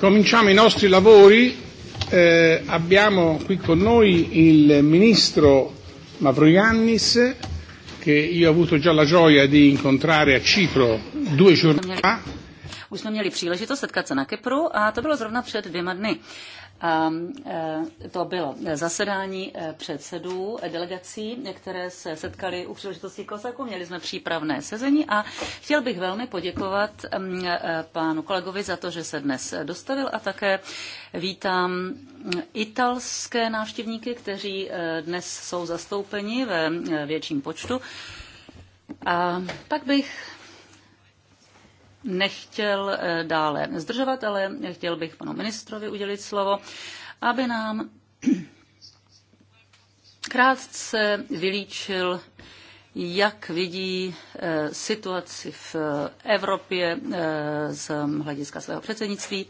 Cominciamo i nostri lavori. Eh, abbiamo qui con noi il ministro Mavroiannis, che io ho avuto già la gioia di incontrare a Cipro due giorni fa. Už jsme měli příležitost setkat se na Kypru a to bylo zrovna před dvěma dny. E, to bylo zasedání e, předsedů delegací, které se setkali u příležitosti Kosaku. Měli jsme přípravné sezení a chtěl bych velmi poděkovat e, pánu kolegovi za to, že se dnes dostavil a také vítám italské návštěvníky, kteří dnes jsou zastoupeni ve větším počtu. A pak bych nechtěl eh, dále zdržovat, ale chtěl bych panu ministrovi udělit slovo, aby nám krátce vylíčil, jak vidí eh, situaci v eh, Evropě z hlediska svého předsednictví.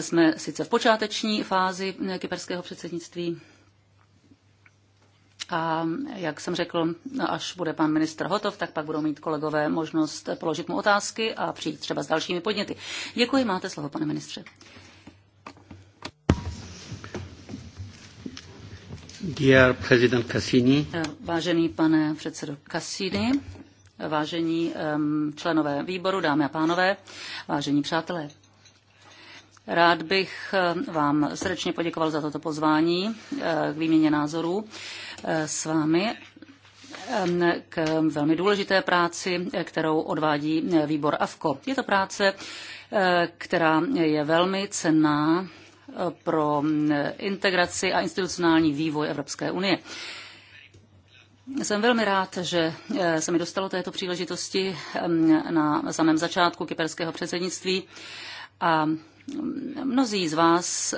Jsme sice v počáteční fázi kyperského předsednictví, a jak jsem řekl, až bude pan ministr hotov, tak pak budou mít kolegové možnost položit mu otázky a přijít třeba s dalšími podněty. Děkuji, máte slovo, pane ministře. Dear President Cassini. Eh, vážený pane předsedo Cassini, vážení členové výboru, dámy a pánové, vážení přátelé. Rád bych eh, vám srdečně poděkoval za toto pozvání eh, k výměně názorů. Eh, s vámi k velmi důležité práci, kterou odvádí výbor AFKO. Je to práce, eh, která je velmi cenná eh, pro integraci a institucionální vývoj Evropské unie. Jsem velmi rád, že se mi dostalo této příležitosti na samém začátku kyperského předsednictví a Mnozí z vás,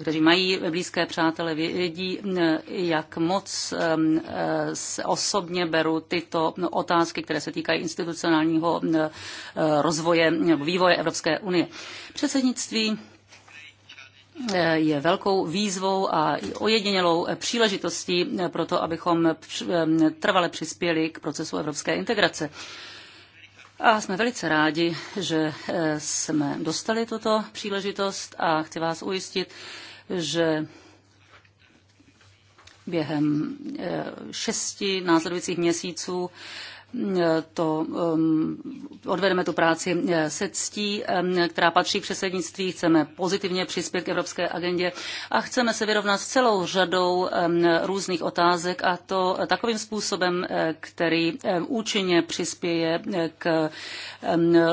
kteří mají blízké přátele, vědí, jak moc eh, osobně beru tyto otázky, které se týkají institucionálního eh, rozvoje nebo vývoje Evropské unie. Předsednictví eh, je velkou výzvou a ojedinělou příležitostí pro to, abychom trvale přispěli k procesu evropské integrace. A jsme velice rádi, že eh, jsme dostali tuto příležitost a chci vás ujistit, že během eh, šesti následujících měsíců to um, odvedeme tu práci eh, se ctí, která patří předsednictví. Chceme pozitivně přispět k evropské agendě a chceme se vyrovnat s celou řadou různých otázek a to takovým způsobem, eh, který účinně přispěje eh, k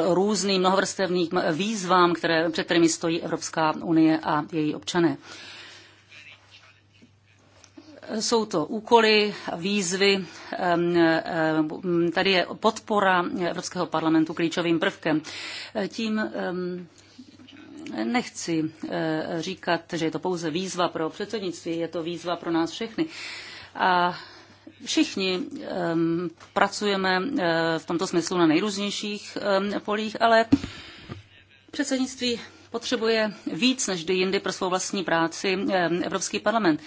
různým mnohovrstevným výzvám, které, před kterými stojí Evropská unie a její občané. Jsou to úkoly, výzvy. Tady je podpora Evropského parlamentu klíčovým prvkem. Tím nechci eh, říkat, že je to pouze výzva pro předsednictví, je to výzva pro nás všechny. A Všichni um, pracujeme uh, v tomto smyslu na nejrůznějších um, polích, ale předsednictví potřebuje víc než kdy jindy pro svou vlastní práci um, Evropský parlament. Uh,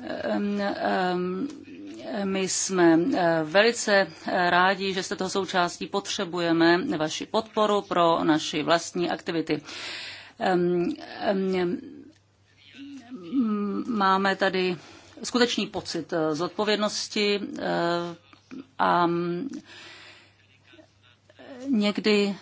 Ehm, ehm, my jsme eh, velice eh, rádi, že jste toho součástí. Potřebujeme vaši podporu pro naši vlastní aktivity. Ehm, máme tady skutečný pocit eh, zodpovědnosti a mm, někdy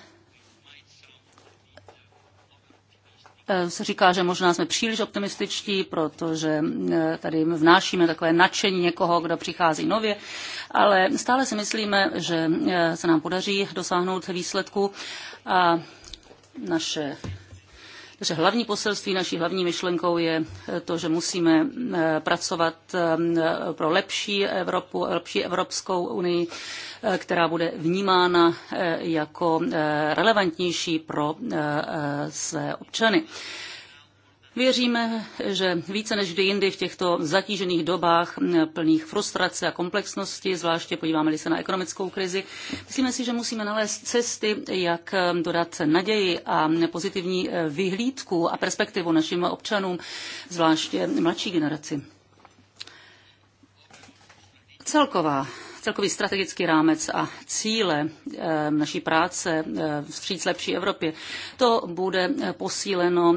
Eh, se říká, že možná jsme příliš optimističtí, protože eh, tady vnášíme takové nadšení někoho, kdo přichází nově, ale stále si myslíme, že eh, se nám podaří dosáhnout výsledku a naše takže hlavní poselství, naší hlavní myšlenkou je eh, to, že musíme eh, pracovat eh, pro lepší Evropu, lepší Evropskou unii, která bude vnímána jako relevantnější pro své občany. Věříme, že více než kdy jindy v těchto zatížených dobách plných frustrace a komplexnosti, zvláště podíváme-li se na ekonomickou krizi, myslíme si, že musíme nalézt cesty, jak dodat naději a pozitivní vyhlídku a perspektivu našim občanům, zvláště mladší generaci. Celková celkový strategický rámec a cíle eh, naší práce eh, vstříc lepší Evropě, to bude eh, posíleno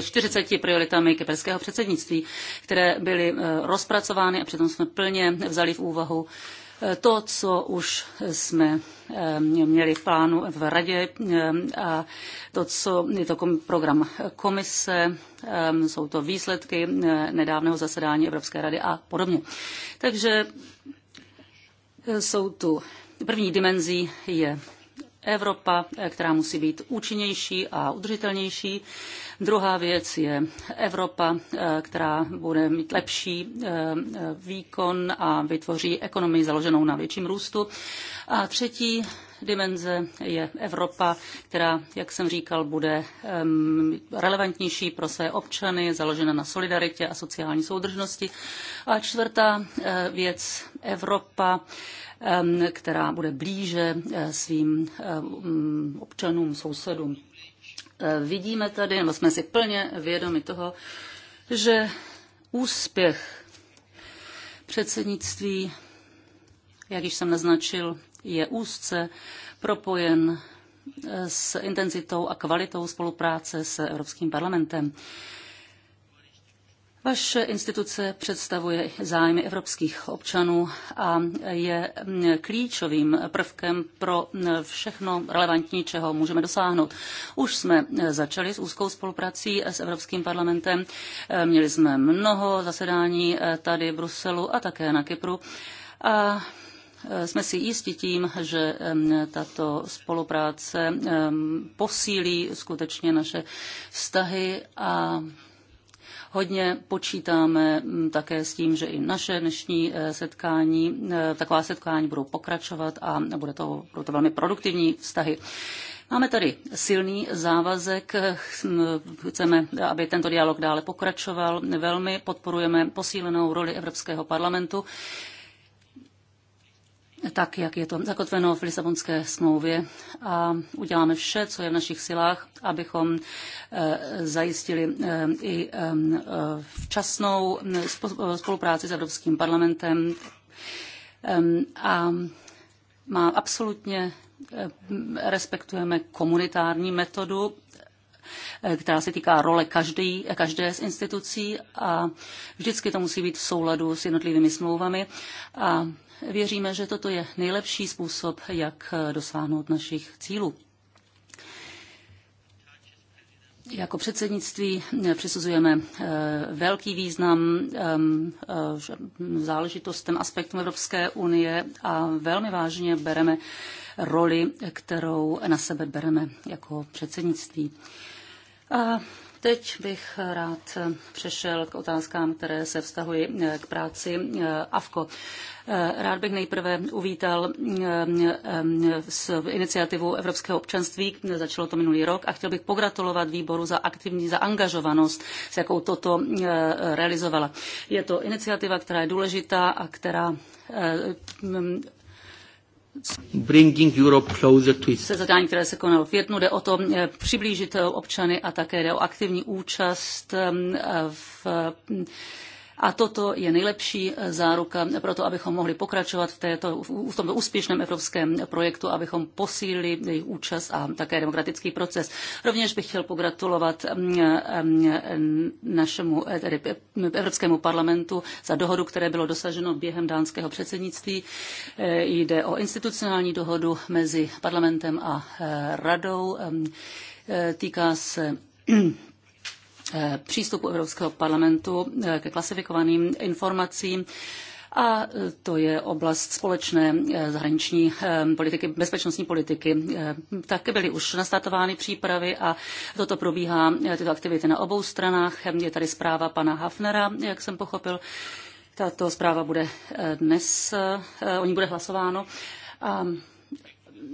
40 ehm, prioritami kyperského předsednictví, které byly rozpracovány a přitom jsme plně vzali v úvahu to, co už jsme měli v plánu v radě a to, co je to program komise, jsou to výsledky nedávného zasedání Evropské rady a podobně. Takže jsou tu první dimenzí je Evropa, eh, která musí být účinnější a udržitelnější. Druhá věc je Evropa, eh, která bude mít lepší eh, výkon a vytvoří ekonomii založenou na větším růstu. A třetí dimenze je Evropa, která, jak jsem říkal, bude relevantnější pro své občany, založena na solidaritě a sociální soudržnosti. A čtvrtá věc, Evropa, která bude blíže eh, svým eh, mm, občanům, sousedům. Eh, vidíme tady, nebo jsme si plně vědomi toho, že úspěch předsednictví, jak již jsem naznačil, je úzce propojen s intenzitou a kvalitou spolupráce s Evropským parlamentem. Vaše instituce představuje zájmy evropských občanů a je mm, klíčovým prvkem pro mm, všechno relevantní, čeho můžeme dosáhnout. Už jsme mm, začali s úzkou spoluprací s Evropským parlamentem. Eh, měli jsme mnoho zasedání eh, tady v Bruselu a také na Kypru. A eh, jsme si jistí tím, že tato spolupráce posílí skutečně naše vztahy a Hodně počítáme mm, také s tím, že i naše dnešní eh, setkání, eh, taková setkání budou pokračovat a bude to, budou to velmi produktivní vztahy. Máme tady silný závazek, eh, chceme, aby tento dialog dále pokračoval. Velmi podporujeme posílenou roli Evropského parlamentu tak, jak je to zakotveno v Lisabonské smlouvě a uděláme vše, co je v našich silách, abychom e, zajistili e, i e, včasnou spolupráci s Evropským parlamentem a má absolutně respektujeme komunitární metodu která se týká role každý, každé z institucí a vždycky to musí být v souladu s jednotlivými smlouvami. A věříme, že toto je nejlepší způsob, jak eh, dosáhnout našich cílů. Jako předsednictví eh, přisuzujeme eh, velký význam záležitostem, aspektům Evropské unie a velmi vážně bereme roli, kterou na sebe bereme jako předsednictví. A Teď bych rád přešel k otázkám, které se vztahují eh, k práci eh, AFKO. Eh, rád bych nejprve uvítal iniciativu Evropského občanství, začalo to minulý rok, a chtěl bych pogratulovat výboru za aktivní zaangažovanost, s jakou toto realizovala. Je to iniciativa, která je důležitá a která Bringing Europe closer to it. Se zadání, které se konalo v Větnu, jde o to eh, přiblížit eh, občany a také jde o aktivní účast eh, v a toto je nejlepší eh, záruka pro to, abychom mohli pokračovat v, této, v tomto úspěšném evropském projektu, abychom posílili jejich účast a také demokratický proces. Rovněž bych chtěl pogratulovat mm, mm, mm, našemu eh, tedy eh, Evropskému parlamentu za dohodu, které bylo dosaženo během dánského předsednictví. Jde o institucionální dohodu mezi parlamentem a radou. Týká se přístupu Evropského parlamentu eh, ke klasifikovaným informacím a eh, to je oblast společné eh, zahraniční politiky, bezpečnostní politiky. Také byly už nastartovány přípravy a toto probíhá tyto aktivity na obou stranách. Je tady zpráva pana Hafnera, jak jsem pochopil. Tato zpráva bude dnes, o ní bude hlasováno. A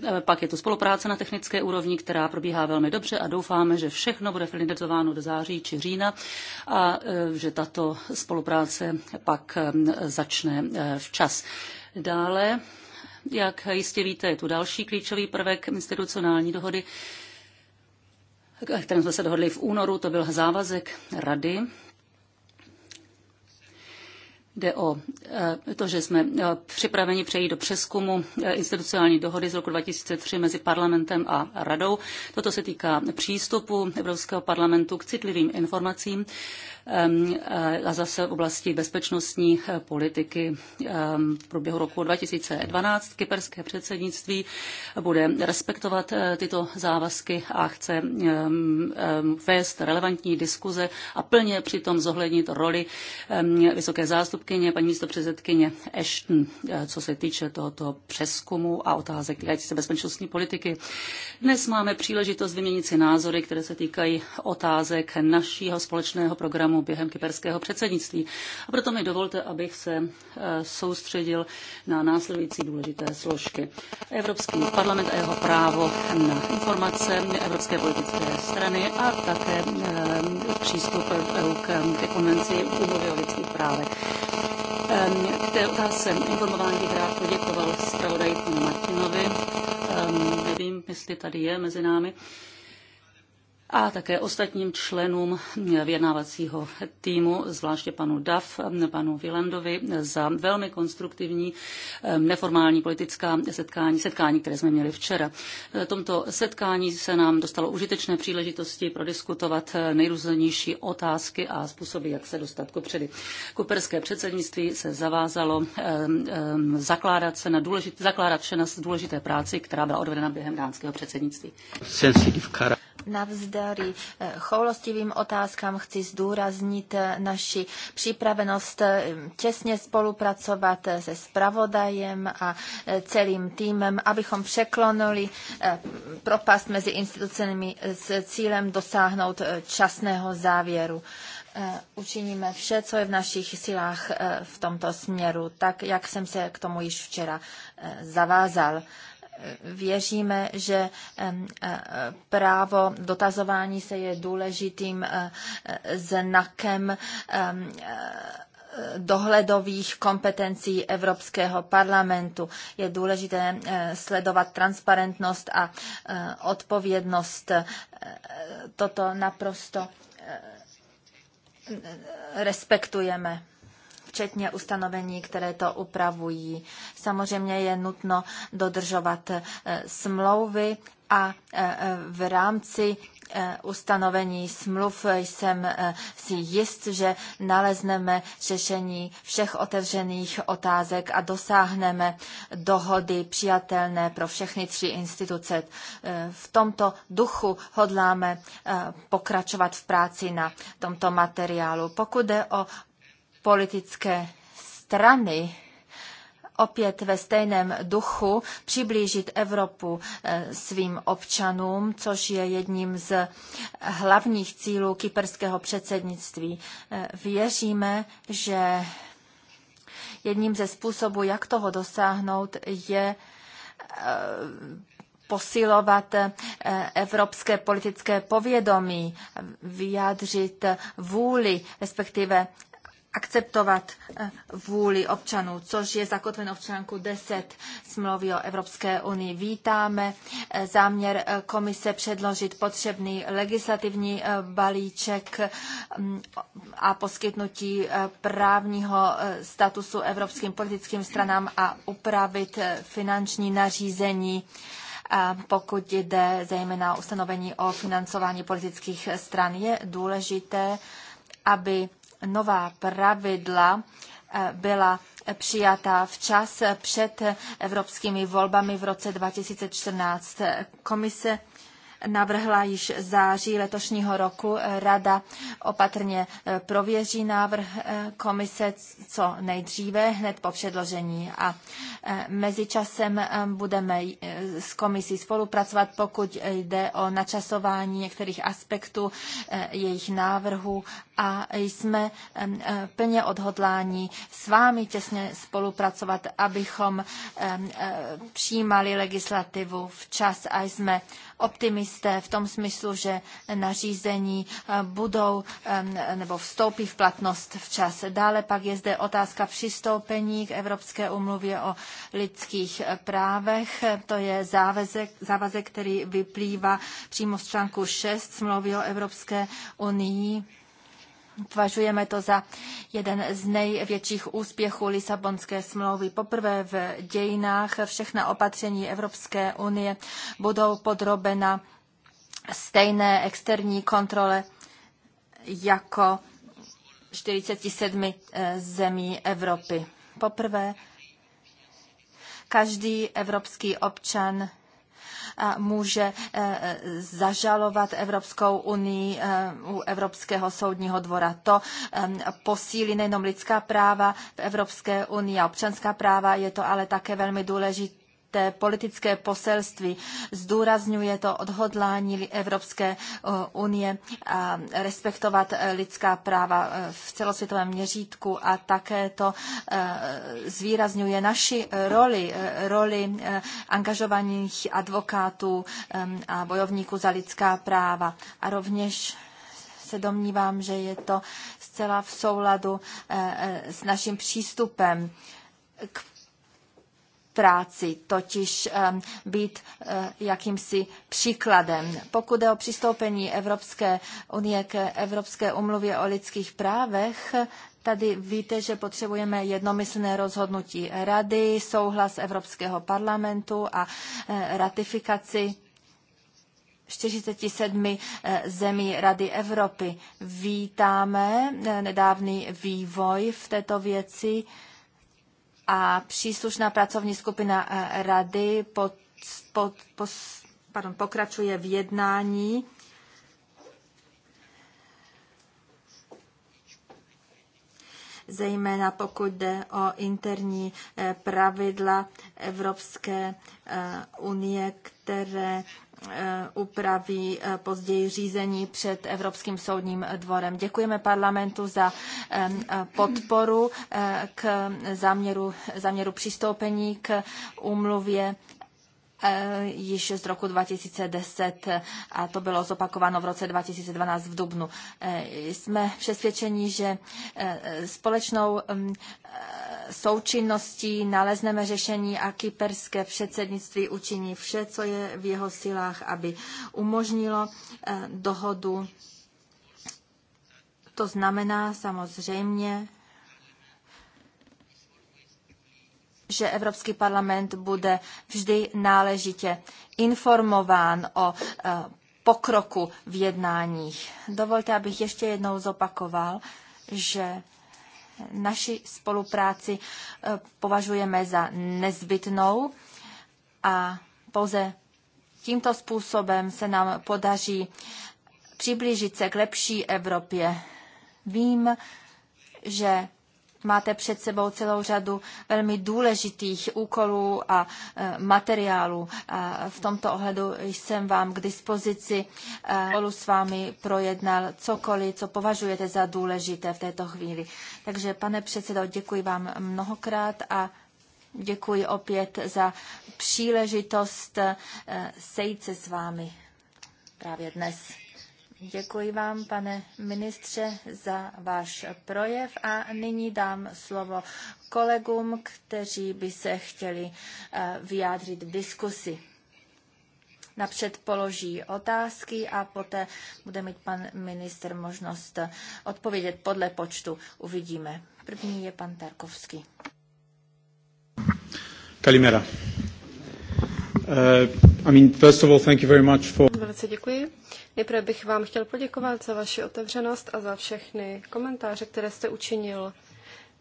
Eh, pak je to spolupráce na technické úrovni, která probíhá velmi dobře a doufáme, že všechno bude finalizováno do září či října a eh, že tato spolupráce pak eh, začne včas. Dále, jak jistě víte, je tu další klíčový prvek institucionální dohody, kterým jsme se dohodli v únoru, to byl závazek rady Jde o eh, to, že jsme eh, připraveni přejít do přeskumu eh, institucionální dohody z roku 2003 mezi parlamentem a radou. Toto se týká přístupu Evropského parlamentu k citlivým informacím a zase v oblasti bezpečnostní eh, politiky v průběhu roku 2012. Kyperské předsednictví bude respektovat eh, tyto závazky a chce vést relevantní diskuze a plně přitom zohlednit roli vysoké zástupkyně, paní místo předsedkyně Ashton, eh, co se týče tohoto přeskumu a otázek týkající se bezpečnostní politiky. Dnes máme příležitost vyměnit si názory, které se týkají otázek našího společného programu problémů během kyperského předsednictví. A proto mi dovolte, abych se e, soustředil na následující důležité složky. Evropský parlament a jeho právo na informace, evropské politické strany a také e, přístup k konvenci úmluvy o lidských právech. K e, té otázce informování bych rád poděkoval zpravodaji Martinovi. Nevím, jestli tady je mezi námi a také ostatním členům vyjednávacího týmu, zvláště panu Duff, panu Vilandovi, za velmi konstruktivní eh, neformální politická setkání, setkání, které jsme měli včera. V eh, tomto setkání se nám dostalo užitečné příležitosti prodiskutovat eh, nejrůznější otázky a způsoby, jak se dostat ku předy. Kuperské předsednictví se zavázalo zakládat, se na důležit, zakládat vše na důležité práci, která byla odvedena během dánského předsednictví. Sensitive Navzdory eh, choulostivým otázkám chci zdůraznit eh, naši připravenost eh, těsně spolupracovat se spravodajem a celým týmem, abychom překlonili propast mezi institucemi s cílem dosáhnout časného závěru učiníme vše, co je v našich silách v tomto směru, tak jak jsem se k tomu již včera zavázal věříme, že e, právo dotazování se je důležitým e, znakem e, dohledových kompetencí Evropského parlamentu. Je důležité sledovat transparentnost a odpovědnost. Toto naprosto respektujeme včetně ustanovení, které to upravují. Samozřejmě je nutno dodržovat eh, smlouvy a eh, v rámci eh, ustanovení smluv jsem si jist, že nalezneme řešení všech otevřených otázek a dosáhneme dohody přijatelné pro všechny tři instituce. V tomto duchu hodláme pokračovat v práci na tomto materiálu. Pokud jde o politické strany opět ve stejném duchu přiblížit Evropu eh, svým občanům, což je jedním z hlavních cílů kyperského předsednictví. Eh, věříme, že jedním ze způsobů, jak toho dosáhnout, je eh, posilovat evropské politické povědomí, vyjádřit vůli, respektive akceptovat eh, vůli občanů, což je zakotveno v článku 10 smlouvy o Evropské unii. Vítáme eh, záměr eh, komise předložit potřebný legislativní balíček mm, a poskytnutí právního statusu evropským politickým stranám a upravit finanční nařízení pokud jde zejména ustanovení o financování politických stran. Je důležité, aby nová pravidla eh, byla přijatá včas před evropskými volbami v roce 2014. Komise navrhla již září letošního roku. Rada opatrně eh, prověří návrh eh, komise co nejdříve, hned po předložení. A eh, mezičasem budeme s komisí spolupracovat, pokud jde o načasování některých aspektů jejich návrhů a jsme plně odhodláni s vámi těsně spolupracovat, abychom přijímali legislativu včas a jsme optimisté v tom smyslu, že nařízení eh, budou nebo vstoupí v platnost včas. Dále pak je zde otázka přistoupení k Evropské umluvě o lidských právech. To je závazek, závazek který vyplývá přímo z článku 6 smlouvy o Evropské unii Považujeme to za jeden z největších úspěchů Lisabonské smlouvy. Poprvé v dějinách všechna opatření Evropské unie budou podrobena stejné externí kontrole jako 47 zemí Evropy. Poprvé každý evropský občan může e, e, zažalovat Evropskou unii e, u Evropského soudního dvora. To posílí nejenom lidská práva v Evropské unii a občanská práva, je to ale také velmi důležité důležité politické poselství. Zdůrazňuje to odhodlání Evropské eh, unie respektovat eh, lidská práva eh, v celosvětovém měřítku a také to zvýrazňuje naši roli, roli angažovaných advokátů a bojovníků za lidská práva. A rovněž se domnívám, že je to zcela v souladu s naším přístupem k práci, totiž ehm, být eh, jakýmsi příkladem. Pokud je o přistoupení Evropské unie k Evropské umluvě o lidských právech, Tady víte, že potřebujeme jednomyslné rozhodnutí Rady, souhlas Evropského parlamentu a eh, ratifikaci 47 eh, zemí Rady Evropy. Vítáme nedávný vývoj v této věci a příslušná pracovní skupina eh, rady pod, pod, pod, pardon, pokračuje v jednání zejména pokud jde o interní eh, pravidla Evropské eh, unie, které eh, upraví později řízení před Evropským soudním dvorem. Děkujeme parlamentu za podporu k záměru, záměru přistoupení k úmluvě Eh, již z roku 2010 a to bylo zopakováno v roce 2012 v Dubnu. Eh, jsme přesvědčeni, že eh, společnou mm, součinností nalezneme řešení a kyperské předsednictví učiní vše, co je v jeho silách, aby umožnilo dohodu. To znamená samozřejmě že Evropský parlament bude vždy náležitě informován o eh, pokroku v jednáních. Dovolte, abych ještě jednou zopakoval, že naši spolupráci eh, považujeme za nezbytnou a pouze tímto způsobem se nám podaří přiblížit se k lepší Evropě. Vím, že Máte před sebou celou řadu velmi důležitých úkolů a e, materiálů. A v tomto ohledu jsem vám k dispozici. E, spolu s vámi projednal cokoliv, co považujete za důležité v této chvíli. Takže, pane předsedo, děkuji vám mnohokrát a děkuji opět za příležitost e, sejít se s vámi právě dnes. Děkuji vám, pane ministře, za váš projev a nyní dám slovo kolegům, kteří by se chtěli eh, vyjádřit v diskusi. Napřed položí otázky a poté bude mít pan minister možnost odpovědět podle počtu. Uvidíme. První je pan Tarkovský. Kalimera. Eh, i mean, first of all, thank you very much for... Velice děkuji. Nejprve bych vám chtěl poděkovat za vaši otevřenost a za všechny komentáře, které jste učinil.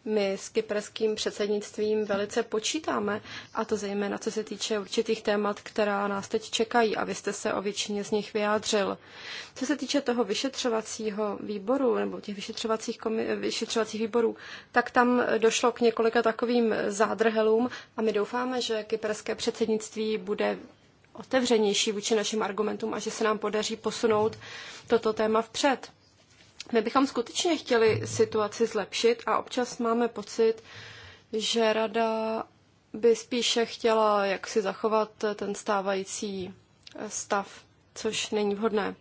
My s kyperským předsednictvím velice počítáme, a to zejména co se týče určitých témat, která nás teď čekají, a vy jste se o většině z nich vyjádřil. Co se týče toho vyšetřovacího výboru, nebo těch vyšetřovacích, komi- vyšetřovacích výborů, tak tam došlo k několika takovým zádrhelům a my doufáme, že kyperské předsednictví bude otevřenější vůči našim argumentům a že se nám podaří posunout toto téma vpřed. My bychom skutečně chtěli situaci zlepšit a občas máme pocit, že rada by spíše chtěla jak si zachovat ten stávající eh, stav, což není vhodné.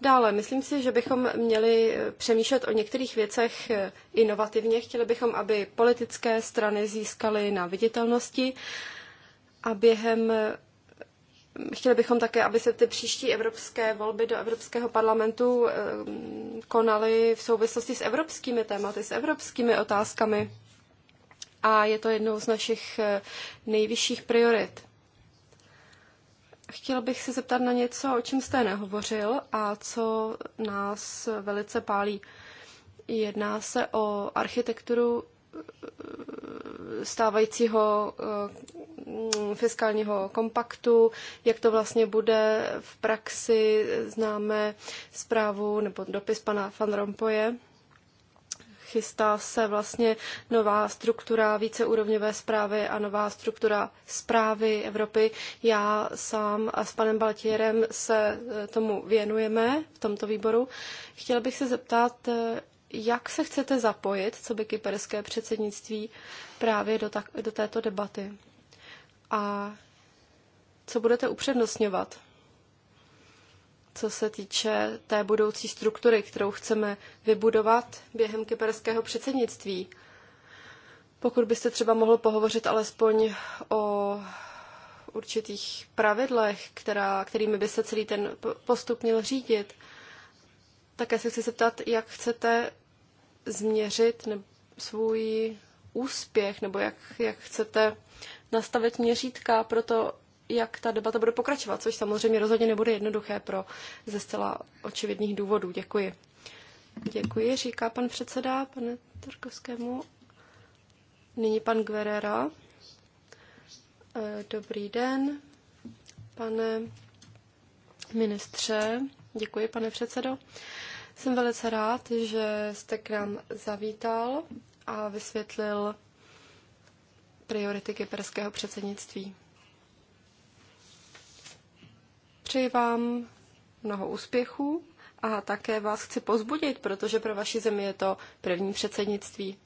Dále, myslím si, že bychom měli eh, přemýšlet o některých věcech eh, inovativně. Chtěli bychom, aby politické strany získaly na viditelnosti a během Chtěli bychom také, aby se ty příští evropské volby do Evropského parlamentu eh, konaly v souvislosti s evropskými tématy, s evropskými otázkami. A je to jednou z našich eh, nejvyšších priorit. Chtěla bych se zeptat na něco, o čem jste nehovořil a co nás velice pálí. Jedná se o architekturu stávajícího eh, fiskálního kompaktu, jak to vlastně bude v praxi, známe zprávu nebo dopis pana Van Rompoje. Chystá se vlastně nová struktura víceúrovňové zprávy a nová struktura zprávy Evropy. Já sám a s panem Baltierem se eh, tomu věnujeme v tomto výboru. Chtěla bych se zeptat, eh, jak se chcete zapojit, co by kyperské předsednictví, právě do, tak, do této debaty? A co budete upřednostňovat, co se týče té budoucí struktury, kterou chceme vybudovat během kyperského předsednictví? Pokud byste třeba mohl pohovořit alespoň o určitých pravidlech, která, kterými by se celý ten postup měl řídit. Také se chci zeptat, jak chcete změřit svůj úspěch, nebo jak, jak chcete nastavit měřítka pro to, jak ta debata bude pokračovat, což samozřejmě rozhodně nebude jednoduché pro ze zcela očividných důvodů. Děkuji. Děkuji, říká pan předseda, pane Tarkovskému. Nyní pan Guerrera. Eh, dobrý den, pane ministře. Děkuji, pane předsedo. Jsem velice rád, že jste k nám zavítal a vysvětlil priority kyperského předsednictví. Přeji vám mnoho úspěchů a také vás chci pozbudit, protože pro vaši zemi je to první předsednictví.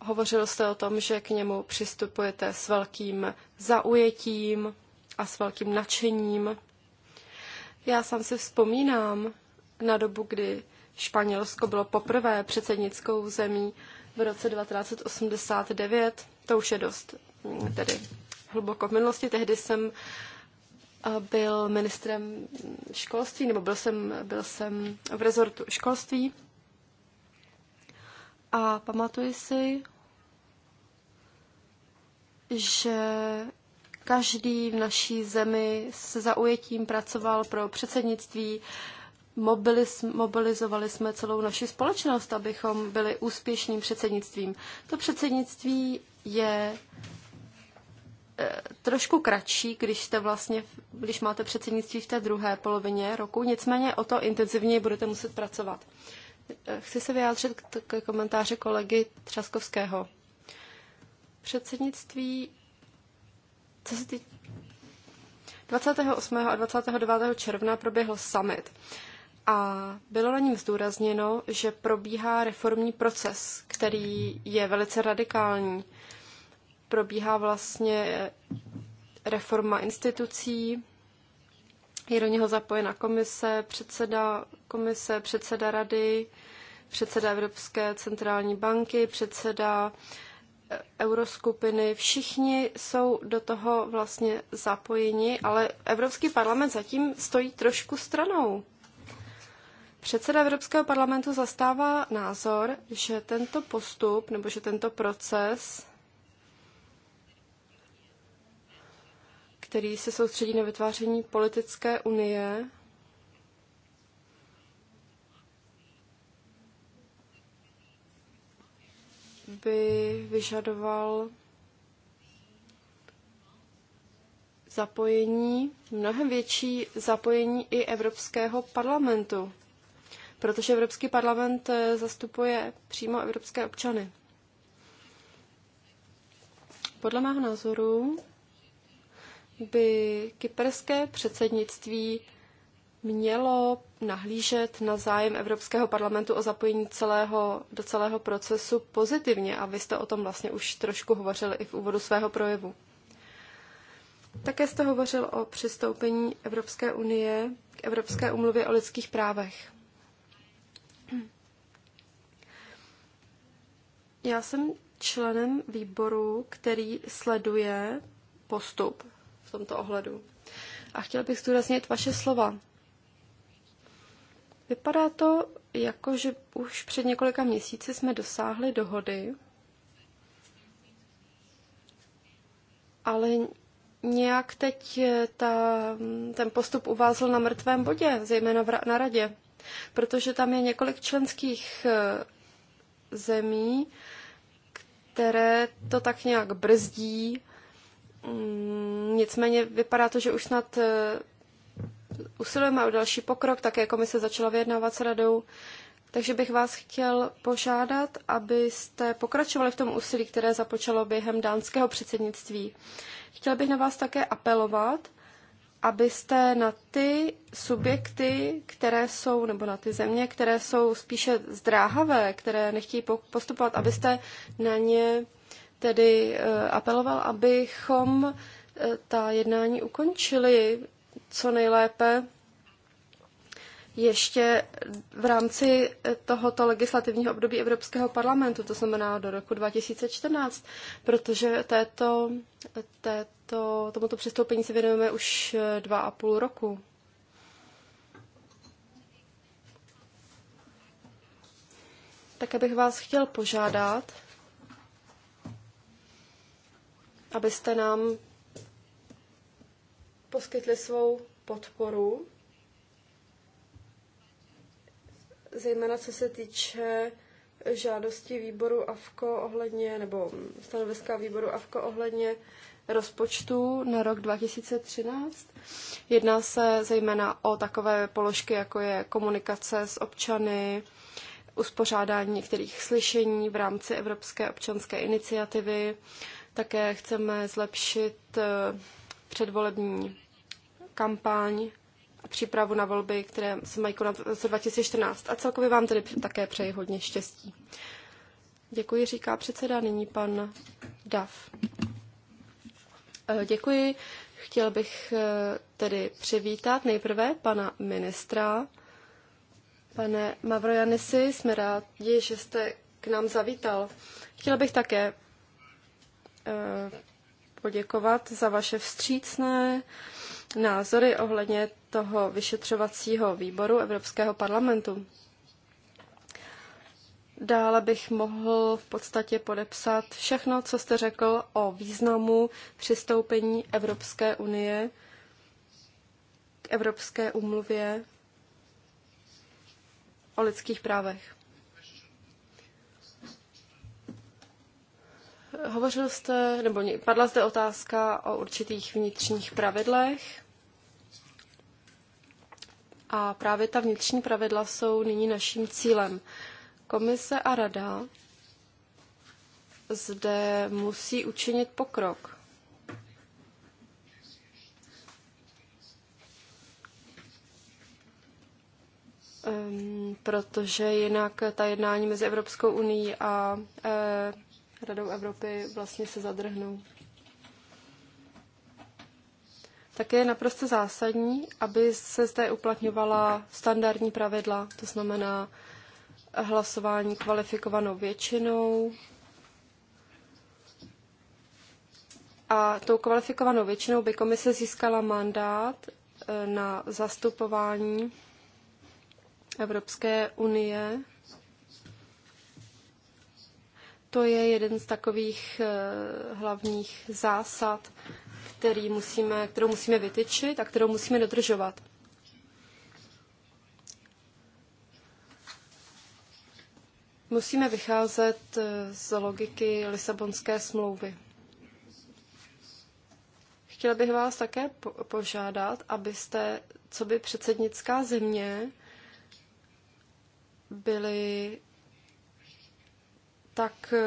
Hovořil jste o tom, že k němu přistupujete s velkým zaujetím a s velkým nadšením. Já sám si vzpomínám, na dobu, kdy Španělsko bylo poprvé předsednickou zemí v roce 1989. To už je dost mm, tedy hluboko v minulosti. Tehdy jsem eh, byl ministrem školství, nebo byl jsem, byl jsem v rezortu školství. A pamatuji si, že každý v naší zemi se zaujetím pracoval pro předsednictví Mobiliz, mobilizovali jsme celou naši společnost, abychom byli úspěšným předsednictvím. To předsednictví je eh, trošku kratší, když jste vlastně, když máte předsednictví v té druhé polovině roku, nicméně o to intenzivněji budete muset pracovat. Eh, chci se vyjádřit k komentáři kolegy Třaskovského. Předsednictví, co se týče 28. a 29. června proběhl summit a bylo na něm zdůrazněno, že probíhá reformní proces, který je velice radikální. Probíhá vlastně eh, reforma institucí, je do něho zapojena komise, předseda komise, předseda rady, předseda Evropské centrální banky, předseda eh, euroskupiny, všichni jsou do toho vlastně zapojeni, ale Evropský parlament zatím stojí trošku stranou. Předseda Evropského parlamentu zastává názor, že tento postup nebo že tento proces, který se soustředí na vytváření politické unie, by vyžadoval zapojení, mnohem větší zapojení i Evropského parlamentu protože Evropský parlament eh, zastupuje přímo evropské občany. Podle mého názoru by kyperské předsednictví mělo nahlížet na zájem Evropského parlamentu o zapojení celého, do celého procesu pozitivně a vy jste o tom vlastně už trošku hovořili i v úvodu svého projevu. Také jste hovořil o přistoupení Evropské unie k Evropské umluvě o lidských právech. Já jsem členem výboru, který sleduje postup v tomto ohledu. A chtěla bych zdůraznit vaše slova. Vypadá to jako, že už před několika měsíci jsme dosáhli dohody, ale nějak teď ta, ten postup uvázl na mrtvém bodě, zejména v, na radě, protože tam je několik členských zemí, které to tak nějak brzdí. Mm, nicméně vypadá to, že už snad eh, usilujeme o další pokrok, také komise jako začala vyjednávat s radou. Takže bych vás chtěl požádat, abyste pokračovali v tom úsilí, které započalo během dánského předsednictví. Chtěl bych na vás také apelovat, abyste na ty subjekty, které jsou, nebo na ty země, které jsou spíše zdráhavé, které nechtějí postupovat, abyste na ně tedy eh, apeloval, abychom eh, ta jednání ukončili co nejlépe ještě v rámci tohoto legislativního období Evropského parlamentu, to znamená do roku 2014, protože této, této, tomuto přistoupení se věnujeme už dva a půl roku. Tak bych vás chtěl požádat, abyste nám poskytli svou podporu zejména co se týče žádosti výboru AFKO ohledně, nebo stanoviska výboru AFKO ohledně rozpočtu na rok 2013. Jedná se zejména o takové položky, jako je komunikace s občany, uspořádání některých slyšení v rámci Evropské občanské iniciativy. Také chceme zlepšit eh, předvolební kampaň přípravu na volby, které se mají konat v roce 2014. A celkově vám tedy také přeji hodně štěstí. Děkuji, říká předseda, nyní pan Dav. Eh, děkuji. Chtěl bych eh, tedy přivítat nejprve pana ministra. Pane Mavrojanisi, jsme rádi, že jste k nám zavítal. Chtěla bych také eh, poděkovat za vaše vstřícné názory ohledně toho vyšetřovacího výboru Evropského parlamentu. Dále bych mohl v podstatě podepsat všechno, co jste řekl o významu přistoupení Evropské unie k Evropské umluvě o lidských právech. Hovořil jste, nebo padla zde otázka o určitých vnitřních pravidlech. A právě ta vnitřní pravidla jsou nyní naším cílem. Komise a rada zde musí učinit pokrok. Um, protože jinak ta jednání mezi Evropskou unii a e, Radou Evropy vlastně se zadrhnou. Také je naprosto zásadní, aby se zde uplatňovala standardní pravidla, to znamená hlasování kvalifikovanou většinou, A tou kvalifikovanou většinou by komise získala mandát eh, na zastupování Evropské unie to je jeden z takových eh, hlavních zásad, který musíme, kterou musíme vytyčit a kterou musíme dodržovat. Musíme vycházet eh, z logiky Lisabonské smlouvy. Chtěla bych vás také požádat, abyste, co by předsednická země, byli tak eh,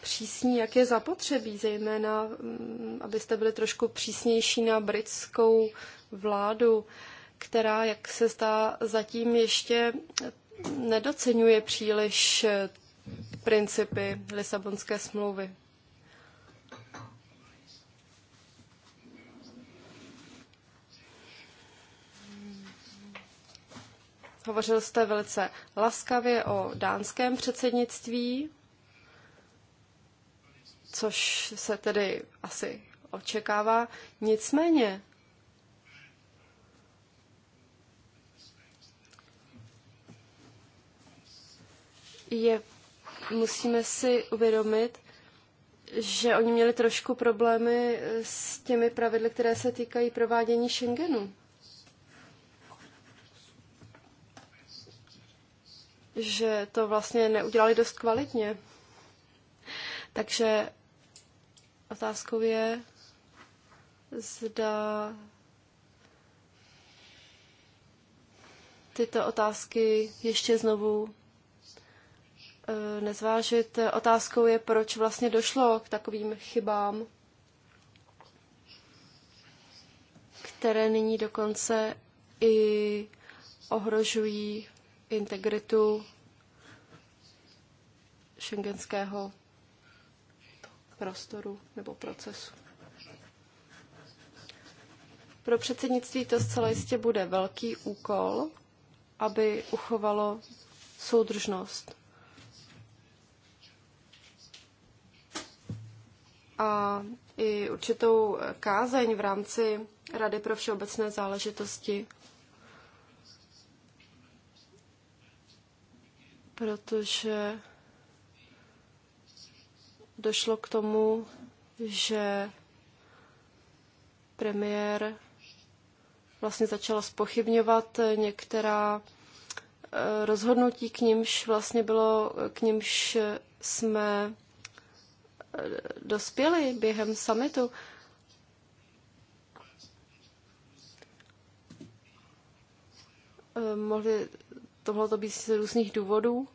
přísní, jak je zapotřebí, zejména mm, abyste byli trošku přísnější na britskou vládu, která, jak se zdá, zatím ještě nedocenuje příliš eh, principy Lisabonské smlouvy. Hovořil jste velice laskavě o dánském předsednictví, což se tedy asi očekává. Nicméně je, musíme si uvědomit, že oni měli trošku problémy s těmi pravidly, které se týkají provádění Schengenu. Že to vlastně neudělali dost kvalitně. Takže Otázkou je, zda tyto otázky ještě znovu eh, nezvážit. Otázkou je, proč vlastně došlo k takovým chybám, které nyní dokonce i ohrožují integritu šengenského prostoru nebo procesu. Pro předsednictví to zcela jistě bude velký úkol, aby uchovalo soudržnost. A i určitou kázeň v rámci Rady pro všeobecné záležitosti, protože došlo k tomu, že premiér vlastně začala spochybňovat některá eh, rozhodnutí, k nímž vlastně bylo, k nímž jsme eh, dospěli během summitu. Eh, mohli tohle to být z různých důvodů.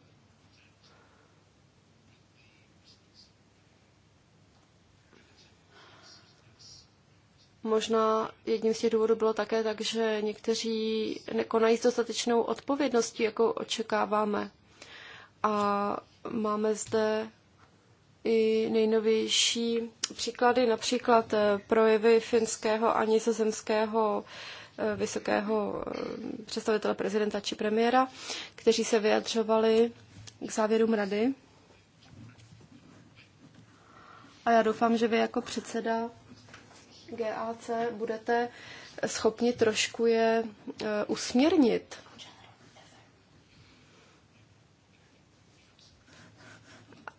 Možná jedním z těch důvodů bylo také tak, že někteří nekonají s dostatečnou odpovědností, jako očekáváme. A máme zde i nejnovější příklady, například eh, projevy finského a nizozemského eh, vysokého eh, představitele prezidenta či premiéra, kteří se vyjadřovali k závěrům rady. A já doufám, že vy jako předseda GAC budete schopni trošku je e, usměrnit.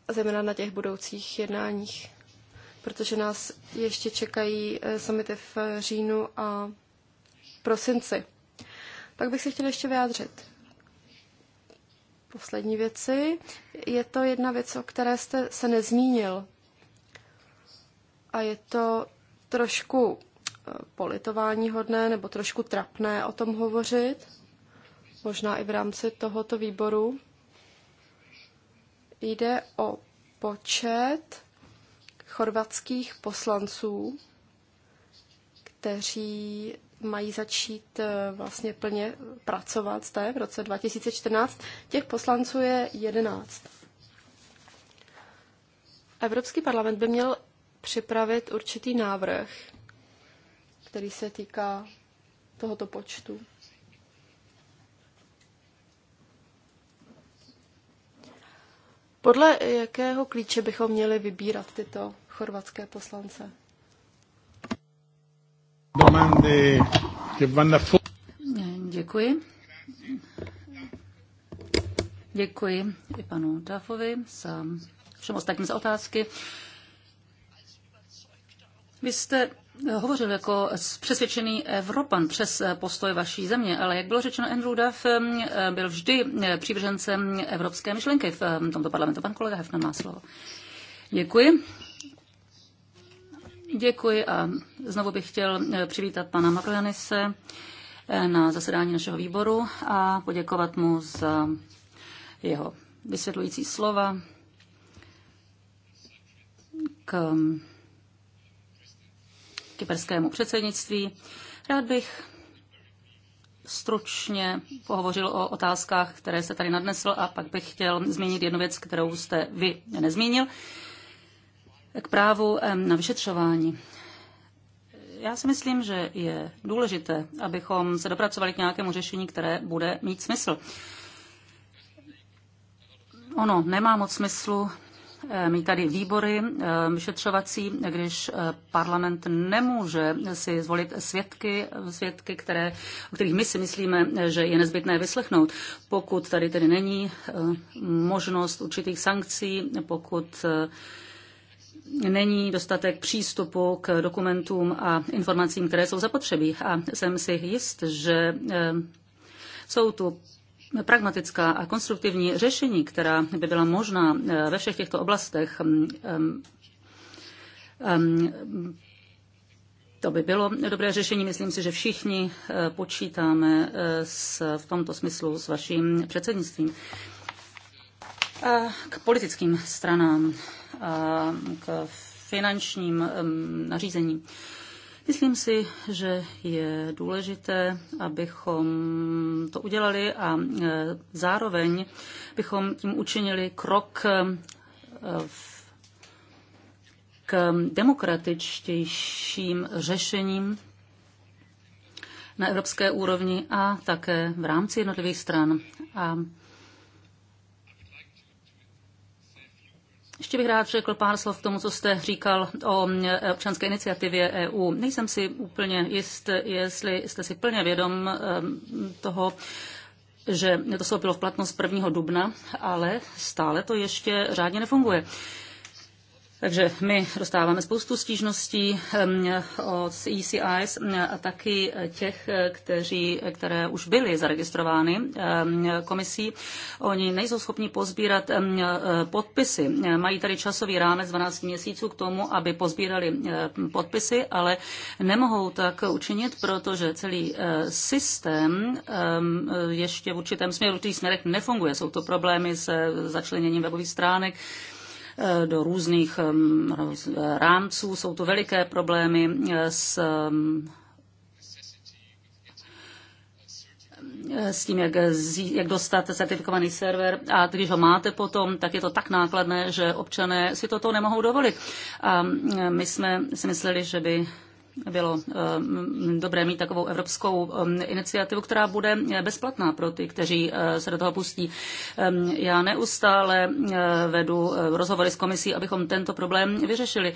Zejména na těch budoucích jednáních, protože nás ještě čekají e, samity v říjnu a prosinci. Pak bych se chtěla ještě vyjádřit poslední věci. Je to jedna věc, o které jste se nezmínil. A je to trošku eh, politování hodné nebo trošku trapné o tom hovořit, možná i v rámci tohoto výboru. Jde o počet chorvatských poslanců, kteří mají začít eh, vlastně plně pracovat zde v roce 2014. Těch poslanců je 11. Evropský parlament by měl připravit určitý návrh, který se týká tohoto počtu. Podle jakého klíče bychom měli vybírat tyto chorvatské poslance? Děkuji. Děkuji i panu Dafovi za všem ostatním za otázky. Vy jste eh, hovořil jako přesvědčený Evropan přes eh, postoj vaší země, ale jak bylo řečeno, Andrew Duff eh, byl vždy přívržencem evropské myšlenky v tomto parlamentu. Pan kolega Hefner má slovo. Děkuji. Děkuji a znovu bych chtěl přivítat pana Mavrojanise na zasedání našeho výboru a poděkovat mu za jeho vysvětlující slova k kyperskému předsednictví. Rád bych stručně pohovořil o otázkách, které se tady nadnesl a pak bych chtěl zmínit jednu věc, kterou jste vy nezmínil, k právu na vyšetřování. Já si myslím, že je důležité, abychom se dopracovali k nějakému řešení, které bude mít smysl. Ono nemá moc smyslu Eh, mít tady výbory eh, vyšetřovací, když eh, parlament nemůže si zvolit svědky, svědky které, o kterých my si myslíme, že je nezbytné vyslechnout. Pokud tady tedy není možnost určitých sankcí, pokud není dostatek přístupu k dokumentům a informacím, které jsou zapotřebí. A jsem si jist, že jsou tu pragmatická a konstruktivní řešení, která by byla možná eh, ve všech těchto oblastech, mm, mm, mm, to by bylo dobré řešení. Myslím si, že všichni eh, počítáme eh, s, v tomto smyslu s vaším předsednictvím. A k politickým stranám, a k finančním nařízením. Myslím si, že je důležité, abychom to udělali a e, zároveň bychom tím učinili krok e, k demokratičtějším řešením na evropské úrovni a také v rámci jednotlivých stran. A Ještě bych rád řekl pár slov k tomu, co jste říkal o občanské iniciativě EU. Nejsem si úplně jist, jestli jste si plně vědom e, toho, že to bylo v platnost 1. dubna, ale stále to ještě řádně nefunguje. Takže my dostáváme spoustu stížností od ECIs a taky těch, kteří, které už byly zaregistrovány komisí. Oni nejsou schopni pozbírat e, podpisy. Mají tady časový rámec 12 měsíců k tomu, aby pozbírali podpisy, ale nemohou tak učinit, protože celý e, systém ještě v určitém směru, v určitých směrech nefunguje. Jsou to problémy se začleněním webových stránek, Eh, do různých rámců. Jsou to veliké problémy eh, s eh, s tím, jak, jak dostat certifikovaný server a když ho máte potom, tak je to tak nákladné, že občané si toto nemohou dovolit. A my jsme si mysleli, že by bylo eh, dobré mít takovou evropskou eh, iniciativu, která bude bezplatná pro ty, kteří eh, se do toho pustí. Ehm, já neustále vedu rozhovory s komisí, abychom tento problém vyřešili.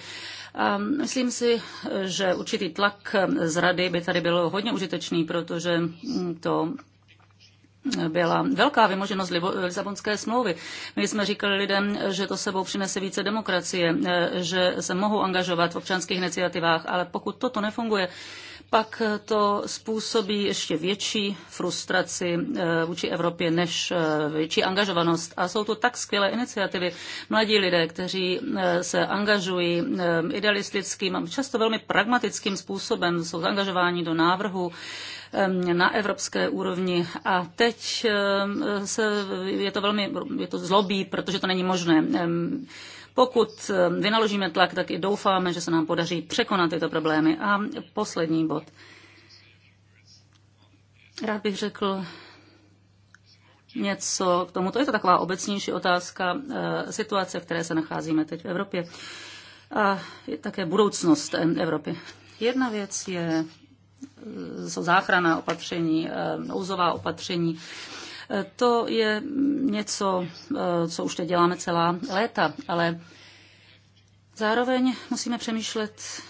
A myslím si, že určitý tlak z rady by tady byl hodně užitečný, protože mm, to byla velká vymoženost Lisabonské smlouvy. My jsme říkali lidem, že to sebou přinese více demokracie, eh, že se mohou angažovat v občanských iniciativách, ale pokud toto nefunguje, pak to způsobí ještě větší frustraci eh, vůči Evropě než eh, větší angažovanost. A jsou to tak skvělé iniciativy. Mladí lidé, kteří se angažují idealistickým a často velmi pragmatickým způsobem, jsou zaangažováni do návrhu na evropské úrovni. A teď se, je to velmi je to zlobí, protože to není možné. Pokud vynaložíme tlak, tak i doufáme, že se nám podaří překonat tyto problémy. A poslední bod. Rád bych řekl něco k tomu. To je to taková obecnější otázka eh, situace, v které se nacházíme teď v Evropě a je také budoucnost Evropy. Jedna věc je jsou záchrana opatření, eh, nouzová opatření. Eh, to je něco, eh, co už teď děláme celá léta, ale zároveň musíme přemýšlet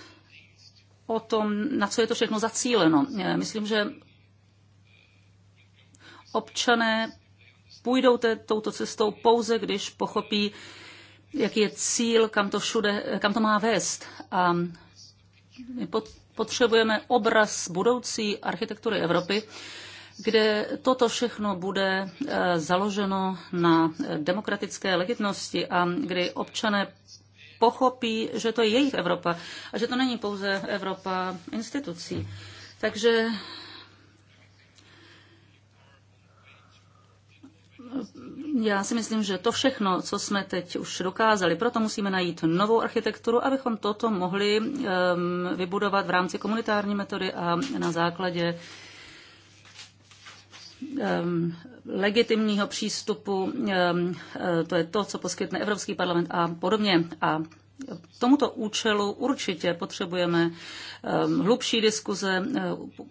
o tom, na co je to všechno zacíleno. Myslím, že občané půjdou te, touto cestou pouze, když pochopí, jaký je cíl, kam to, všude, kam to má vést. A my Potřebujeme obraz budoucí architektury Evropy, kde toto všechno bude eh, založeno na demokratické legitnosti a kdy občané pochopí, že to je jejich Evropa a že to není pouze Evropa institucí. Takže já si myslím, že to všechno, co jsme teď už dokázali, proto musíme najít novou architekturu, abychom toto mohli um, vybudovat v rámci komunitární metody a na základě um, legitimního přístupu, um, to je to, co poskytne Evropský parlament a podobně. A k tomuto účelu určitě potřebujeme ehm, hlubší diskuze, eh,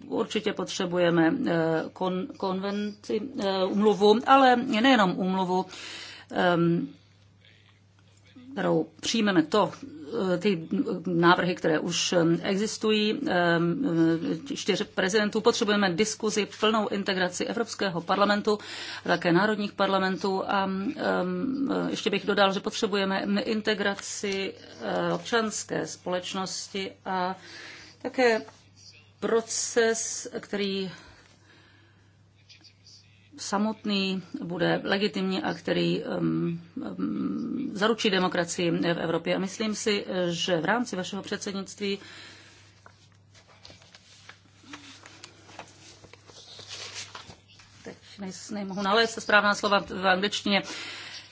určitě potřebujeme eh, konvenci, umluvu, eh, ale nejenom umluvu ehm, kterou přijmeme to, eh, ty návrhy, které už eh, existují, eh, čtyř prezidentů, potřebujeme diskuzi, plnou integraci Evropského parlamentu, také národních parlamentů a ještě bych dodal, že potřebujeme integraci občanské společnosti a také proces, který samotný bude legitimní a který um, um, zaručí demokracii v Evropě. A myslím si, že v rámci vašeho předsednictví teď nej, nejmohu nalézt správná slova v angličtině,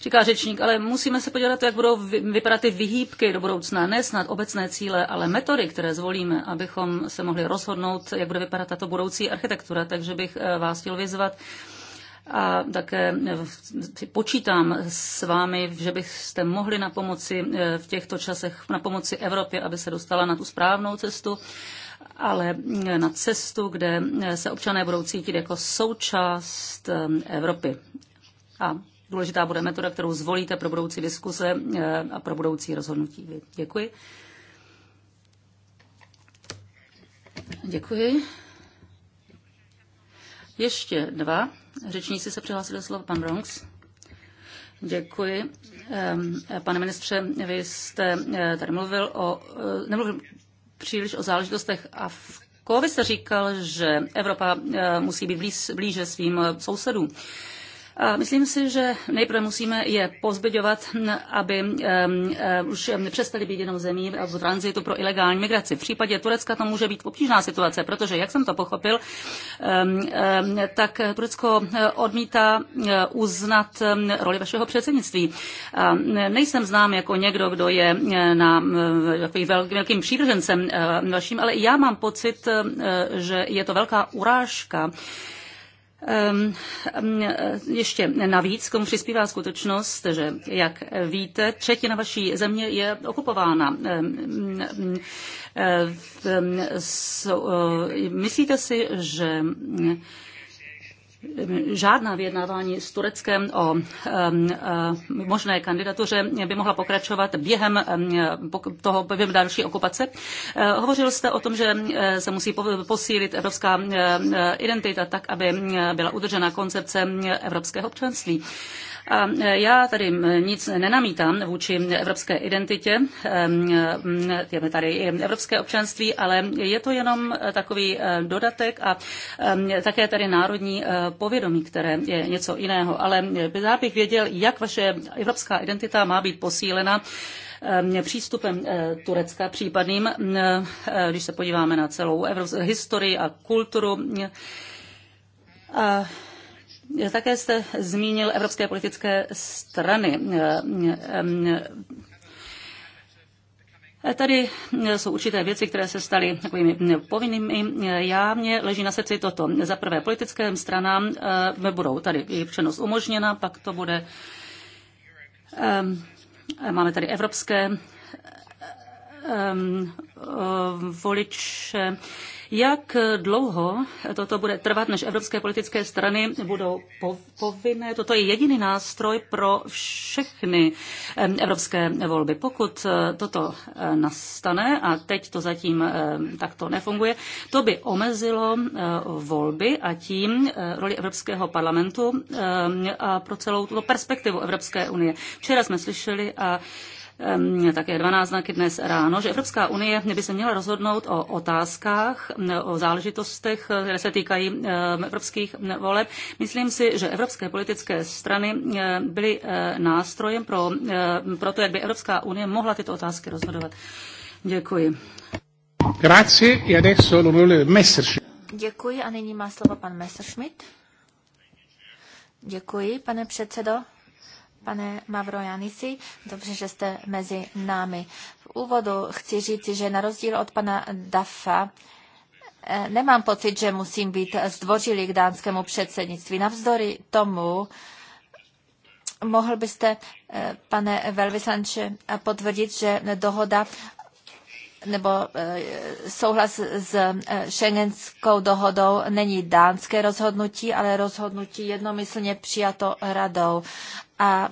říká řečník, ale musíme se podívat, jak budou vypadat ty vyhýbky do budoucna, ne snad obecné cíle, ale metody, které zvolíme, abychom se mohli rozhodnout, jak bude vypadat tato budoucí architektura. Takže bych eh, vás chtěl vyzvat, a také eh, počítám s vámi, že byste mohli na pomoci eh, v těchto časech, na pomoci Evropě, aby se dostala na tu správnou cestu ale eh, na cestu, kde se občané budou cítit jako součást Evropy. A důležitá bude metoda, kterou zvolíte pro budoucí diskuse a pro budoucí rozhodnutí. Děkuji. Děkuji. Ještě dva Řečníci se přihlásili slova pan Bronx. Děkuji. Pane ministře, vy jste eh, tady mluvil o, eh, nemluvil příliš o záležitostech v Vy jste říkal, že Evropa eh, musí být blíž, blíže svým sousedům myslím si, že nejprve musíme je pozbyďovat, aby už přestali být jenom zemí v tranzitu pro ilegální migraci. V případě Turecka to může být obtížná situace, protože, jak jsem to pochopil, tak Turecko eh, odmítá eh, uznat roli vašeho předsednictví. nejsem znám jako někdo, kdo je eh, na, velkým přívržencem vaším, ale já mám pocit, že je to velká urážka Ehm, ehm, eh, ještě navíc k tomu přispívá skutečnost, že, jak víte, třetina vaší země je okupována. Ehm, eh, myslíte si, že žádná vyjednávání s Tureckem o e, možné kandidatuře by mohla pokračovat během toho během další okupace. E, hovořil jste o tom, že se musí posílit evropská e, identita tak, aby byla udržena koncepce evropského občanství. A e, já tady nic nenamítám vůči evropské identitě, je e, tady evropské občanství, ale je to jenom e, takový dodatek a také tady národní povědomí, které je něco jiného. Ale já bych věděl, jak vaše evropská identita má být posílena přístupem Turecka případným, když se podíváme na celou evropskou historii a kulturu. A také jste zmínil evropské politické strany. Tady jsou určité věci, které se staly takovými povinnými. Já mě leží na srdci toto. Za prvé politickým stranám eh, budou tady přenos umožněna, pak to bude. Eh, máme tady evropské eh, voliče jak dlouho toto bude trvat, než evropské politické strany budou povinné? Toto je jediný nástroj pro všechny evropské volby. Pokud eh, toto eh, nastane, a teď to zatím eh, takto nefunguje, to by omezilo volby a tím roli Evropského parlamentu a pro celou tuto perspektivu Evropské unie. Včera jsme slyšeli a Ehm, také dva náznaky dnes ráno, že Evropská unie by se měla rozhodnout o otázkách, o záležitostech, které se týkají ehm, evropských voleb. Myslím si, že evropské politické strany ehm, byly eh, nástrojem pro, pro to, jak by Evropská unie mohla tyto otázky rozhodovat. Děkuji. Grazie e adesso l'onorevole Messerschmidt. Děkuji a nyní má slovo pan Messerschmidt. Děkuji, pane předsedo. Pane Mavrojanisi, dobře, že jste mezi námi. V úvodu chci říct, že na rozdíl od pana Dafa, eh, nemám pocit, že musím být zdvořilý k dánskému předsednictví. Navzdory tomu, mohl byste, eh, pane Velvisanče, potvrdit, že dohoda nebo eh, souhlas s šengenskou dohodou není dánské rozhodnutí, ale rozhodnutí jednomyslně přijato radou a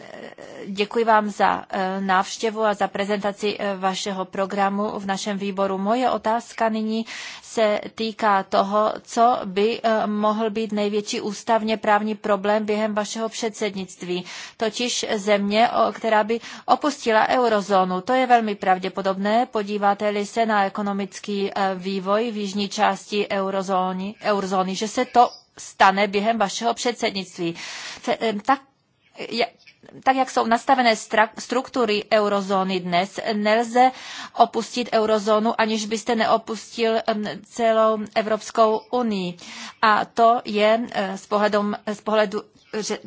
e, děkuji vám za e, návštěvu a za prezentaci e, vašeho programu v našem výboru. Moje otázka nyní se týká toho, co by mohl být největší ústavně právní problém během vašeho předsednictví, totiž země, která by opustila eurozónu. To je velmi pravděpodobné, podíváte-li se na ekonomický vývoj v jižní části eurozóny, eurozóny že se to stane během vašeho předsednictví. Tak tak jak jsou nastavené struktury eurozóny dnes, nelze opustit eurozónu, aniž byste neopustil um, celou Evropskou unii. A to je z, eh, z pohledu že,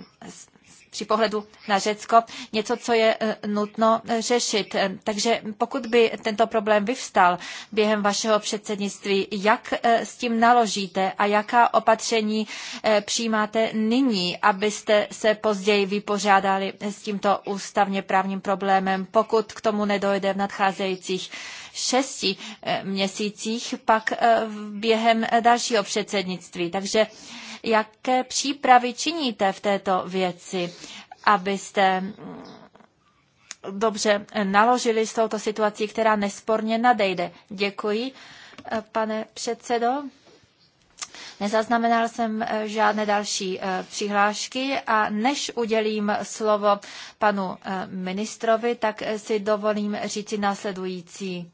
při pohledu na Řecko něco, co je eh, nutno eh, řešit. Eh, takže pokud by tento problém vyvstal během vašeho předsednictví, jak s tím naložíte a jaká opatření přijímáte nyní, abyste se později vypořádali s tímto ústavně právním problémem, pokud k tomu nedojde v nadcházejících šesti měsících, pak během dalšího předsednictví. Takže Jaké přípravy činíte v této věci, abyste mm, dobře naložili s touto situací, která nesporně nadejde? Děkuji, eh, pane předsedo. Nezaznamenal jsem eh, žádné další eh, přihlášky a než udělím slovo panu ministrovi, tak si dovolím říci následující.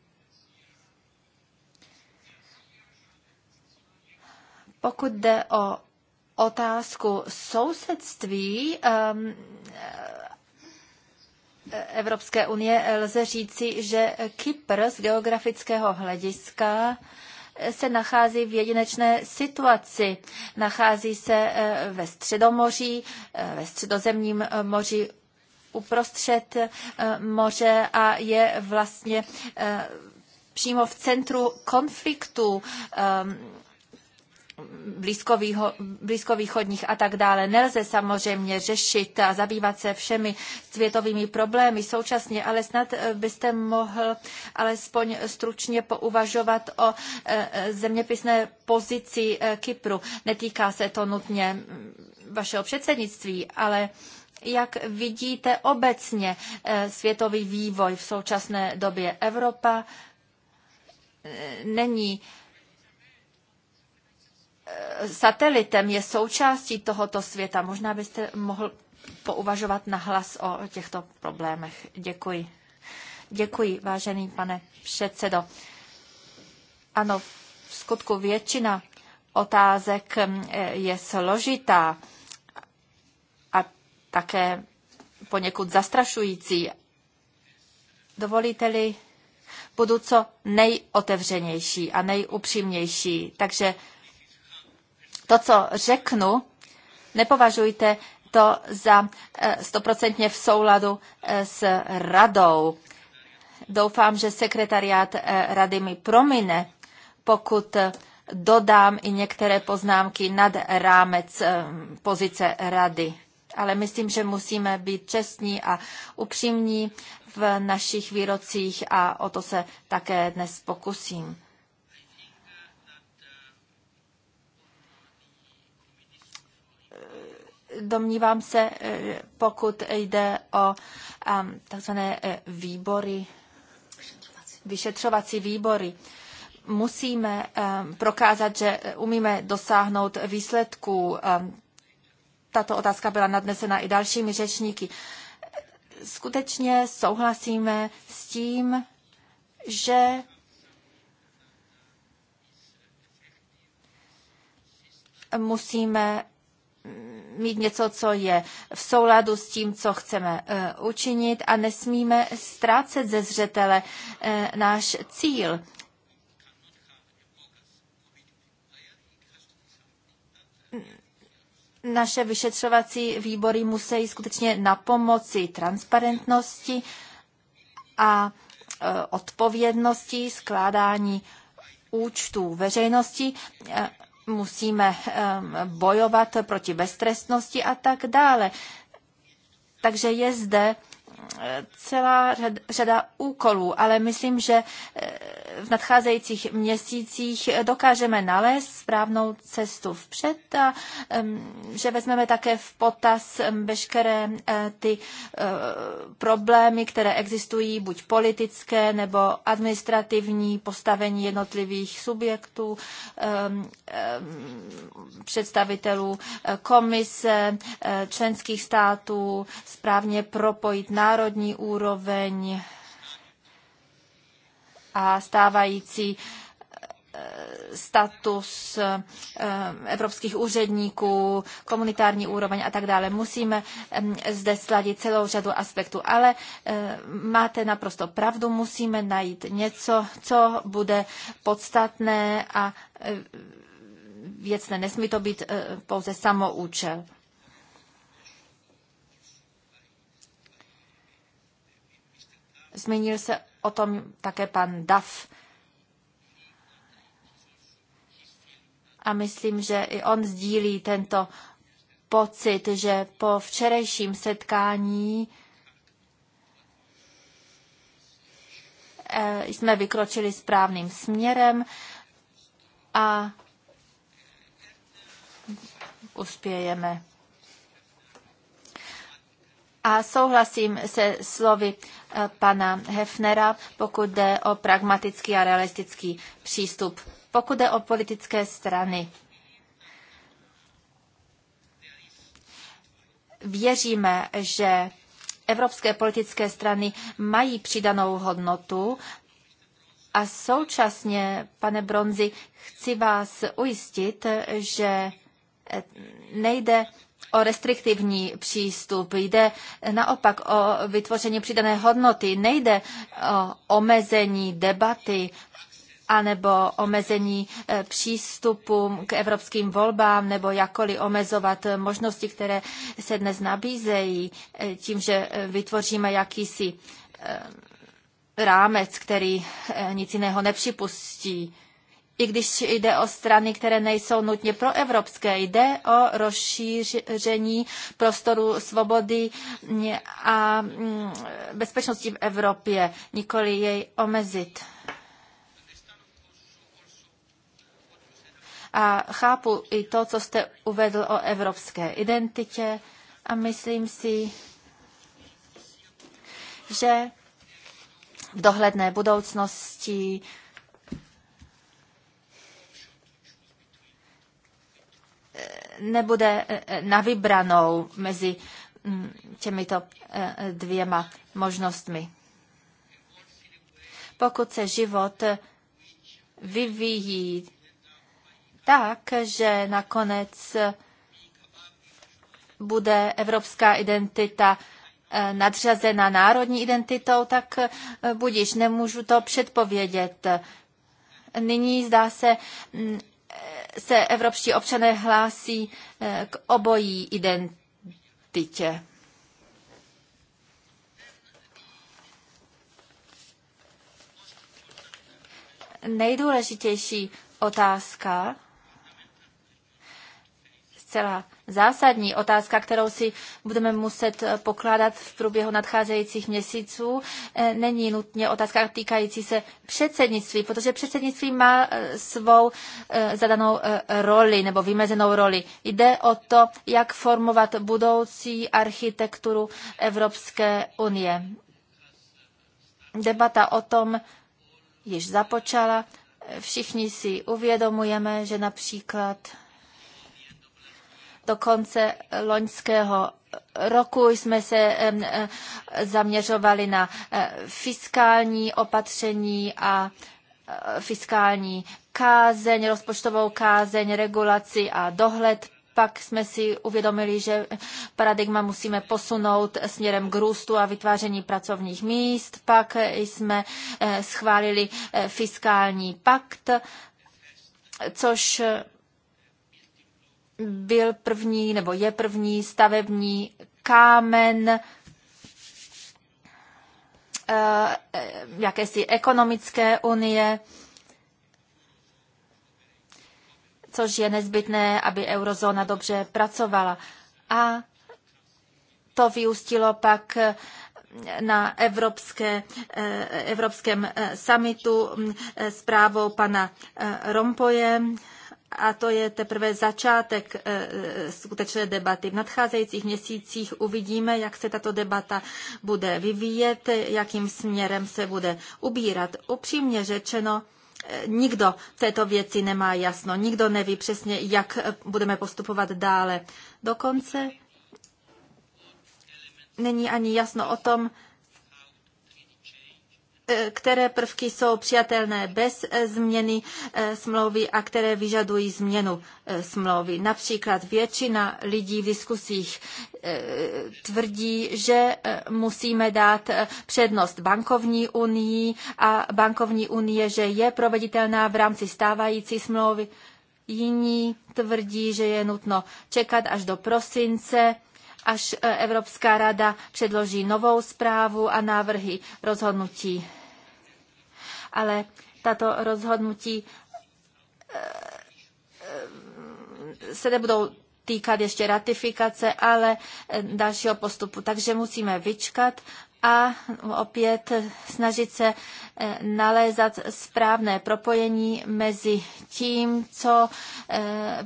Pokud jde o otázku sousedství um, eh, Evropské unie lze říci, že Kypr z geografického hlediska se nachází v jedinečné situaci. Nachází se eh, ve středomoří, eh, ve středozemním moři uprostřed moře a je vlastně přímo v centru konfliktu blízkovýchodních a tak dále. Nelze samozřejmě řešit a zabývat se všemi světovými problémy současně, ale snad eh, byste mohl alespoň stručně pouvažovat o eh, eh, zeměpisné pozici Kypru. Netýká se to nutně mm, vašeho předsednictví, ale jak vidíte obecně světový vývoj v současné době? Evropa není satelitem je součástí tohoto světa. Možná byste mohl pouvažovat na hlas o těchto problémech. Děkuji. Děkuji, vážený pane předsedo. Ano, v skutku většina otázek mm, eh, je složitá a také poněkud zastrašující. Dovolíte-li, budu co nejotevřenější a nejupřímnější, takže to, co řeknu, nepovažujte to za eh, stoprocentně v souladu eh, s radou. Doufám, že sekretariát eh, rady mi promine, pokud dodám i některé poznámky nad rámec pozice rady. Ale myslím, že musíme být čestní a upřímní v našich výrocích a o to se také dnes pokusím. domnívám se, eh, pokud jde o takzvané eh, výbory, vyšetřovací výbory, musíme prokázat, že eh, umíme dosáhnout výsledků. Tato otázka byla nadnesena i dalšími řečníky. Skutečně souhlasíme s tím, že musíme mít něco, co je v souladu s tím, co chceme eh, učinit a nesmíme ztrácet ze zřetele eh, náš cíl. Naše vyšetřovací výbory musí skutečně na pomoci transparentnosti a eh, odpovědnosti skládání účtů veřejnosti musíme bojovat proti beztrestnosti a tak dále. Takže je zde celá řada úkolů, ale myslím, že eh, v nadcházejících měsících dokážeme nalézt správnou cestu vpřed a že vezmeme také v potaz veškeré eh, ty eh, problémy, které existují, buď politické nebo administrativní, postavení jednotlivých subjektů, představitelů komise, členských států, správně propojit na národní úroveň a stávající eh, status eh, evropských úředníků, komunitární úroveň a tak dále. Musíme zde sladit celou řadu aspektů, ale eh, máte naprosto pravdu, musíme najít něco, co bude podstatné a věcné. Nesmí to být pouze samoučel. Zmínil se o tom také pan Duff. A myslím, že i on sdílí tento pocit, že po včerejším setkání eh, jsme vykročili správným směrem a uspějeme. A souhlasím se slovy eh, pana Hefnera, pokud jde o pragmatický a realistický přístup. Pokud jde o politické strany, věříme, že evropské politické strany mají přidanou hodnotu a současně, pane Bronzi, chci vás ujistit, že nejde o restriktivní přístup, jde naopak o vytvoření přidané hodnoty, nejde o omezení debaty anebo omezení e, přístupu k evropským volbám, nebo jakkoliv omezovat možnosti, které se dnes nabízejí, e, tím, že e, vytvoříme jakýsi rámec, který nic jiného nepřipustí i když jde o strany, které nejsou nutně proevropské. Jde o rozšíření prostoru svobody a mm, bezpečnosti v Evropě, nikoli jej omezit. A chápu i to, co jste uvedl o evropské identitě a myslím si, že v dohledné budoucnosti nebude eh, eh, na vybranou mezi mm, těmito eh, dvěma možnostmi. Pokud se život vyvíjí tak, že nakonec bude evropská identita nadřazena národní identitou, tak budiš, nemůžu to předpovědět. Nyní zdá se, mm, se evropští občané hlásí eh, k obojí identitě. Nejdůležitější otázka zcela zásadní otázka, kterou si budeme muset eh, pokládat v průběhu nadcházejících měsíců, eh, není nutně otázka týkající se předsednictví, protože předsednictví má eh, svou zadanou roli nebo vymezenou roli. Jde o to, jak formovat budoucí architekturu Evropské unie. Debata o tom již započala. Všichni si uvědomujeme, že například do konce loňského roku jsme se e, zaměřovali na e, fiskální opatření a e, fiskální kázeň, rozpočtovou kázeň, regulaci a dohled pak jsme si uvědomili, že paradigma musíme posunout směrem k růstu a vytváření pracovních míst. Pak jsme schválili fiskální pakt, což byl první nebo je první stavební kámen eh, eh, jakési ekonomické unie, což je nezbytné, aby eurozóna dobře pracovala. A to vyústilo pak eh, na evropské, evropském mm, s zprávou pana Rompoje a to je teprve začátek eh, eh, skutečné debaty. V nadcházejících měsících uvidíme, jak se tato debata bude vyvíjet, jakým směrem se bude ubírat. Upřímně řečeno, eh, nikdo v této věci nemá jasno, nikdo neví přesně, jak budeme postupovat dále. Dokonce není ani jasno o tom, E, které prvky jsou přijatelné bez e, změny e, smlouvy a které vyžadují změnu smlouvy. Například většina lidí v diskusích tvrdí, že musíme dát přednost bankovní unii a bankovní unie, že je proveditelná v rámci stávající smlouvy. Jiní tvrdí, že je nutno čekat až do prosince až Evropská rada předloží novou zprávu a návrhy rozhodnutí ale tato rozhodnutí eh, se nebudou týkat ještě ratifikace, ale eh, dalšího postupu. Takže musíme vyčkat a opět snažit se eh, nalézat správné propojení mezi tím, co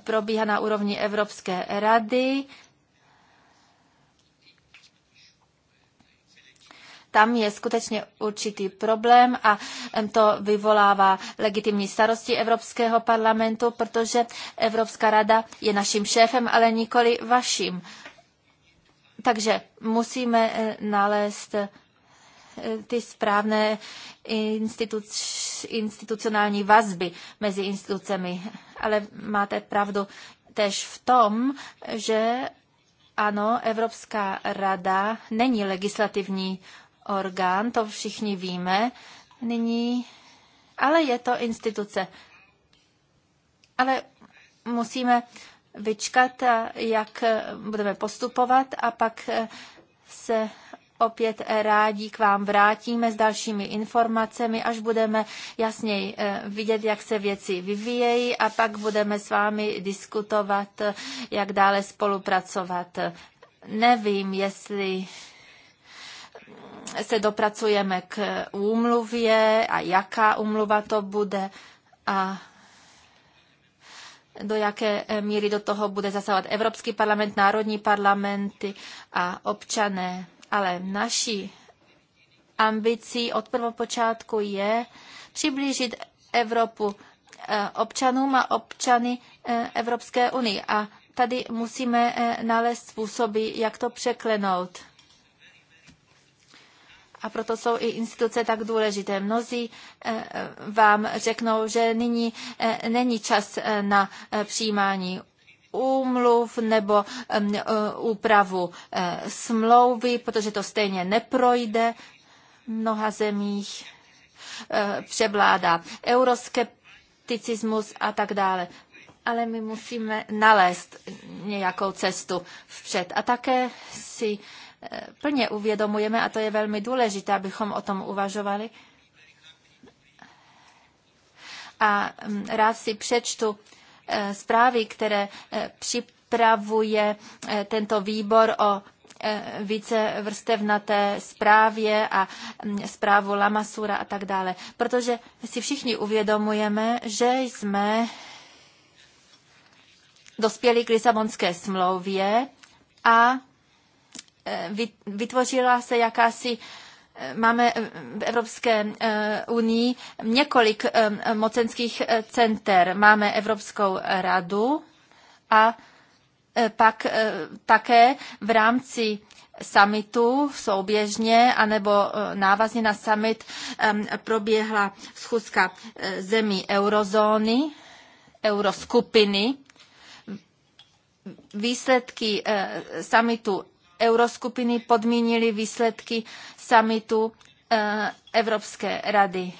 probíhá na úrovni Evropské rady, Tam je skutečně určitý problém a to vyvolává legitimní starosti Evropského parlamentu, protože Evropská rada je naším šéfem, ale nikoli vaším. Takže musíme eh, nalézt eh, ty správné instituc- institucionální vazby mezi institucemi. Ale máte pravdu tež v tom, že ano, Evropská rada není legislativní orgán, to všichni víme nyní, ale je to instituce. Ale musíme vyčkat, jak budeme postupovat a pak se opět rádi k vám vrátíme s dalšími informacemi, až budeme jasněji eh, vidět, jak se věci vyvíjejí a pak budeme s vámi diskutovat, eh, jak dále spolupracovat. Nevím, jestli se dopracujeme k úmluvě a jaká úmluva to bude a do jaké míry do toho bude zasahovat Evropský parlament, národní parlamenty a občané. Ale naší ambicí od prvopočátku je přiblížit Evropu eh, občanům a občany eh, Evropské unii. A tady musíme eh, nalézt způsoby, jak to překlenout a proto jsou i instituce tak důležité. Mnozí eh, eh, vám řeknou, že nyní eh, není čas na přijímání úmluv nebo úpravu smlouvy, protože to stejně neprojde v mnoha zemích převládá euroskepticismus a tak dále. Ale my musíme nalézt nějakou cestu vpřed. A také si plně uvědomujeme a to je velmi důležité, abychom o tom uvažovali. A mm, rád si přečtu e, zprávy, které e, připravuje e, tento výbor o více vrstevnaté zprávě a mm, zprávu Lamasura a tak dále. Protože si všichni uvědomujeme, že jsme dospěli k Lisabonské smlouvě a Eh, vytvořila se jakási eh, máme eh, v Evropské unii několik mocenských center. Máme Evropskou radu a pak také v rámci summitu souběžně anebo návazně na summit proběhla schůzka zemí eurozóny, euroskupiny. Výsledky summitu euroskupiny podmínily výsledky samitu eh, Evropské rady.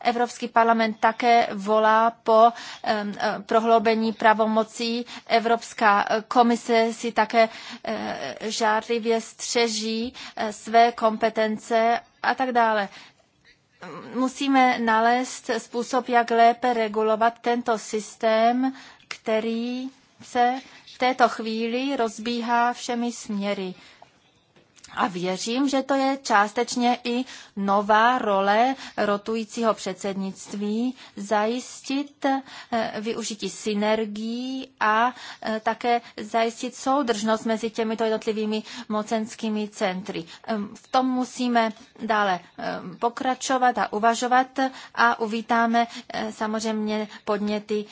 Evropský parlament také volá po eh, prohloubení pravomocí. Evropská komise si také eh, žárlivě střeží své kompetence a tak dále. Musíme nalézt způsob, jak lépe regulovat tento systém, který se této chvíli rozbíhá všemi směry. A věřím, že to je částečně i nová role rotujícího předsednictví zajistit eh, využití synergií a eh, také zajistit soudržnost mezi těmito jednotlivými mocenskými centry. Ehm, v tom musíme dále ehm, pokračovat a uvažovat a uvítáme eh, samozřejmě podněty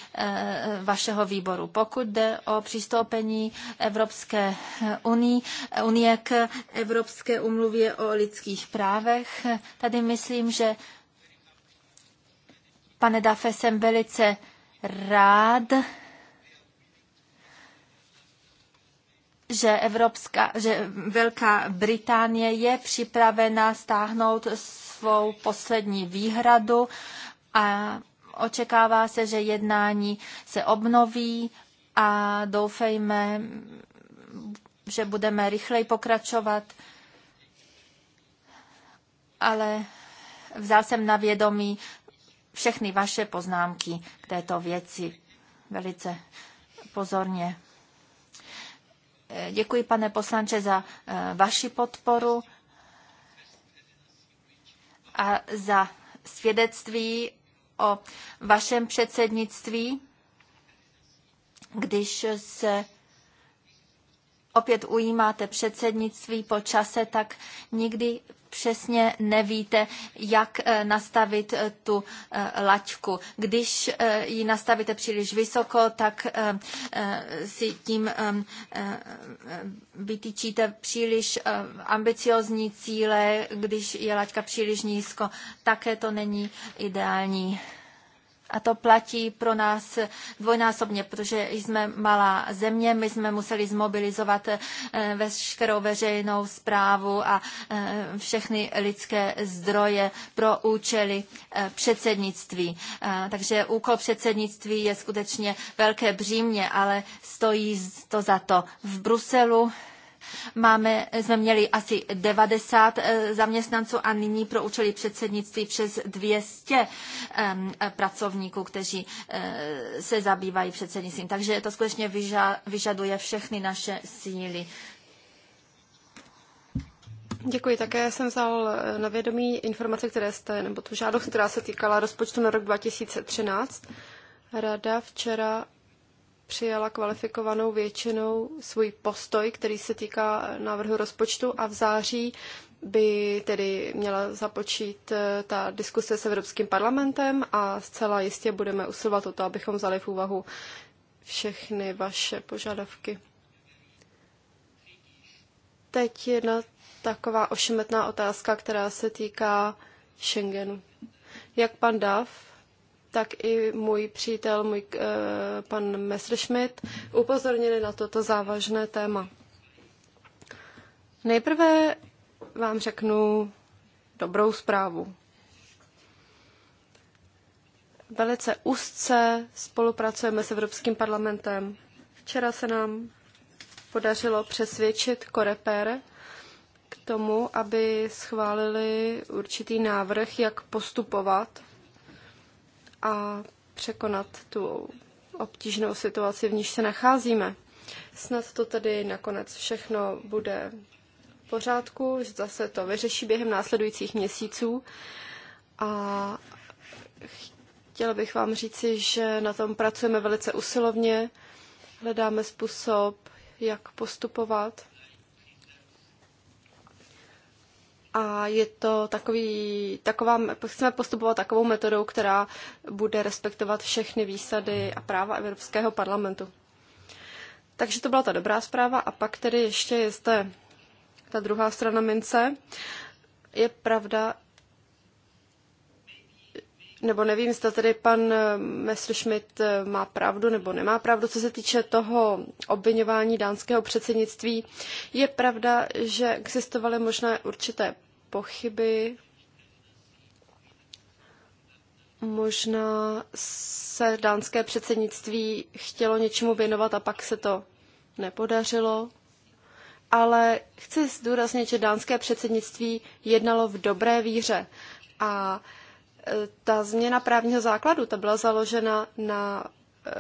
vašeho výboru. Pokud jde o přistoupení Evropské unii, unie k Evropské Evropské umluvě o lidských právech. Tady myslím, že pane Dafe, jsem velice rád, že, Evropská, že Velká Británie je připravena stáhnout svou poslední výhradu a očekává se, že jednání se obnoví a doufejme, že budeme rychleji pokračovat, ale vzal jsem na vědomí všechny vaše poznámky k této věci velice pozorně. Děkuji, pane poslanče, za eh, vaši podporu a za svědectví o vašem předsednictví, když se opět ujímáte předsednictví po čase, tak nikdy přesně nevíte, jak eh, nastavit eh, tu eh, laťku. Když ji nastavíte příliš vysoko, tak si tím vytýčíte příliš ambiciozní cíle, když je laťka příliš nízko, také to není ideální a to platí pro nás dvojnásobně, protože jsme malá země, my jsme museli zmobilizovat eh, veškerou veřejnou zprávu a eh, všechny lidské zdroje pro účely eh, předsednictví. Takže úkol předsednictví je skutečně velké břímě, ale stojí to za to. V Bruselu Máme, jsme měli asi 90 eh, zaměstnanců a nyní pro účely předsednictví přes 200 ehm, pracovníků, kteří eh, se zabývají předsednictvím. Takže to skutečně vyžaduje všechny naše síly. Děkuji. Také jsem vzal eh, na vědomí informace, které jste, nebo tu žádost, která se týkala rozpočtu na rok 2013. Rada včera přijala kvalifikovanou většinou svůj postoj, který se týká návrhu rozpočtu a v září by tedy měla započít eh, ta diskuse s Evropským parlamentem a zcela jistě budeme usilovat o to, abychom vzali v úvahu všechny vaše požadavky. Teď jedna taková ošemetná otázka, která se týká Schengenu. Jak pan Dav tak i můj přítel, můj eh, pan Messerschmidt, upozornili na toto závažné téma. Nejprve vám řeknu dobrou zprávu. Velice úzce spolupracujeme s Evropským parlamentem. Včera se nám podařilo přesvědčit Koreper k tomu, aby schválili určitý návrh, jak postupovat a překonat tu obtížnou situaci, v níž se nacházíme. Snad to tedy nakonec všechno bude v pořádku, že zase to vyřeší během následujících měsíců. A chtěla bych vám říci, že na tom pracujeme velice usilovně, hledáme způsob, jak postupovat. a je to takový, taková, chceme postupovat takovou metodou, která bude respektovat všechny výsady a práva Evropského parlamentu. Takže to byla ta dobrá zpráva a pak tedy ještě je zde ta druhá strana mince. Je pravda, nebo nevím, jestli tady pan eh, Messerschmidt eh, má pravdu nebo nemá pravdu, co se týče toho obvinování dánského předsednictví. Je pravda, že existovaly možná určité pochyby, možná se dánské předsednictví chtělo něčemu věnovat a pak se to nepodařilo. Ale chci zdůraznit, že dánské předsednictví jednalo v dobré víře a Eh, ta změna právního základu, ta byla založena na eh,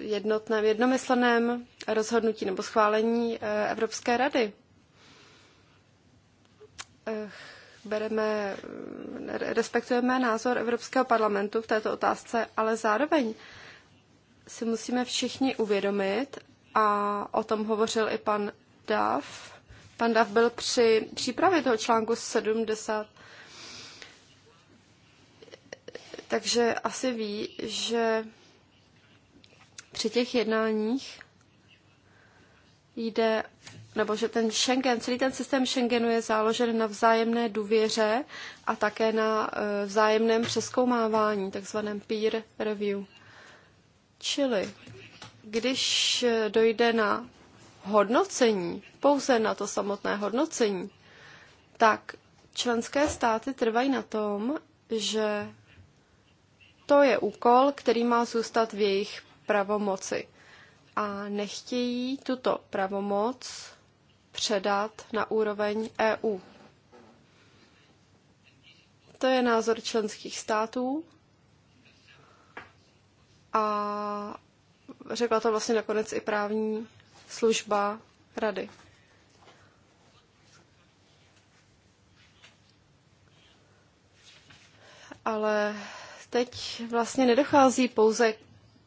jednotném, jednomyslném rozhodnutí nebo schválení eh, Evropské rady. Bereme, respektujeme názor Evropského parlamentu v této otázce, ale zároveň si musíme všichni uvědomit, a o tom hovořil i pan Dav. Pan Dav byl při přípravě toho článku 70, Takže asi ví, že při těch jednáních jde, nebo že ten Schengen, celý ten systém Schengenu je založen na vzájemné důvěře a také na e, vzájemném přeskoumávání, takzvaném peer review. Čili, když dojde na hodnocení, pouze na to samotné hodnocení, tak členské státy trvají na tom, že to je úkol, který má zůstat v jejich pravomoci. A nechtějí tuto pravomoc předat na úroveň EU. To je názor členských států a řekla to vlastně nakonec i právní služba rady. Ale teď vlastně nedochází pouze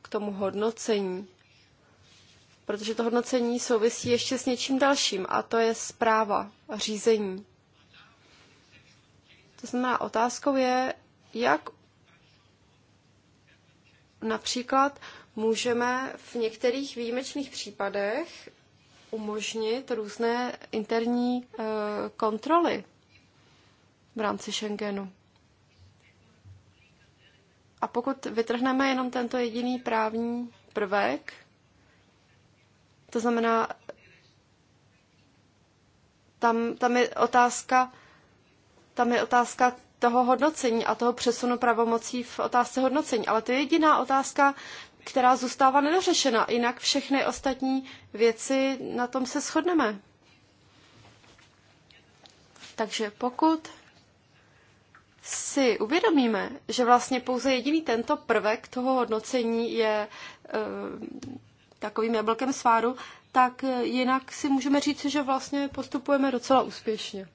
k tomu hodnocení, protože to hodnocení souvisí ještě s něčím dalším, a to je zpráva a řízení. To znamená, otázkou je, jak například můžeme v některých výjimečných případech umožnit různé interní eh, kontroly v rámci Schengenu. A pokud vytrhneme jenom tento jediný právní prvek, to znamená, tam, tam je otázka, tam je otázka toho hodnocení a toho přesunu pravomocí v otázce hodnocení. Ale to je jediná otázka, která zůstává nedořešena. Jinak všechny ostatní věci na tom se shodneme. Takže pokud si uvědomíme, že vlastně pouze jediný tento prvek toho hodnocení je eh, takovým jablkem sváru, tak jinak si můžeme říct, že vlastně postupujeme docela úspěšně.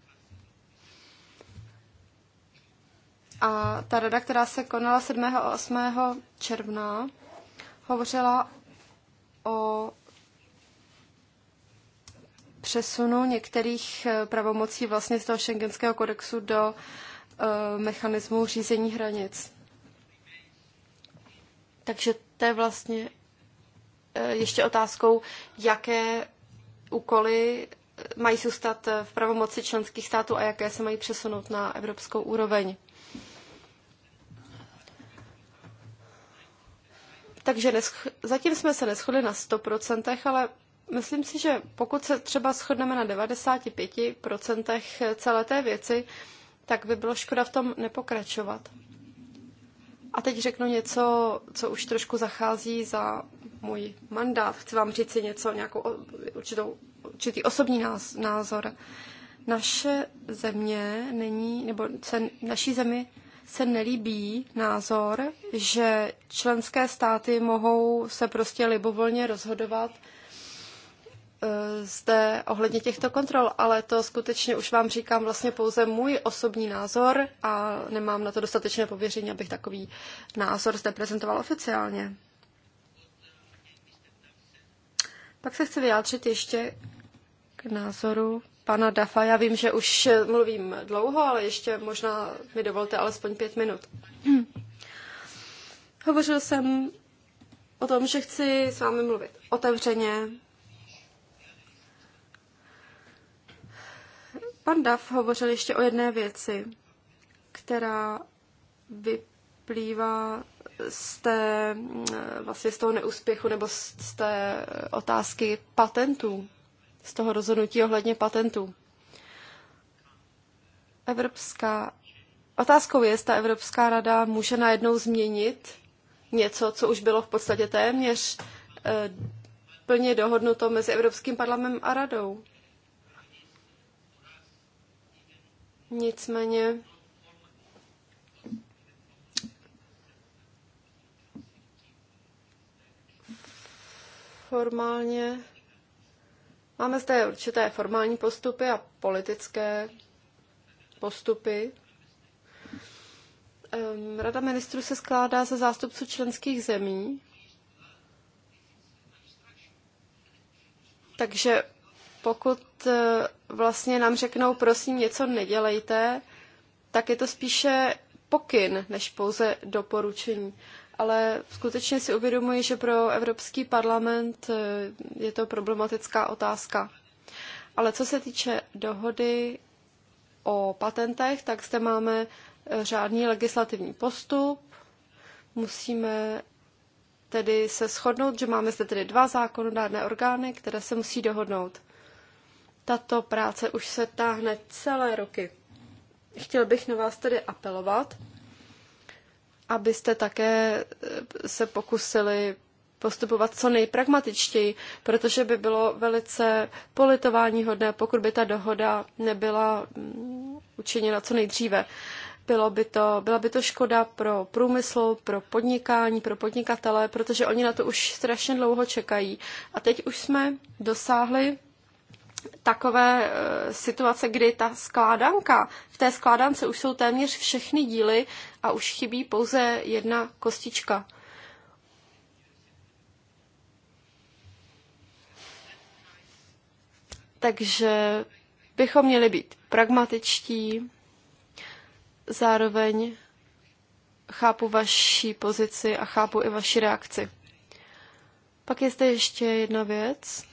A ta rada, která se konala 7. a 8. června, hovořila o přesunu některých eh, pravomocí vlastně z toho šengenského kodexu do Eh, mechanismu řízení hranic. Takže to je vlastně eh, ještě otázkou, jaké úkoly eh, mají zůstat v pravomoci členských států a jaké se mají přesunout na evropskou úroveň. Takže nesch- zatím jsme se neschodli na 100%, ale myslím si, že pokud se třeba shodneme na 95% celé té věci, tak by bylo škoda v tom nepokračovat. A teď řeknu něco, co už trošku zachází za můj mandát. Chci vám říct si něco, nějakou určitou, určitý osobní názor. Naše země není, nebo se, naší zemi se nelíbí názor, že členské státy mohou se prostě libovolně rozhodovat Eh, zde ohledně těchto kontrol, ale to skutečně už vám říkám vlastně pouze můj osobní názor a nemám na to dostatečné pověření, abych takový názor zde prezentoval oficiálně. Pak se chci vyjádřit ještě k názoru pana Dafa. Já vím, že už mluvím dlouho, ale ještě možná mi dovolte alespoň pět minut. Hovořil jsem o tom, že chci s vámi mluvit otevřeně, Pan Dav hovořil ještě o jedné věci, která vyplývá z, té, mm, vlastně z toho neúspěchu nebo z té otázky patentů, z toho rozhodnutí ohledně patentů. Evropská Otázkou je, zda Evropská rada může najednou změnit něco, co už bylo v podstatě téměř eh, plně dohodnuto mezi Evropským parlamentem a radou. Nicméně formálně máme zde určité formální postupy a politické postupy. Ehm, Rada ministrů se skládá ze zástupců členských zemí, takže pokud e, vlastně nám řeknou, prosím, něco nedělejte, tak je to spíše pokyn než pouze doporučení. Ale skutečně si uvědomuji, že pro Evropský parlament e, je to problematická otázka. Ale co se týče dohody o patentech, tak zde máme e, řádný legislativní postup. Musíme tedy se shodnout, že máme zde tedy dva zákonodárné orgány, které se musí dohodnout. Tato práce už se táhne celé roky. Chtěl bych na vás tedy apelovat, abyste také eh, se pokusili postupovat co nejpragmatičtěji, protože by bylo velice politování hodné, pokud by ta dohoda nebyla mm, učiněna co nejdříve. Bylo by to, byla by to škoda pro průmysl, pro podnikání, pro podnikatele, protože oni na to už strašně dlouho čekají. A teď už jsme dosáhli takové e, situace, kdy ta skládanka, v té skládance už jsou téměř všechny díly a už chybí pouze jedna kostička. Takže bychom měli být pragmatičtí, zároveň chápu vaši pozici a chápu i vaši reakci. Pak je zde ještě jedna věc,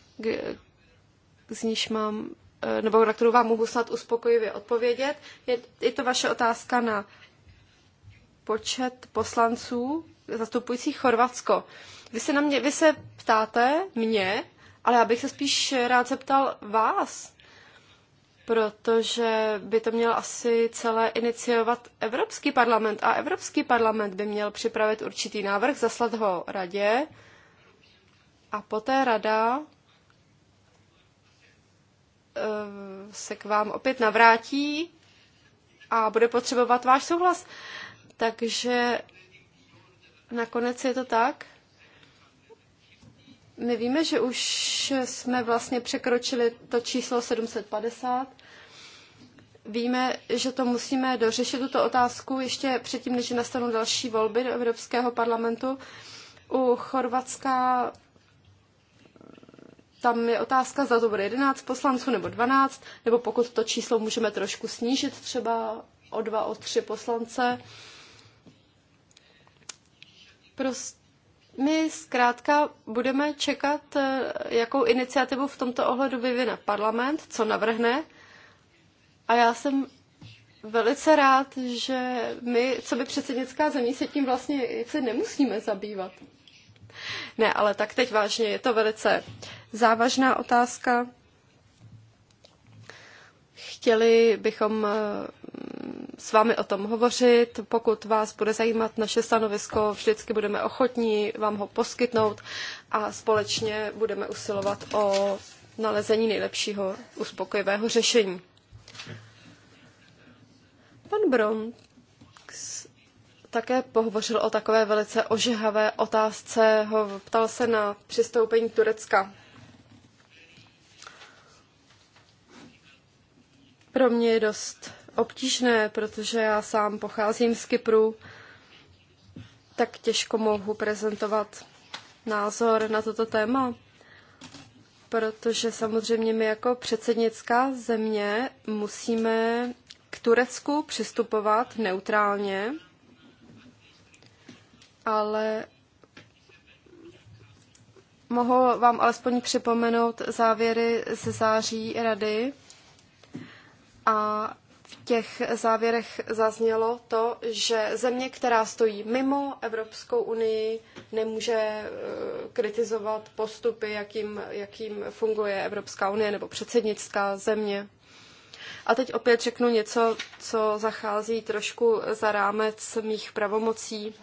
z níž mám, eh, nebo na kterou vám mohu snad uspokojivě odpovědět. Je, je to vaše otázka na počet poslanců zastupujících Chorvatsko. Vy se, na mě, vy se ptáte mě, ale já bych se spíš rád zeptal vás, protože by to měl asi celé iniciovat Evropský parlament a Evropský parlament by měl připravit určitý návrh, zaslat ho radě a poté rada Eh, se k vám opět navrátí a bude potřebovat váš souhlas. Takže nakonec je to tak. My víme, že už jsme vlastně překročili to číslo 750. Víme, že to musíme dořešit, tuto otázku, ještě předtím, než nastanou další volby do Evropského parlamentu. U Chorvatska tam je otázka, za to bude 11 poslanců nebo 12, nebo pokud to číslo můžeme trošku snížit třeba o dva, o tři poslance. Prost, my zkrátka budeme čekat, eh, jakou iniciativu v tomto ohledu vyvine parlament, co navrhne. A já jsem velice rád, že my, co by předsednická země, se tím vlastně se nemusíme zabývat. Ne, ale tak teď vážně, je to velice závažná otázka. Chtěli bychom eh, s vámi o tom hovořit. Pokud vás bude zajímat naše stanovisko, vždycky budeme ochotní vám ho poskytnout a společně budeme usilovat o nalezení nejlepšího uspokojivého řešení. Pan Bron také pohovořil o takové velice ožehavé otázce. Ho ptal se na přistoupení Turecka. Pro mě je dost obtížné, protože já sám pocházím z Kypru, tak těžko mohu prezentovat názor na toto téma, protože samozřejmě my jako předsednická země musíme k Turecku přistupovat neutrálně, ale mohu vám alespoň připomenout závěry ze září rady. A v těch závěrech zaznělo to, že země, která stojí mimo Evropskou unii, nemůže eh, kritizovat postupy, jakým, jakým funguje Evropská unie nebo předsednická země. A teď opět řeknu něco, co zachází trošku za rámec mých pravomocí.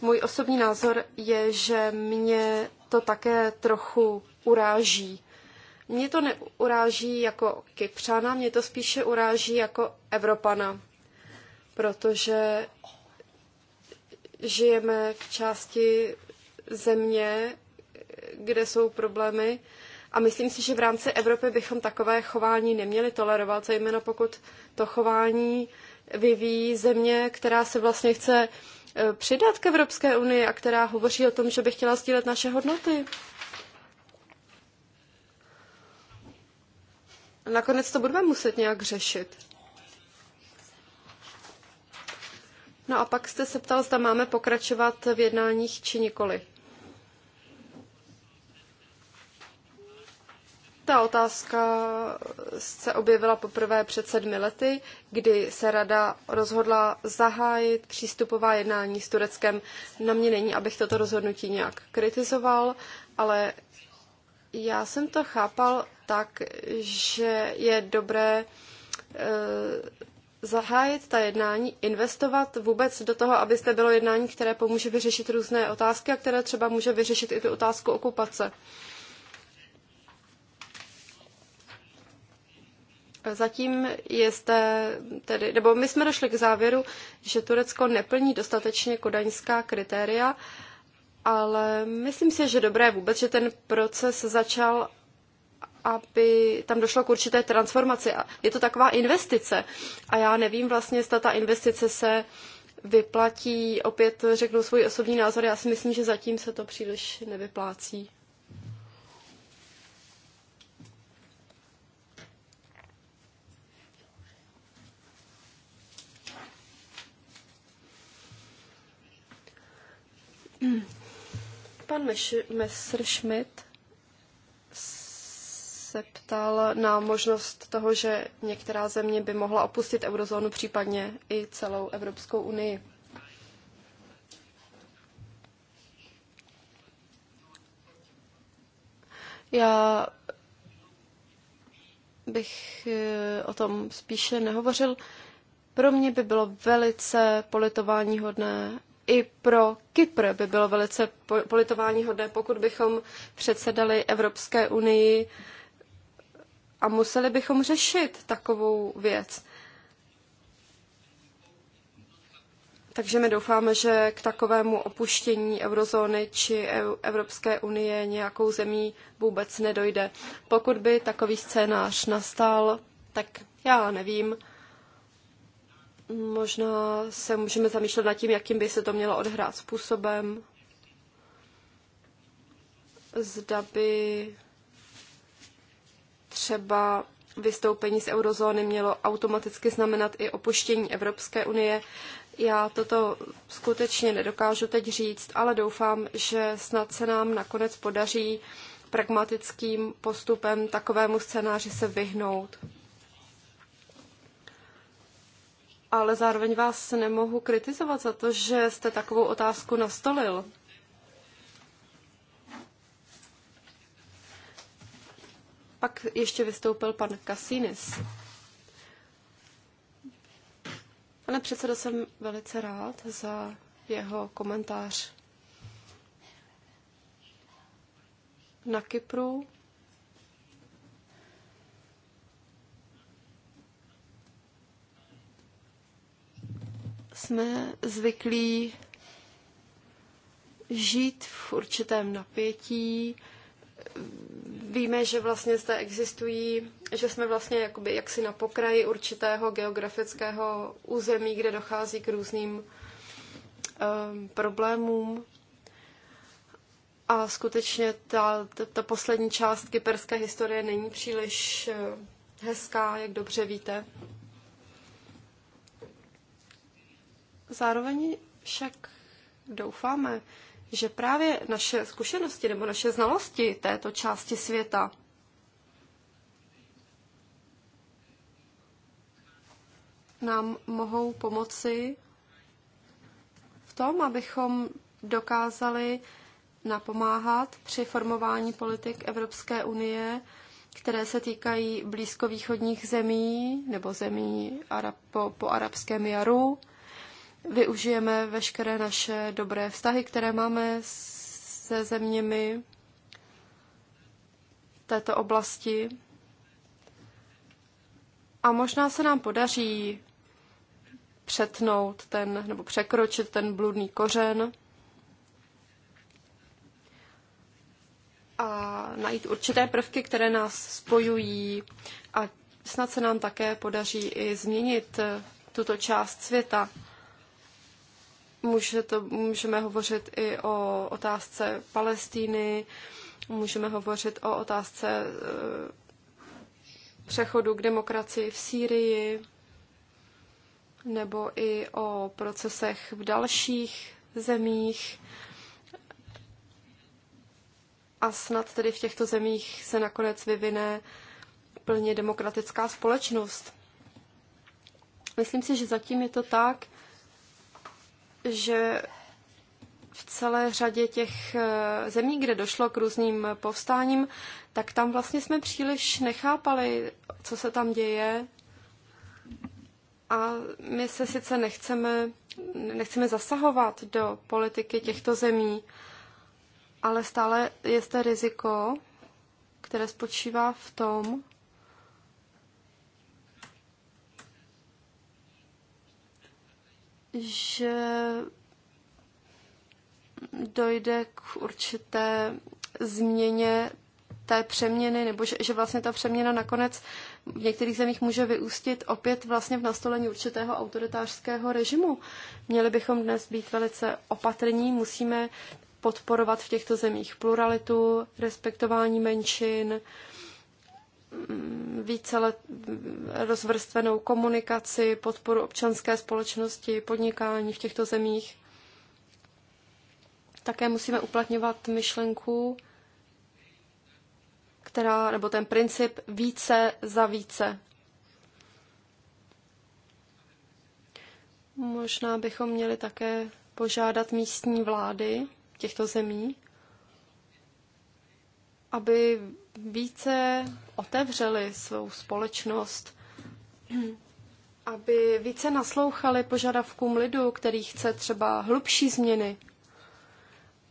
Můj osobní názor je, že mě to také trochu uráží. Mě to neuráží jako Kypřana, mě to spíše uráží jako Evropana, protože žijeme v části země, kde jsou problémy a myslím si, že v rámci Evropy bychom takové chování neměli tolerovat, zejména pokud to chování vyvíjí země, která se vlastně chce E, přidat k Evropské unii a která hovoří o tom, že by chtěla sdílet naše hodnoty. Nakonec to budeme muset nějak řešit. No a pak jste se ptal, zda máme pokračovat v jednáních či nikoli. Ta otázka se objevila poprvé před sedmi lety, kdy se rada rozhodla zahájit přístupová jednání s Tureckem. Na mě není, abych toto rozhodnutí nějak kritizoval, ale já jsem to chápal tak, že je dobré e, zahájit ta jednání, investovat vůbec do toho, aby zde bylo jednání, které pomůže vyřešit různé otázky a které třeba může vyřešit i tu otázku okupace. Zatím je zde tedy, nebo my jsme došli k závěru, že Turecko neplní dostatečně kodaňská kritéria, ale myslím si, že dobré vůbec, že ten proces začal, aby tam došlo k určité transformaci. je to taková investice a já nevím vlastně, jestli ta investice se vyplatí. Opět řeknu svůj osobní názor, já si myslím, že zatím se to příliš nevyplácí. Pan Messerschmidt se ptal na možnost toho, že některá země by mohla opustit eurozónu, případně i celou Evropskou unii. Já bych eh, o tom spíše nehovořil. Pro mě by bylo velice politováníhodné, i pro Kypr by bylo velice politování hodné, pokud bychom předsedali Evropské unii a museli bychom řešit takovou věc. Takže my doufáme, že k takovému opuštění eurozóny či Evropské unie nějakou zemí vůbec nedojde. Pokud by takový scénář nastal, tak já nevím, Možná se můžeme zamýšlet nad tím, jakým by se to mělo odhrát způsobem. Zda by třeba vystoupení z eurozóny mělo automaticky znamenat i opuštění Evropské unie. Já toto skutečně nedokážu teď říct, ale doufám, že snad se nám nakonec podaří pragmatickým postupem takovému scénáři se vyhnout. ale zároveň vás nemohu kritizovat za to, že jste takovou otázku nastolil. Pak ještě vystoupil pan Cassinis. Pane předsedo, jsem velice rád za jeho komentář. Na Kypru jsme zvyklí žít v určitém napětí. Víme, že vlastně zde existují, že jsme vlastně jakoby jaksi na pokraji určitého geografického území, kde dochází k různým um, problémům. A skutečně ta, ta, ta poslední část kyperské historie není příliš eh, hezká, jak dobře víte. Zároveň však doufáme, že právě naše zkušenosti nebo naše znalosti této části světa nám mohou pomoci v tom, abychom dokázali napomáhat při formování politik Evropské unie, které se týkají blízkovýchodních zemí nebo zemí Arab, po, po arabském jaru využijeme veškeré naše dobré vztahy, které máme se zeměmi této oblasti. A možná se nám podaří přetnout ten, nebo překročit ten bludný kořen a najít určité prvky, které nás spojují a snad se nám také podaří i změnit tuto část světa. Může to, můžeme hovořit i o otázce Palestíny, můžeme hovořit o otázce e, přechodu k demokracii v Sýrii, nebo i o procesech v dalších zemích. A snad tedy v těchto zemích se nakonec vyvine plně demokratická společnost. Myslím si, že zatím je to tak, že v celé řadě těch eh, zemí, kde došlo k různým povstáním, tak tam vlastně jsme příliš nechápali, co se tam děje. A my se sice nechceme, nechceme zasahovat do politiky těchto zemí, ale stále je zde riziko, které spočívá v tom, že dojde k určité změně té přeměny, nebo že, že vlastně ta přeměna nakonec v některých zemích může vyústit opět vlastně v nastolení určitého autoritářského režimu. Měli bychom dnes být velice opatrní, musíme podporovat v těchto zemích pluralitu, respektování menšin, uh, více let rozvrstvenou komunikaci, podporu občanské společnosti, podnikání v těchto zemích. Také musíme uplatňovat myšlenku, která, nebo ten princip více za více. Možná bychom měli také požádat místní vlády těchto zemí, aby více otevřeli svou společnost, aby více naslouchali požadavkům lidu, který chce třeba hlubší změny.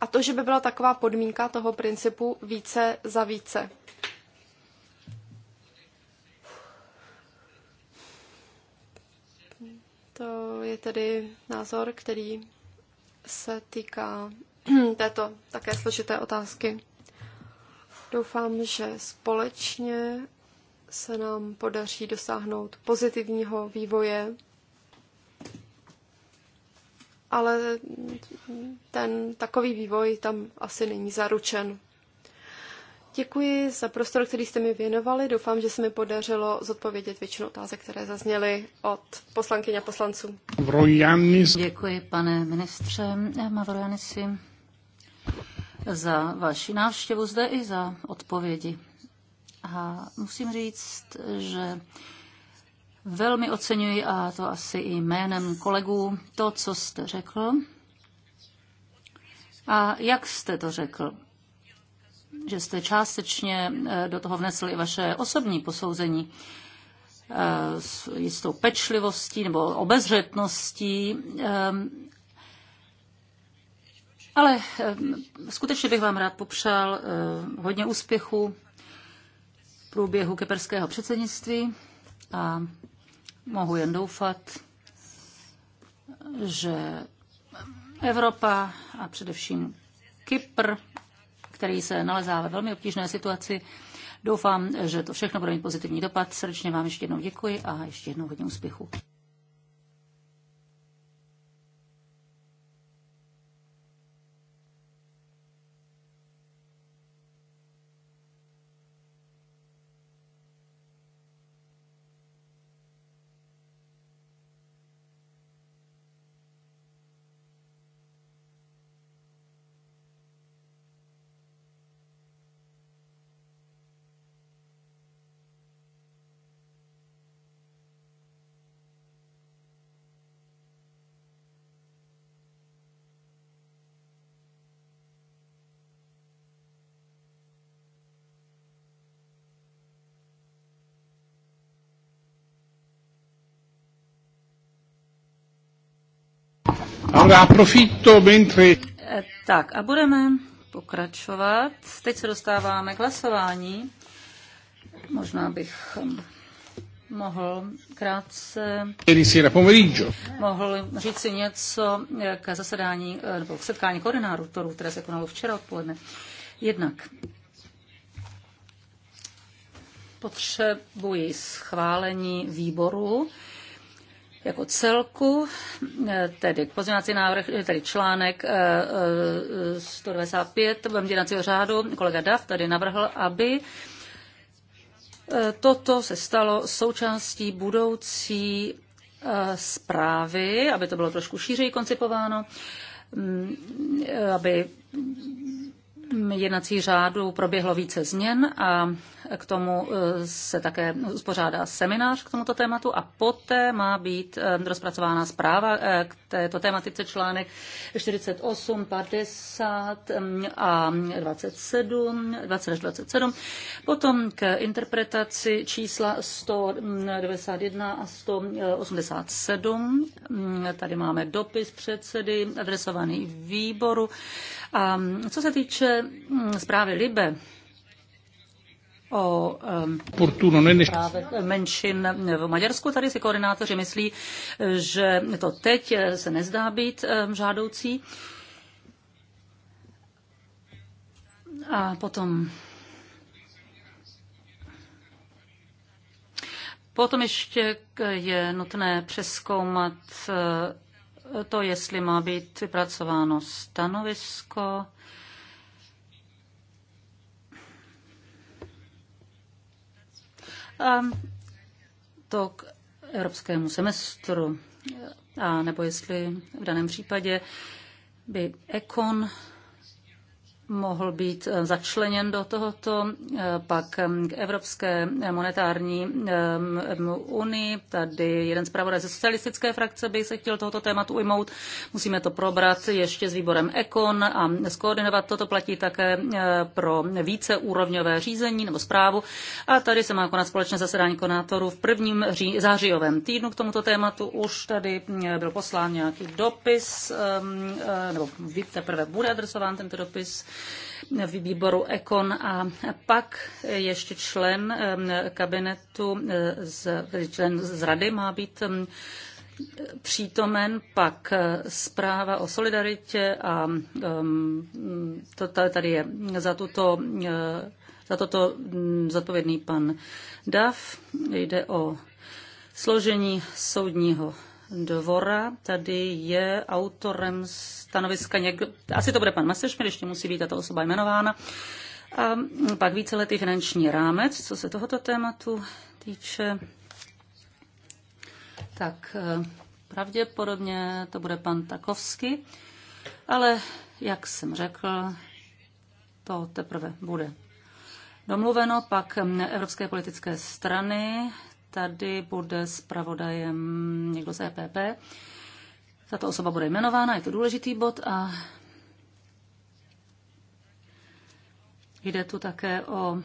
A to, že by byla taková podmínka toho principu více za více. To je tedy názor, který se týká této také složité otázky. Doufám, že společně se nám podaří dosáhnout pozitivního vývoje, ale ten takový vývoj tam asi není zaručen. Děkuji za prostor, který jste mi věnovali. Doufám, že se mi podařilo zodpovědět většinu otázek, které zazněly od poslankyň a poslanců. Děkuji, pane ministře Mavrojanisi za vaši návštěvu zde i za odpovědi. A musím říct, že velmi oceňuji, a to asi i jménem kolegů, to, co jste řekl. A jak jste to řekl? Že jste částečně eh, do toho vnesli i vaše osobní posouzení eh, s jistou pečlivostí nebo obezřetností eh, ale eh, skutečně bych vám rád popřál eh, hodně úspěchu v průběhu keperského předsednictví a mohu jen doufat, že Evropa a především Kypr, který se nalezá ve velmi obtížné situaci, doufám, že to všechno bude mít pozitivní dopad. Srdečně vám ještě jednou děkuji a ještě jednou hodně úspěchu. mentre... Eh, tak a budeme pokračovat. Teď se dostáváme k hlasování. Možná bych hm, mohl krátce... Mohl říct si něco eh, k zasedání eh, nebo k setkání koordinátorů, které se konalo včera odpoledne. Jednak potřebuji schválení výboru jako celku, eh, tedy pozměňovací návrh, eh, tedy článek 195 eh, jednacího řádu, kolega Dav tady navrhl, aby toto se stalo součástí budoucí zprávy, aby to bylo trošku šířeji koncipováno, mm, aby jednací řádu proběhlo více změn a k tomu eh, se také uspořádá seminář k tomuto tématu a poté má být eh, rozpracována zpráva eh, k této tématice článek 48, 50 mm, a 27, 20 až 27. Potom k interpretaci čísla 191 mm, a 187. Mm, tady máme dopis předsedy adresovaný výboru. A co se týče zprávy Libe, o um, právech menšin v Maďarsku. Tady si koordinátoři myslí, že to teď eh, se nezdá být um, žádoucí. A potom Potom ještě je nutné přeskoumat eh, to, jestli má být vypracováno stanovisko a to k evropskému semestru, a nebo jestli v daném případě by ekon mohl být eh, začleněn do tohoto, eh, pak eh, k Evropské monetární unii. Tady jeden pravodaj ze socialistické frakce by se chtěl tohoto tématu ujmout. Musíme to probrat ještě s výborem Ekon a skoordinovat. Toto platí také pro víceúrovňové řízení nebo zprávu. A tady se má konat společné zasedání konátorů v prvním ří, zářijovém týdnu k tomuto tématu. Už tady byl poslán nějaký dopis, nebo teprve bude adresován tento dopis výboru Ekon a pak ještě člen kabinetu, eh, z, člen z rady má být přítomen, pak eh, zpráva o solidaritě a to tady je za tuto eh, za toto mm, zodpovědný pan Dav. Jde o složení soudního dvora tady je autorem stanoviska někdo, asi to bude pan Messerschmidt, ještě musí být tato osoba jmenována. A pak víceletý finanční rámec, co se tohoto tématu týče. Tak e, pravděpodobně to bude pan Takovsky, ale jak jsem řekl, to teprve bude domluveno. Pak Evropské politické strany Tady bude zpravodajem někdo z EPP. Tato osoba bude jmenována, je to důležitý bod a jde tu také o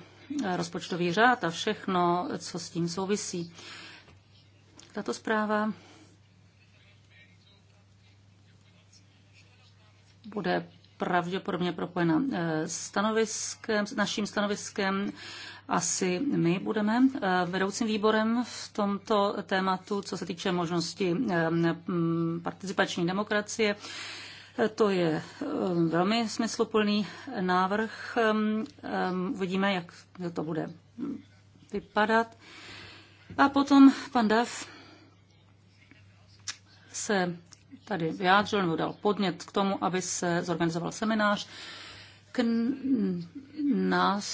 rozpočtový řád a všechno, co s tím souvisí. Tato zpráva bude pravděpodobně propojena eh, stanoviskem, s naším stanoviskem asi my budeme eh, vedoucím výborem v tomto tématu, co se týče možnosti eh, participační demokracie. Eh, to je velmi smysluplný návrh. Uvidíme, jak to bude vypadat. A potom pan Dav se tady vyjádřil nebo dal podnět k tomu, aby se zorganizoval seminář k nás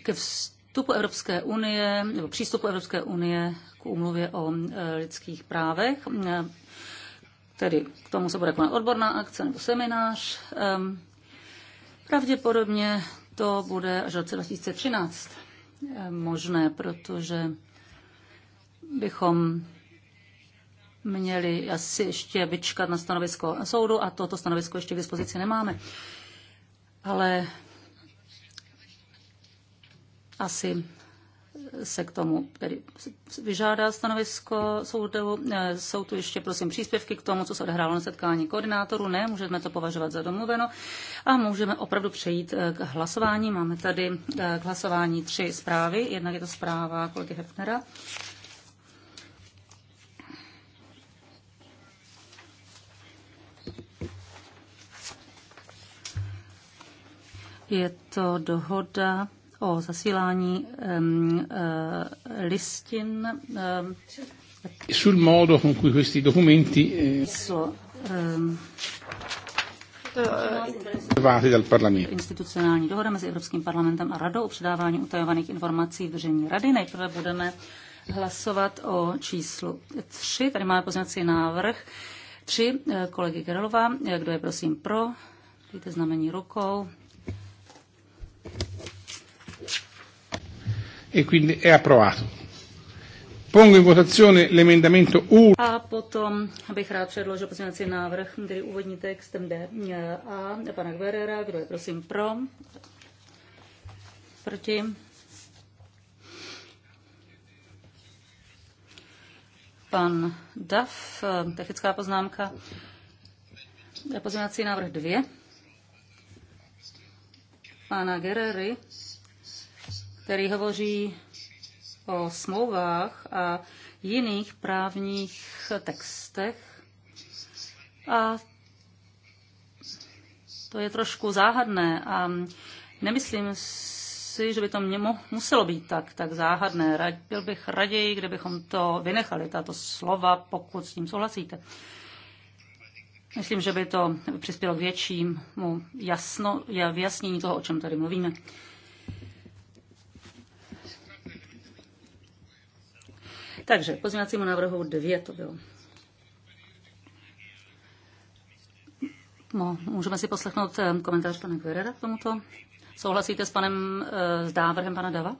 ke vstupu Evropské unie nebo přístupu Evropské unie k úmluvě o e, lidských právech. E, tedy k tomu se bude konat odborná akce nebo seminář. E, pravděpodobně to bude až v roce 2013 možné, protože bychom měli asi ještě vyčkat na stanovisko soudu a toto stanovisko ještě k dispozici nemáme. Ale asi se k tomu tedy vyžádá stanovisko soudu. Eh, jsou tu ještě, prosím, příspěvky k tomu, co se odehrálo na setkání koordinátorů. Ne, můžeme to považovat za domluveno a můžeme opravdu přejít eh, k hlasování. Máme tady eh, k hlasování tři zprávy. Jednak je to zpráva kolegy Hefnera. Je to dohoda o zasílání um, uh, listin. Um, sul modo con cui questi documenti eh, um, Váhy dal parlament. Institucionální dohoda mezi Evropským parlamentem a radou o předávání utajovaných informací v držení rady. Nejprve budeme hlasovat o číslu 3. Tady máme poznací návrh 3 eh, kolegy Gerlova. Kdo je prosím pro? Dejte znamení rukou. e quindi è approvato. Pongo in votazione l'emendamento 1. A potom bych rád předložil pozměňovací návrh, který úvodní text jde e, a pana Guerrera, kdo je prosím pro, proti. Pan Daf, e, technická poznámka, e, pozměňovací návrh 2. Pana Guerrery, který hovoří o smlouvách a jiných právních textech. A to je trošku záhadné a nemyslím si, že by to mělo, muselo být tak, tak záhadné. byl bych raději, kdybychom to vynechali, tato slova, pokud s tím souhlasíte. Myslím, že by to přispělo k většímu jasno, vyjasnění toho, o čem tady mluvíme. Takže pozměňovacímu návrhu dvě to bylo. No, můžeme si poslechnout eh, komentář pana Guerrera k tomuto. Souhlasíte s panem, eh, s návrhem pana Dava?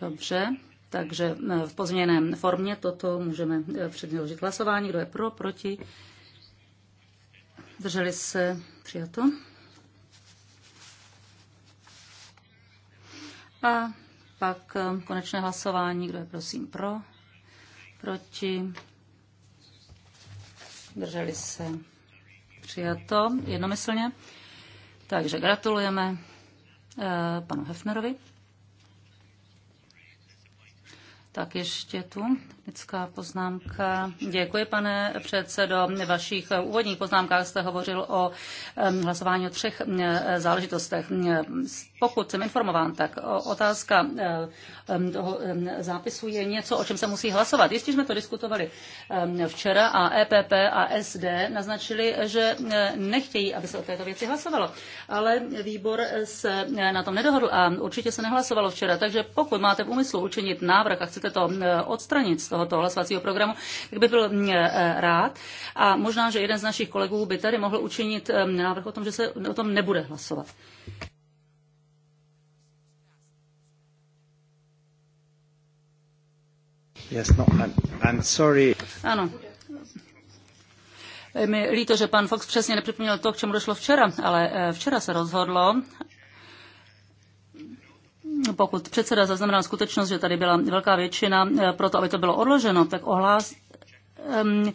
Dobře, takže eh, v pozměněném formě toto můžeme předložit hlasování. Kdo je pro, proti? Drželi se přijato. A pak eh, konečné hlasování, kdo je prosím pro, proti, drželi se přijato jednomyslně. Takže gratulujeme eh, panu Hefnerovi. Tak ještě tu Technická poznámka. Děkuji, pane předsedo. V vašich úvodních poznámkách jste hovořil o hlasování o třech záležitostech. Pokud jsem informován, tak otázka toho zápisu je něco, o čem se musí hlasovat. Jistě jsme to diskutovali včera a EPP a SD naznačili, že nechtějí, aby se o této věci hlasovalo. Ale výbor se na tom nedohodl a určitě se nehlasovalo včera. Takže pokud máte v úmyslu učinit návrh a chcete to odstranit, tohoto hlasovacího programu, tak bych byl mm, eh, rád. A možná, že jeden z našich kolegů by tady mohl učinit eh, návrh o tom, že se o tom nebude hlasovat. Yes, no, I'm, I'm sorry. Ano. Je mi líto, že pan Fox přesně nepřipomněl to, k čemu došlo včera, ale eh, včera se rozhodlo, pokud předseda zaznamenal skutečnost, že tady byla velká většina eh, pro to, aby to bylo odloženo, tak ohlás, ehm,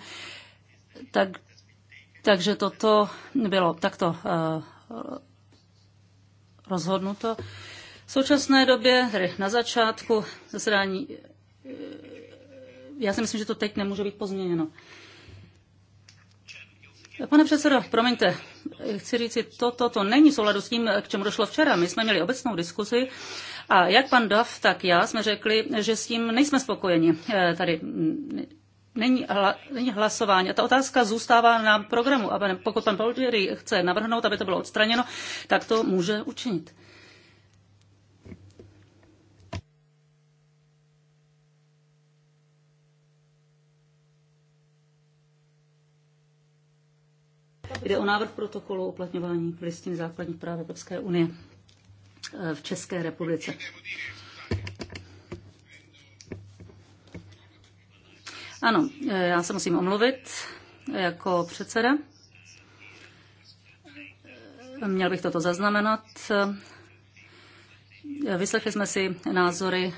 tak, takže toto bylo takto eh, rozhodnuto. V současné době, tedy na začátku zasedání, eh, já si myslím, že to teď nemůže být pozměněno. Pane předsedo, promiňte, chci říct, toto to, to není souladu s tím, k čemu došlo včera. My jsme měli obecnou diskusi a jak pan Dav, tak já jsme řekli, že s tím nejsme spokojeni. Eh, tady není, hla, není hlasování. A ta otázka zůstává na programu. A pokud pan Baldieri chce navrhnout, aby to bylo odstraněno, tak to může učinit. Jde o návrh protokolu o uplatňování listin základních práv Evropské unie. Eh, v České republice. Ano, eh, já se musím omluvit jako předseda. Měl bych toto zaznamenat. Vyslechli jsme si názory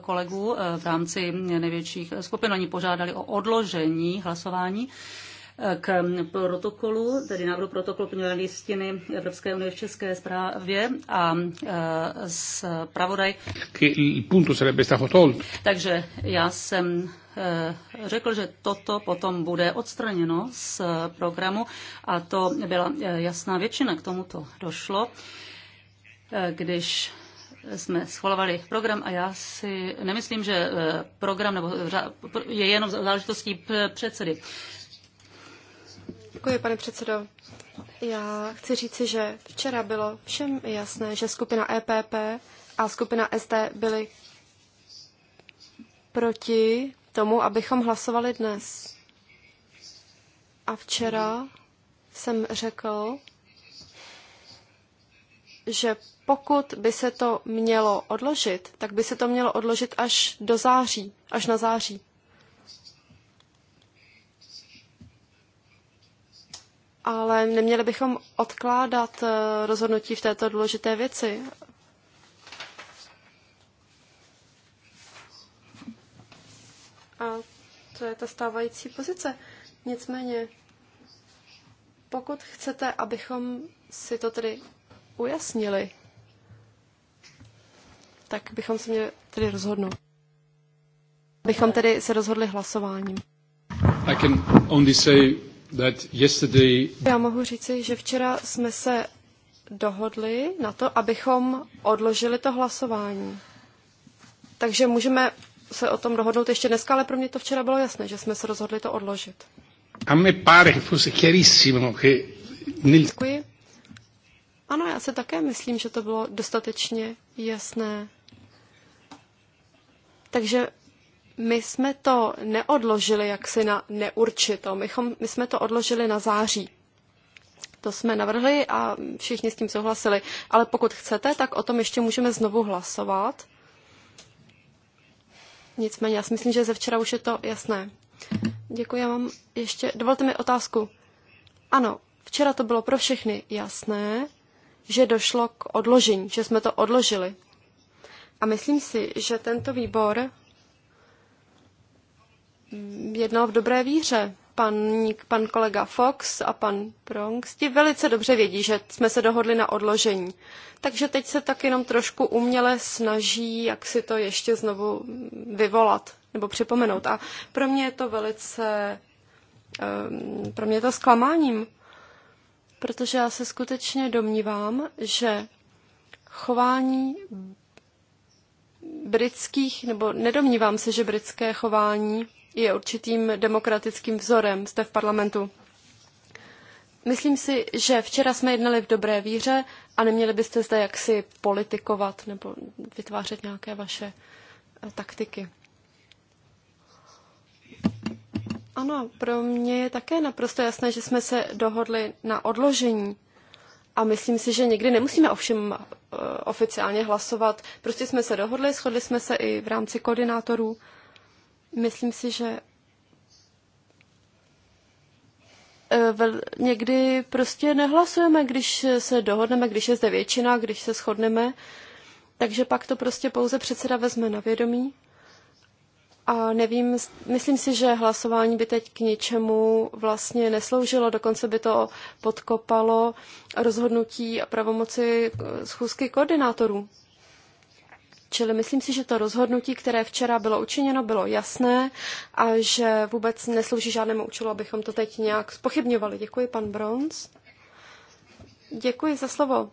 kolegů eh, v rámci největších skupin. Oni požádali o odložení hlasování k protokolu, tedy návrhu protokolu plněné listiny Evropské unie v České zprávě a e, zpravodaj. Takže já jsem e, řekl, že toto potom bude odstraněno z programu a to byla e, jasná většina, k tomuto došlo, když jsme schvalovali program a já si nemyslím, že program nebo je jenom záležitostí předsedy. Děkuji, pane předsedo. Já chci říci, že včera bylo všem jasné, že skupina EPP a skupina ST byly proti tomu, abychom hlasovali dnes. A včera jsem řekl, že pokud by se to mělo odložit, tak by se to mělo odložit až do září, až na září. ale neměli bychom odkládat eh, rozhodnutí v této důležité věci. A to je ta stávající pozice. Nicméně, pokud chcete, abychom si to tedy ujasnili, tak bychom se měli tedy rozhodnout. Bychom tedy se rozhodli hlasováním. I can only say that yesterday... Já mohu říci, že včera jsme se dohodli na to, abychom odložili to hlasování. Takže můžeme se o tom dohodnout ještě dneska, ale pro mě to včera bylo jasné, že jsme se rozhodli to odložit. A me pare che fosse chiarissimo che Děkuji. Ano, já si také myslím, že to bylo dostatečně jasné. Takže my jsme to neodložili jaksi na neurčito, my, chom, my jsme to odložili na září. To jsme navrhli a všichni s tím souhlasili. Ale pokud chcete, tak o tom ještě můžeme znovu hlasovat. Nicméně, já si myslím, že ze včera už je to jasné. Děkuji, já mám ještě... Dovolte mi otázku. Ano, včera to bylo pro všechny jasné, že došlo k odložení, že jsme to odložili. A myslím si, že tento výbor jednal v dobré víře. Pan, pan kolega Fox a pan Prong, ti velice dobře vědí, že jsme se dohodli na odložení. Takže teď se tak jenom trošku uměle snaží, jak si to ještě znovu vyvolat nebo připomenout. A pro mě je to velice, eh, pro mě je to zklamáním, protože já se skutečně domnívám, že chování britských, nebo nedomnívám se, že britské chování je určitým demokratickým vzorem zde v parlamentu. Myslím si, že včera jsme jednali v dobré víře a neměli byste zde jaksi politikovat nebo vytvářet nějaké vaše eh, taktiky. Ano, pro mě je také naprosto jasné, že jsme se dohodli na odložení. A myslím si, že někdy nemusíme ovšem eh, oficiálně hlasovat. Prostě jsme se dohodli, shodli jsme se i v rámci koordinátorů. Myslím si, že e, někdy prostě nehlasujeme, když se dohodneme, když je zde většina, když se shodneme, takže pak to prostě pouze předseda vezme na vědomí. A nevím, myslím si, že hlasování by teď k ničemu vlastně nesloužilo, dokonce by to podkopalo rozhodnutí a pravomoci e, schůzky koordinátorů. Čili myslím si, že to rozhodnutí, které včera bylo učiněno, bylo jasné a že vůbec neslouží žádnému účelu, abychom to teď nějak spochybňovali. Děkuji, pan Bronz. Děkuji za slovo.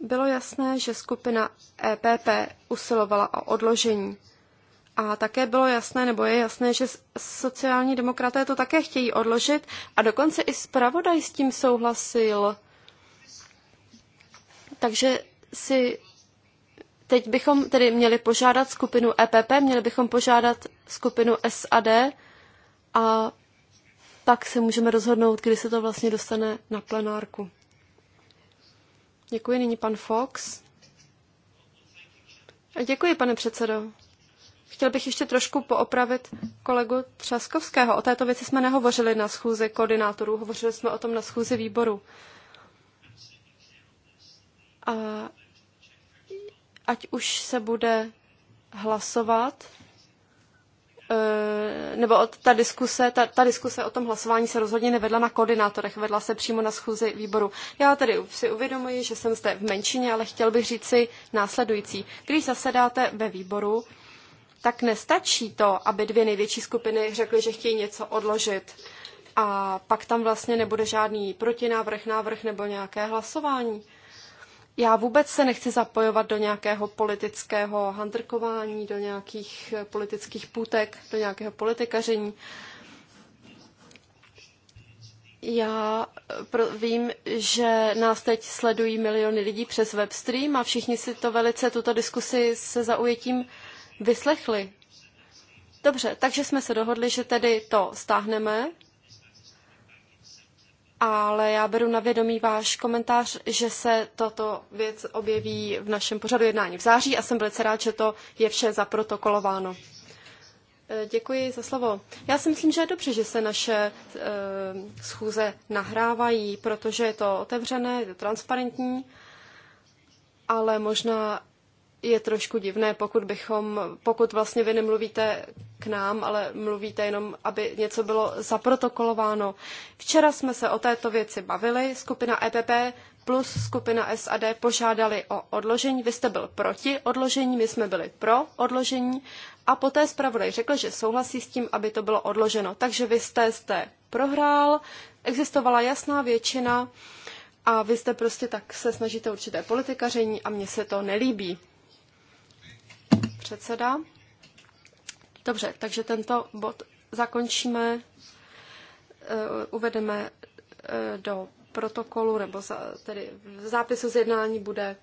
Bylo jasné, že skupina EPP usilovala o odložení. A také bylo jasné, nebo je jasné, že sociální demokraté to také chtějí odložit a dokonce i zpravodaj s tím souhlasil. Takže si Teď bychom tedy měli požádat skupinu EPP, měli bychom požádat skupinu SAD a pak se můžeme rozhodnout, kdy se to vlastně dostane na plenárku. Děkuji, nyní pan Fox. A děkuji, pane předsedo. Chtěl bych ještě trošku poopravit kolegu Třaskovského. O této věci jsme nehovořili na schůzi koordinátorů, hovořili jsme o tom na schůzi výboru. A ať už se bude hlasovat, eh, nebo ta diskuse, ta, ta diskuse o tom hlasování se rozhodně nevedla na koordinátorech, vedla se přímo na schůzi výboru. Já tedy si uvědomuji, že jsem zde v menšině, ale chtěl bych říci následující. Když zasedáte ve výboru, tak nestačí to, aby dvě největší skupiny řekly, že chtějí něco odložit a pak tam vlastně nebude žádný protinávrh, návrh nebo nějaké hlasování. Já vůbec se nechci zapojovat do nějakého politického handrkování, do nějakých eh, politických půtek, do nějakého politikaření. Já eh, vím, že nás teď sledují miliony lidí přes webstream a všichni si to velice, tuto diskusi se zaujetím vyslechli. Dobře, takže jsme se dohodli, že tedy to stáhneme, ale já beru na vědomí váš komentář, že se tato věc objeví v našem pořadu jednání v září a jsem velice rád, že to je vše zaprotokolováno. Eh, děkuji za slovo. Já si myslím, že je dobře, že se naše eh, schůze nahrávají, protože je to otevřené, je to transparentní, ale možná je trošku divné, pokud bychom, pokud vlastně vy nemluvíte k nám, ale mluvíte jenom, aby něco bylo zaprotokolováno. Včera jsme se o této věci bavili, skupina EPP plus skupina SAD požádali o odložení. Vy jste byl proti odložení, my jsme byli pro odložení a poté zpravodaj řekl, že souhlasí s tím, aby to bylo odloženo. Takže vy jste, jste prohrál, existovala jasná většina a vy jste prostě tak se snažíte určité politikaření a mně se to nelíbí předseda. Dobře, takže tento bod zakončíme, eh, uvedeme eh, do protokolu, nebo za, tedy v zápisu z jednání bude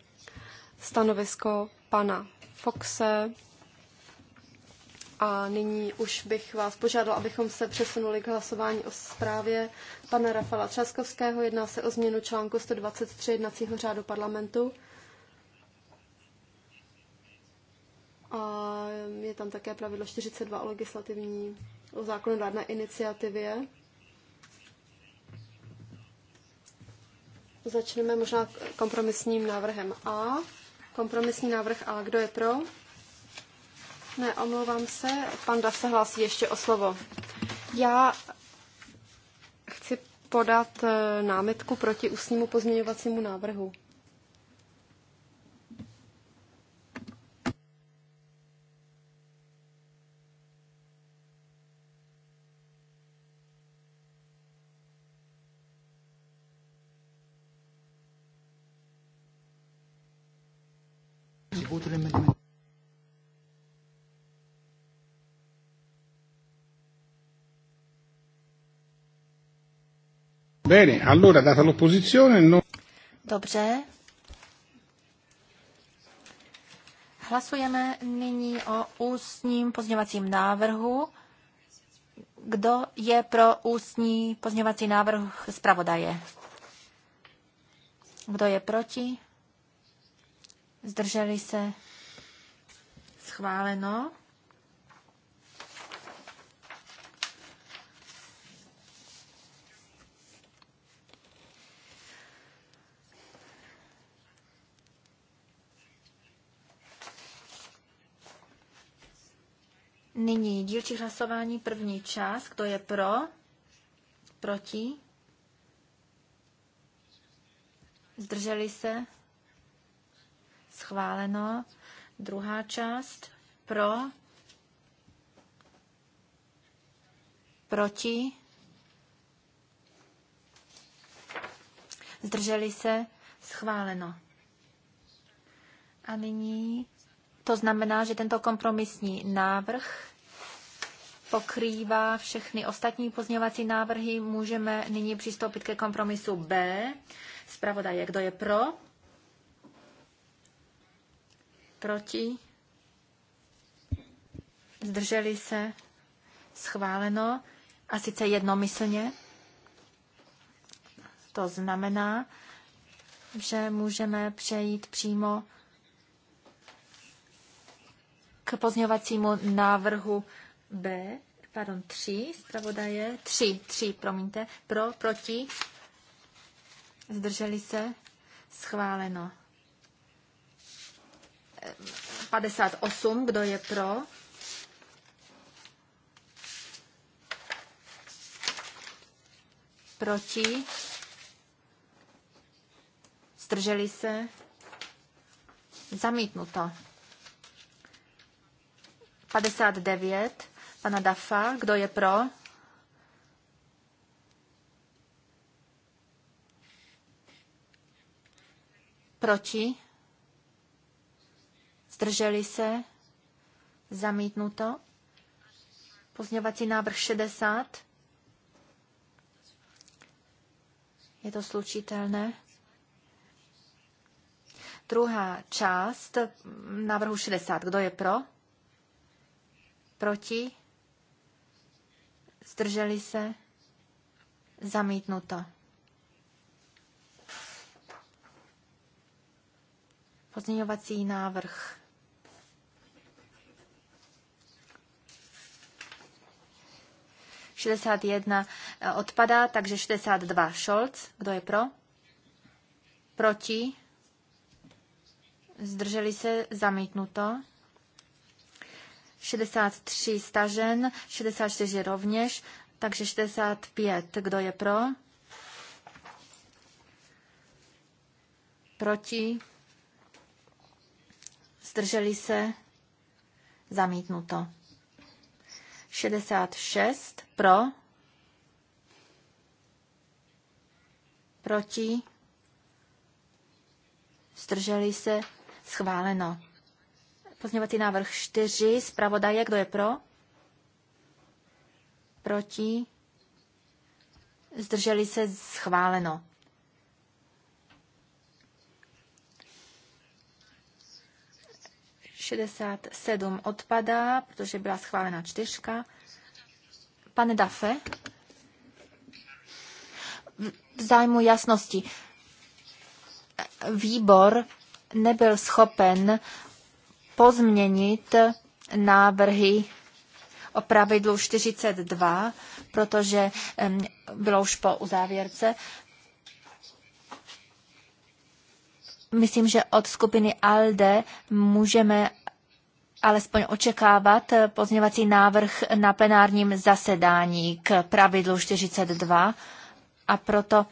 stanovisko pana Foxe. A nyní už bych vás požádal, abychom se přesunuli k hlasování o zprávě pana Rafala Třaskovského. Jedná se o změnu článku 123 jednacího řádu parlamentu. a je tam také pravidlo 42 o legislativní, o zákonodárné iniciativě. Začneme možná kompromisním návrhem A. Kompromisní návrh A. Kdo je pro? Ne, omlouvám se. Pan Dav se hlásí ještě o slovo. Já chci podat eh, námitku proti ústnímu pozměňovacímu návrhu. Bene, allora data l'opposizione no... Dobře. Hlasujeme nyní o ústním pozněvacím návrhu. Kdo je pro ústní pozněvací návrh zpravodaje? Kdo je proti? zdrželi se, schváleno. Nyní dílčí hlasování, první část, kdo je pro, proti, zdrželi se, Schváleno. Druhá část. Pro. Proti. Zdrželi se. Schváleno. A nyní to znamená, že tento kompromisní návrh pokrývá všechny ostatní pozměňovací návrhy. Můžeme nyní přistoupit ke kompromisu B. Zpravodaj, kdo je pro? proti, zdrželi se, schváleno, a sice jednomyslně. To znamená, že můžeme přejít přímo k pozměňovacímu návrhu B, pardon, 3, zpravodaje, 3, 3, promiňte, pro, proti, zdrželi se, schváleno. 58, kdo je pro? Proti? Zdrželi se? Zamítnuto. 59, pana Dafa, kdo je pro? Proti? zdrželi se, zamítnuto. Pozměňovací návrh 60, je to slučitelné. Druhá část návrhu 60. Kdo je pro? Proti? Zdrželi se? Zamítnuto. Pozměňovací návrh 61 eh, odpadá, takže 62 Scholz. Kdo je pro? Proti? Zdrželi se zamítnuto. 63 stažen, 64 rovněž, takže 65. Kdo je pro? Proti? Zdrželi se? Zamítnuto. 66 pro, proti, zdrželi se, schváleno. Pozměňovací návrh 4, zpravodaje, kdo je pro? Proti, zdrželi se, schváleno. 67 odpadá, protože byla schválena čtyřka. Pane Dafe, v zájmu jasnosti, výbor nebyl schopen pozměnit návrhy o pravidlu 42, protože bylo už po uzávěrce. Myslím, že od skupiny ALDE můžeme alespoň očekávat eh, pozměvací návrh na plenárním zasedání k pravidlu 42 a proto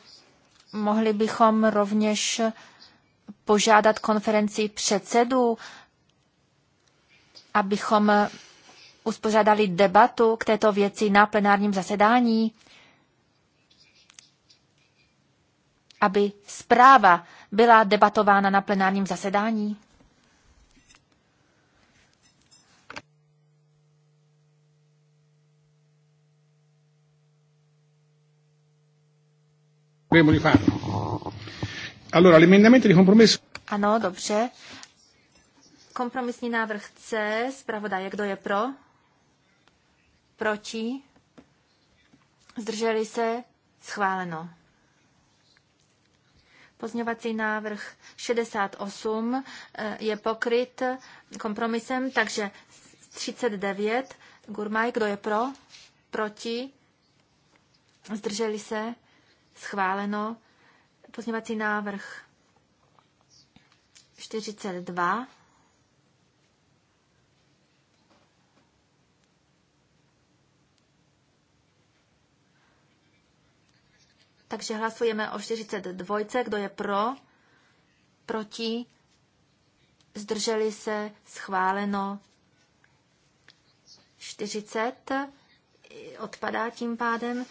mohli bychom rovněž požádat konferenci předsedů, abychom uspořádali debatu k této věci na plenárním zasedání, aby zpráva byla debatována na plenárním zasedání. Ano, dobře. Kompromisní návrh C, zpravodaje, kdo je pro? Proti? Zdrželi se? Schváleno. Pozměňovací návrh 68 eh, je pokryt kompromisem, takže 39. Gurmaj, kdo je pro? Proti? Zdrželi se? Schváleno. Pozměvací návrh 42. Takže hlasujeme o 42. Kdo je pro? Proti? Zdrželi se? Schváleno? 40. Odpadá tím pádem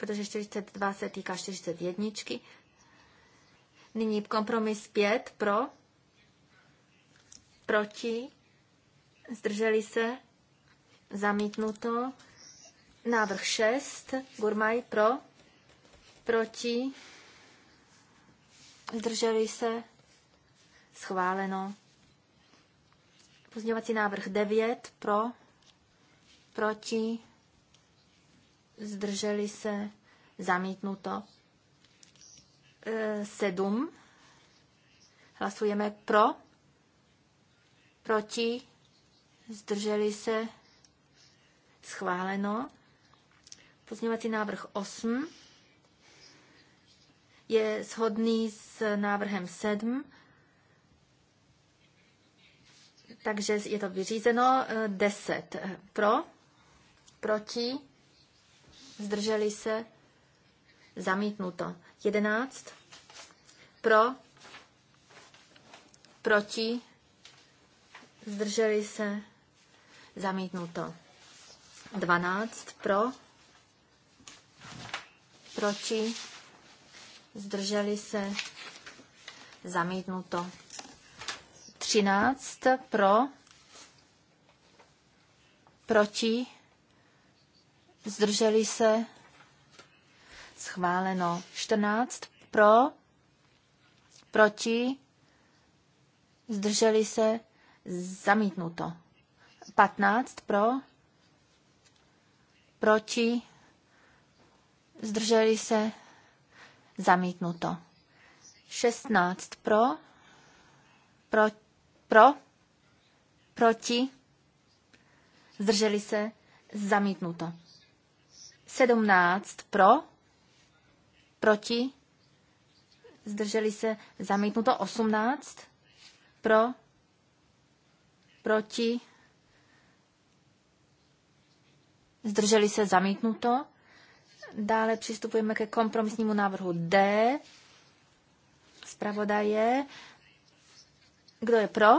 protože 42 se týká 41. Nyní kompromis 5 pro, proti, zdrželi se, zamítnuto. Návrh 6, Gurmaj pro, proti, zdrželi se, schváleno. Pozměňovací návrh 9 pro, proti, zdrželi se, zamítnuto. E, sedm. Hlasujeme pro, proti, zdrželi se, schváleno. Pozměňovací návrh 8 je shodný s návrhem 7, takže je to vyřízeno 10 e, e, pro, proti, zdrželi se, zamítnuto. 11 pro, proti, zdrželi se, zamítnuto. 12 pro, proti, zdrželi se, zamítnuto. 13 pro, proti, zdrželi se, schváleno 14 pro, proti, zdrželi se, zamítnuto 15 pro, proti, zdrželi se, zamítnuto 16 pro, pro, pro proti, zdrželi se, zamítnuto. 17 pro, proti, zdrželi se zamítnuto 18 pro, proti, zdrželi se zamítnuto. Dále přistupujeme ke kompromisnímu návrhu D. Zpravodaje. Kdo je pro?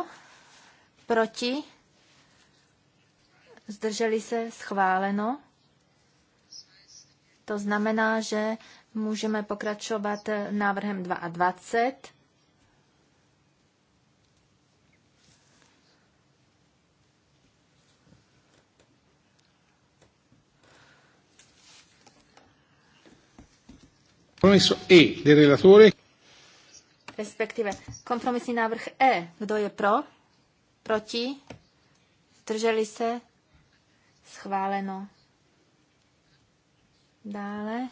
Proti? Zdrželi se? Schváleno. To znamená, že můžeme pokračovat návrhem 22. Kompromiso E del relatore. Respektive kompromisní návrh E. Kdo je pro? Proti? Drželi se? Schváleno. Dále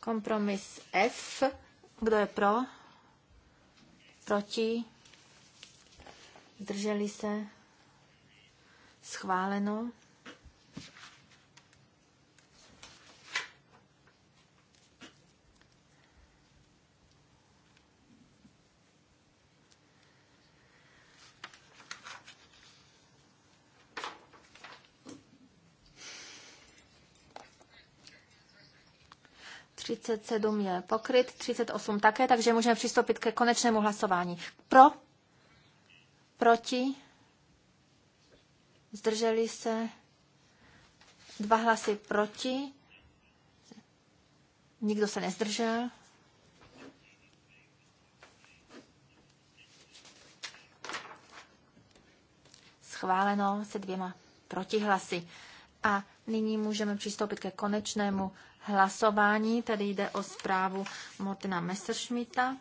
kompromis F. Kdo je pro? Proti? Zdrželi se? Schváleno. 37 je pokryt, 38 také, takže můžeme přistoupit ke konečnému hlasování. Pro, proti, zdrželi se, dva hlasy proti, nikdo se nezdržel. Schváleno se dvěma protihlasy. A nyní můžeme přistoupit ke konečnému hlasování, tedy jde o zprávu Motina Messerschmitta.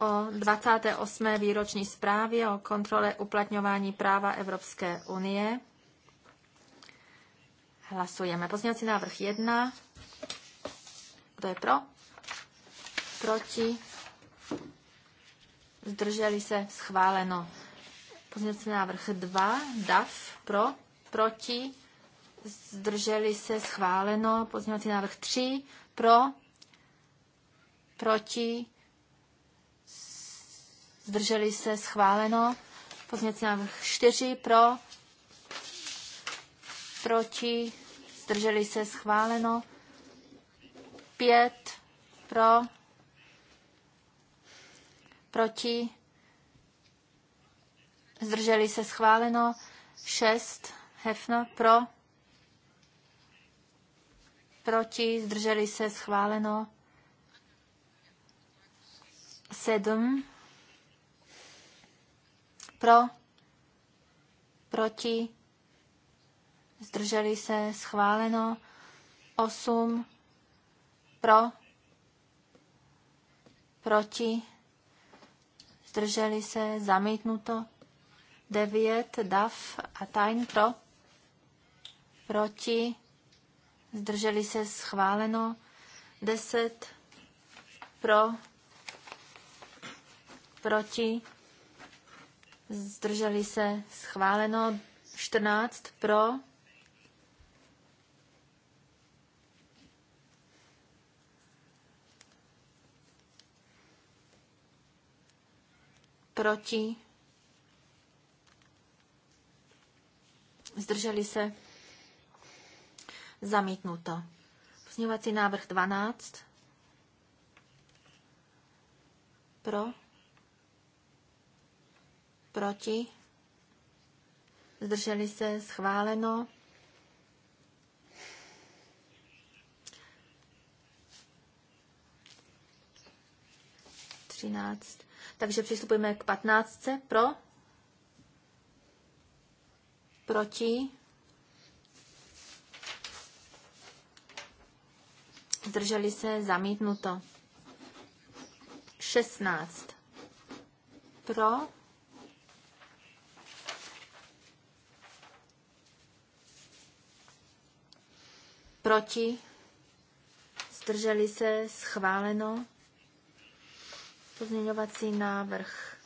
O 28. výroční zprávě o kontrole uplatňování práva Evropské unie. Hlasujeme. Pozměňovací návrh 1. Kdo je pro? Proti? Zdrželi se? Schváleno. Pozměňovací návrh 2, DAF, pro, proti, zdrželi se, schváleno. Pozměňovací návrh 3, pro, proti, zdrželi se, schváleno. Pozměňovací návrh 4, pro, proti, zdrželi se, schváleno. 5, pro, proti, zdrželi se schváleno, 6 Hefna pro, proti, zdrželi se schváleno, 7 pro, proti, zdrželi se schváleno, 8 pro, proti, zdrželi se, zamítnuto, 9, DAF a TAJN pro, proti, zdrželi se schváleno, 10 pro, proti, zdrželi se schváleno, 14 pro, proti, zdrželi se, zamítnuto. Pozměňovací návrh 12, pro, proti, zdrželi se, schváleno. Takže přistupujeme k patnáctce. Pro? proti, zdrželi se, zamítnuto. 16 pro, proti, zdrželi se, schváleno. Pozměňovací návrh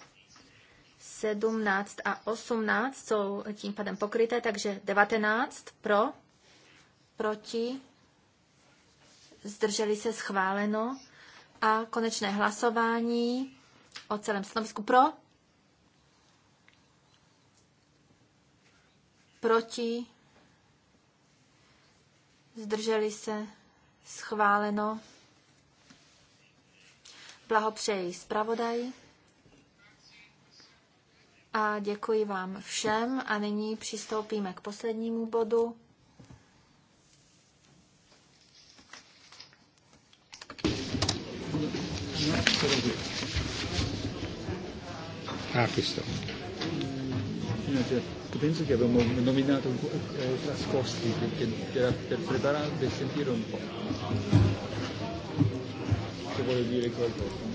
17 a 18 jsou tím pádem pokryté, takže 19 pro, proti, zdrželi se schváleno a konečné hlasování o celém stanovisku pro, proti, zdrželi se schváleno. Blahopřeji zpravodaji. A děkuji vám všem a nyní přistoupíme k poslednímu bodu. Ah, no, Penso che abbiamo nominato eh, perché era per preparare, per sentire un po'. Se vuole dire qualcosa.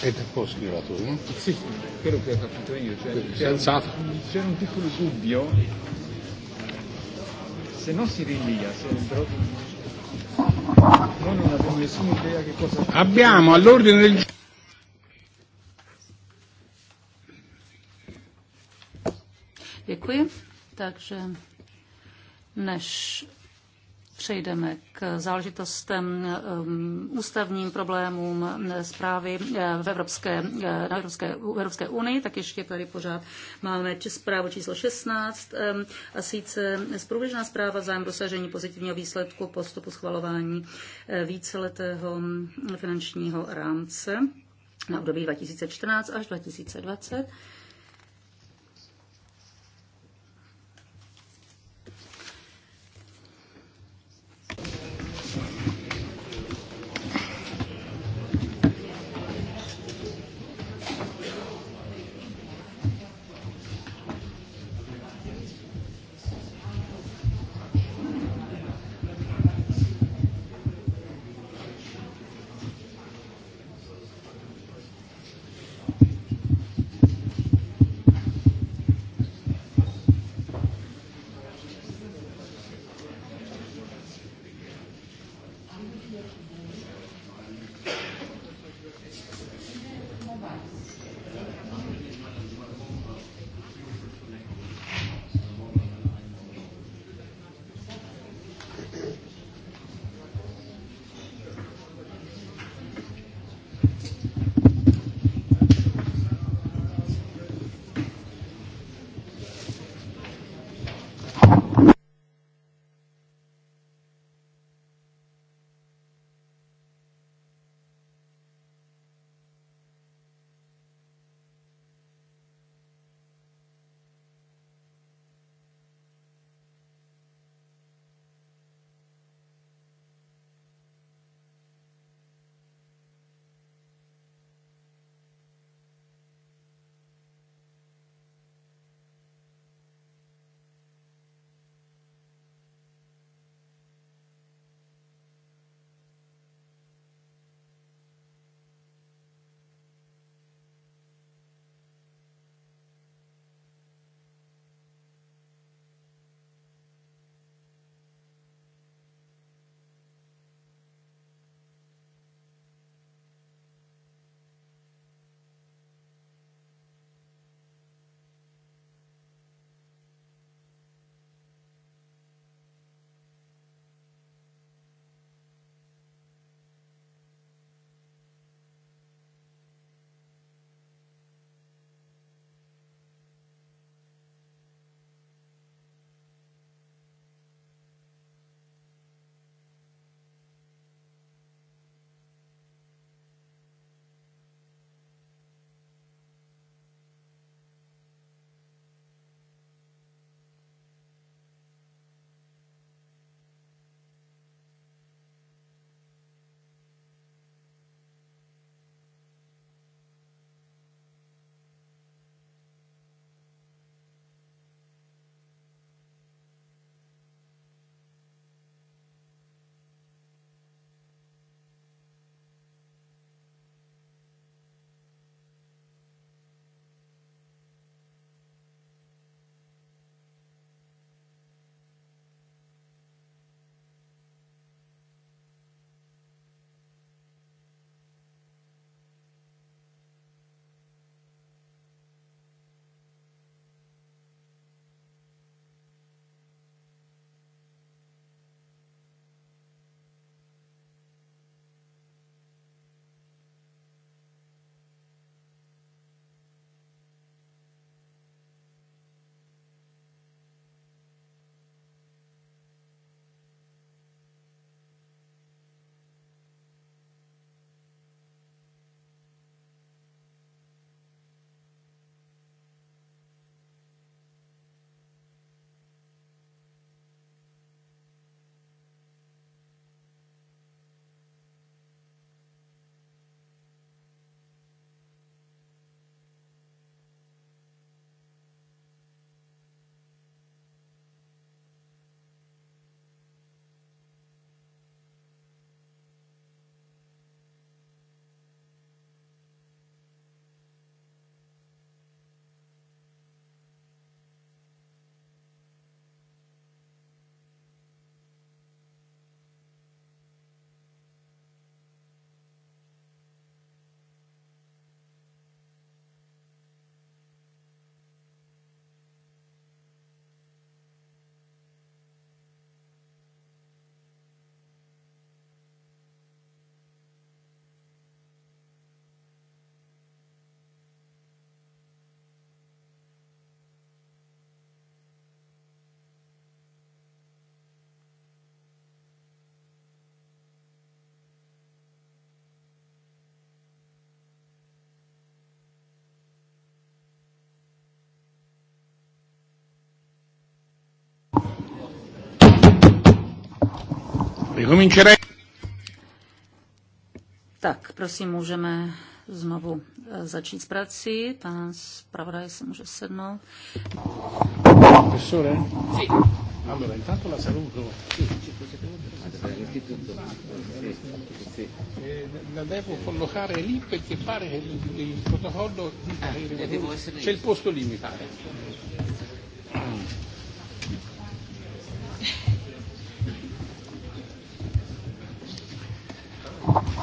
e Sì, che capito io. Cioè, C'era un piccolo dubbio, se no si rinvia, se però... Noi non abbiamo nessuna idea che cosa... Abbiamo all'ordine del giorno... Děkuji. Takže než přejdeme k záležitostem um, ústavním problémům eh, zprávy eh, v Evropské, eh, na Evropské, v Evropské unii, tak ještě tady pořád máme zprávu číslo 16, a sice zprůběžná zpráva zájem dosažení pozitivního výsledku postupu schvalování víceletého mm, finančního rámce na období 2014 až 2020. Ricomincerei. Tak, prosím, můžeme znovu eh, začít s prací. Pan zpravodaj se může sednout. Profesore? Allora, intanto la saluto. Eh,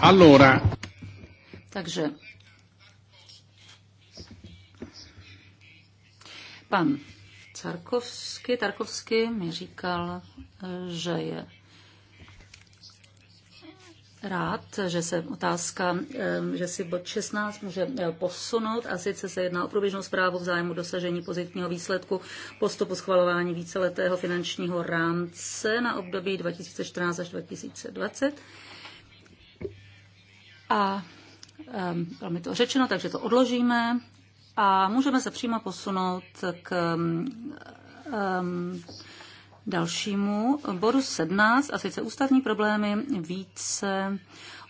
Allora. Takže pan Tarkovský, Tarkovský mi říkal, že je rád, že se otázka, že si bod 16 může eh, posunout a sice se jedná o průběžnou zprávu v zájmu dosažení pozitivního výsledku postupu schvalování víceletého finančního rámce na období 2014 až 2020 a bylo mi to řečeno, takže to odložíme a můžeme se přímo posunout k um, dalšímu bodu 17, a sice ústavní problémy více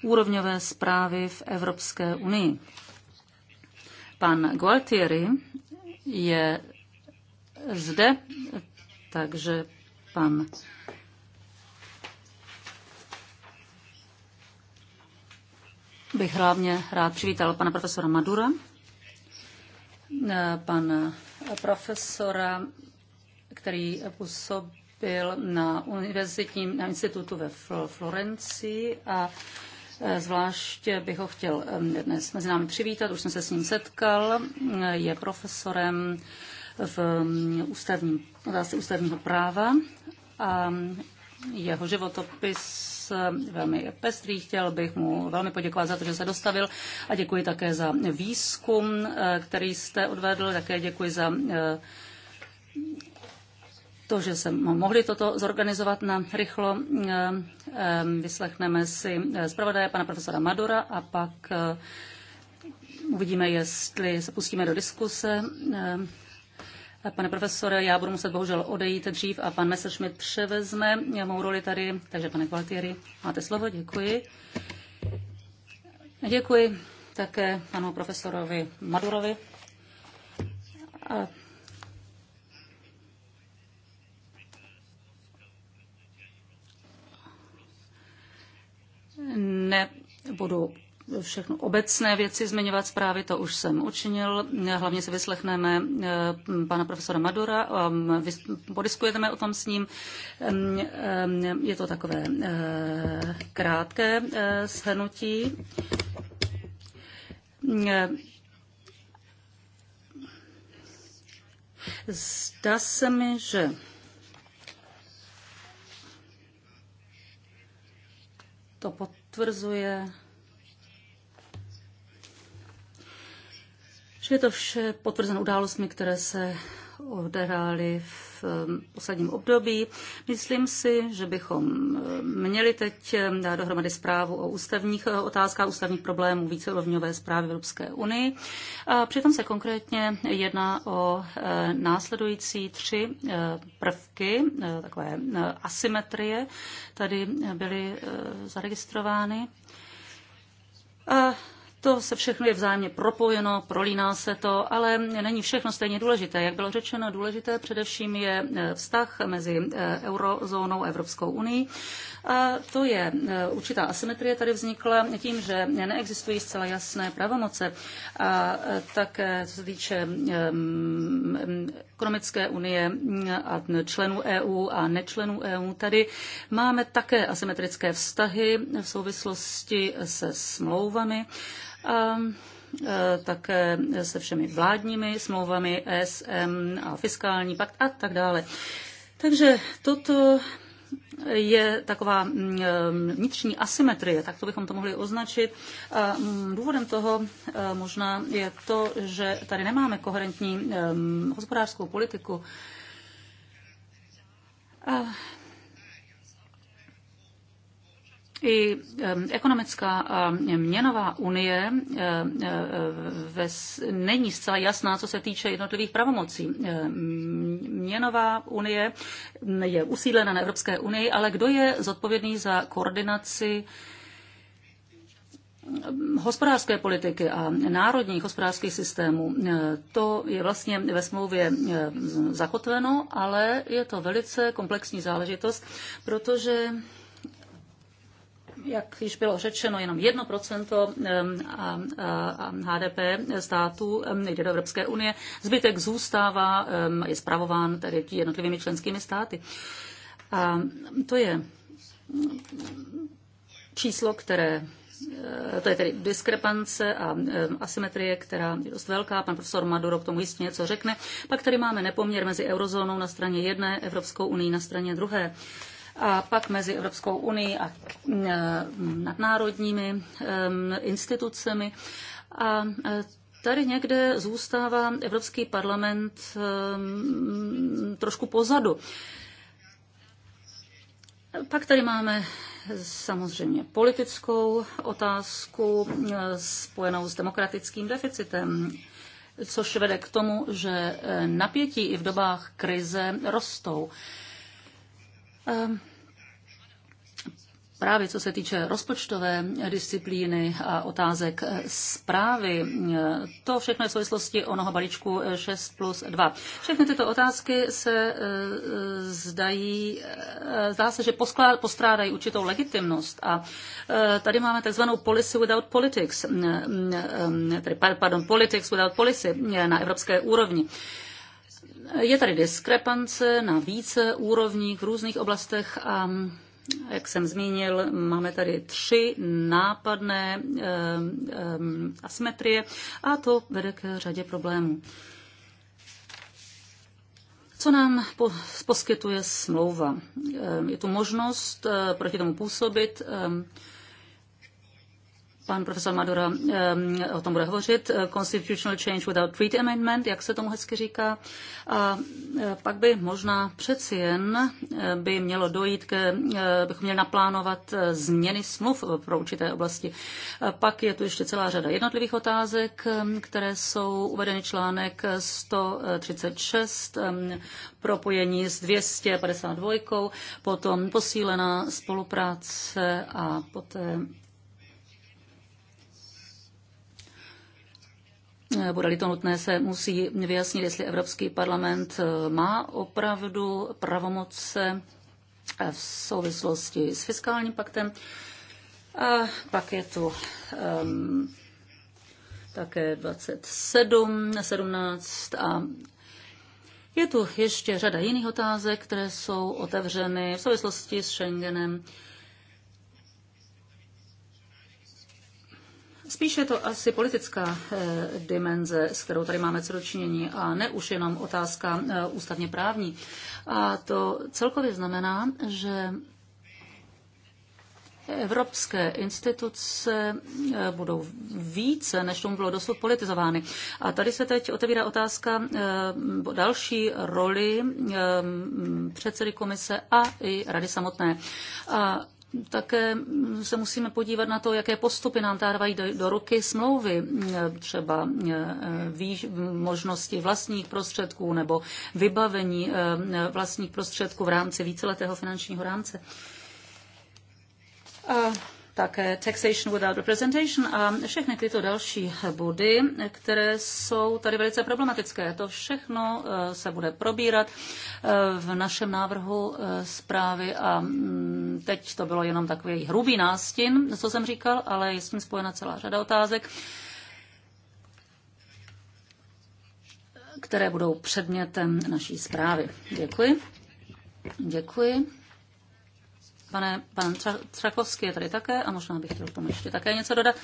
úrovňové zprávy v Evropské unii. Pan Gualtieri je zde, takže pan bych hlavně rád přivítal pana profesora Madura, eh, pana profesora, který působil na univerzitním na institutu ve Florencii a eh, Zvláště bych ho chtěl eh, dnes mezi námi přivítat, už jsem se s ním setkal, je profesorem v mm, ústavním, otázce ústavního práva a mm, jeho životopis velmi pestrý. Chtěl bych mu velmi poděkovat za to, že se dostavil a děkuji také za výzkum, eh, který jste odvedl. Také děkuji za eh, to, že se mohli toto zorganizovat na rychlo. Eh, vyslechneme si zpravodaje pana profesora Madura a pak uvidíme, jestli se pustíme do diskuse. Pane profesore, já budu muset bohužel odejít dřív a pan Messerschmidt převezme já mou roli tady. Takže pane Gualtieri, máte slovo, děkuji. Děkuji také panu profesorovi Madurovi. A nebudu všechno obecné věci zmiňovat zprávy, to už jsem učinil. Hlavně si vyslechneme eh, pana profesora Madura, mm, podiskujeme o tom s ním. Mm, mm, je to takové eh, krátké eh, shrnutí. Zdá se mi, že to potvrzuje že je to vše potvrzeno událostmi, které se odehrály v um, posledním období. Myslím si, že bychom um, měli teď um, dát dohromady zprávu o ústavních uh, otázkách, ústavních problémů víceúrovňové zprávy Evropské unii. A přitom se konkrétně jedná o uh, následující tři uh, prvky, takové asymetrie, tady byly zaregistrovány. A to se všechno je vzájemně propojeno, prolíná se to, ale není všechno stejně důležité. Jak bylo řečeno, důležité především je eh, vztah mezi eh, eurozónou a Evropskou unii. A to je eh, určitá asymetrie tady vznikla tím, že neexistují zcela jasné pravomoce. A tak co se týče ekonomické unie mm, a členů EU a nečlenů EU, tady máme také asymetrické vztahy v souvislosti se smlouvami a e, také se všemi vládními smlouvami SM a fiskální pakt a tak dále. Takže toto je taková mm, e, vnitřní asymetrie, tak to bychom to mohli označit. A mm, důvodem toho e, možná je to, že tady nemáme koherentní hospodářskou politiku. A i ekonomická a měnová unie není zcela jasná, co se týče jednotlivých pravomocí. Měnová unie je usídlena na Evropské unii, ale kdo je zodpovědný za koordinaci hospodářské politiky a národních hospodářských systémů, to je vlastně ve smlouvě zakotveno, ale je to velice komplexní záležitost, protože jak již bylo řečeno, jenom 1% HDP států jde do Evropské unie, zbytek zůstává, je zpravován tedy jednotlivými členskými státy. A to je číslo, které eh, to je tedy diskrepance a asymetrie, která je dost velká. Pan profesor Maduro k tomu jistě něco řekne. Pak tady máme nepoměr mezi eurozónou na straně jedné, Evropskou unii na straně druhé a pak mezi Evropskou unii a e, nadnárodními e, institucemi. A e, tady někde zůstává Evropský parlament trošku pozadu. Pak tady máme samozřejmě politickou otázku spojenou s demokratickým deficitem, což vede k tomu, že napětí i v dobách krize rostou. Ehm, právě co se týče rozpočtové disciplíny a otázek eh, zprávy, eh, to všechno je v souvislosti onoho balíčku 6 eh, plus 2. Všechny tyto otázky se zdají, zdá se, že postrádají určitou legitimnost. A tady máme takzvanou policy without politics, tedy, pardon, politics without policy na evropské úrovni je tady diskrepance na více úrovních v různých oblastech a jak jsem zmínil, máme tady tři nápadné eh, eh, asymetrie a to vede k řadě problémů. Co nám poskytuje smlouva? Eh, je tu možnost proti tomu působit Pan profesor um, o tom bude hovořit. Constitutional change without treaty amendment, jak se tomu hezky říká. A e, pak by možná přeci jen e, by mělo dojít, ke, e, bychom měli naplánovat změny smluv pro určité oblasti. Pak je tu ještě celá řada jednotlivých otázek, které jsou uvedeny článek 136, propojení s 252, potom posílená spolupráce a poté Eh, bude-li to nutné, se musí vyjasnit, jestli Evropský parlament eh, má opravdu pravomoce eh, v souvislosti s fiskálním paktem. A pak je tu um, také 27, 17 a je tu ještě řada jiných otázek, které jsou otevřeny v souvislosti s Schengenem. Spíše je to asi politická eh, dimenze, s kterou tady máme co dočinění, a ne už jenom otázka eh, ústavně právní. A to celkově znamená, že evropské instituce eh, budou více, než tomu bylo dosud politizovány. A tady se teď otevírá otázka další roli předsedy komise a i rady samotné. A také se musíme podívat na to, jaké postupy nám dávají do, do ruky smlouvy, třeba eh, výž, možnosti vlastních prostředků nebo vybavení eh, vlastních prostředků v rámci víceletého finančního rámce. A také Taxation Without Representation a všechny tyto další body, které jsou tady velice problematické. To všechno eh, se bude probírat eh, v našem návrhu eh, zprávy a mm, teď to bylo jenom takový hrubý nástin, co jsem říkal, ale je s tím spojena celá řada otázek. které budou předmětem naší zprávy. Děkuji. Děkuji. Pane, pan Trakovský je tady také a možná bych chtěl tomu ještě také něco dodat.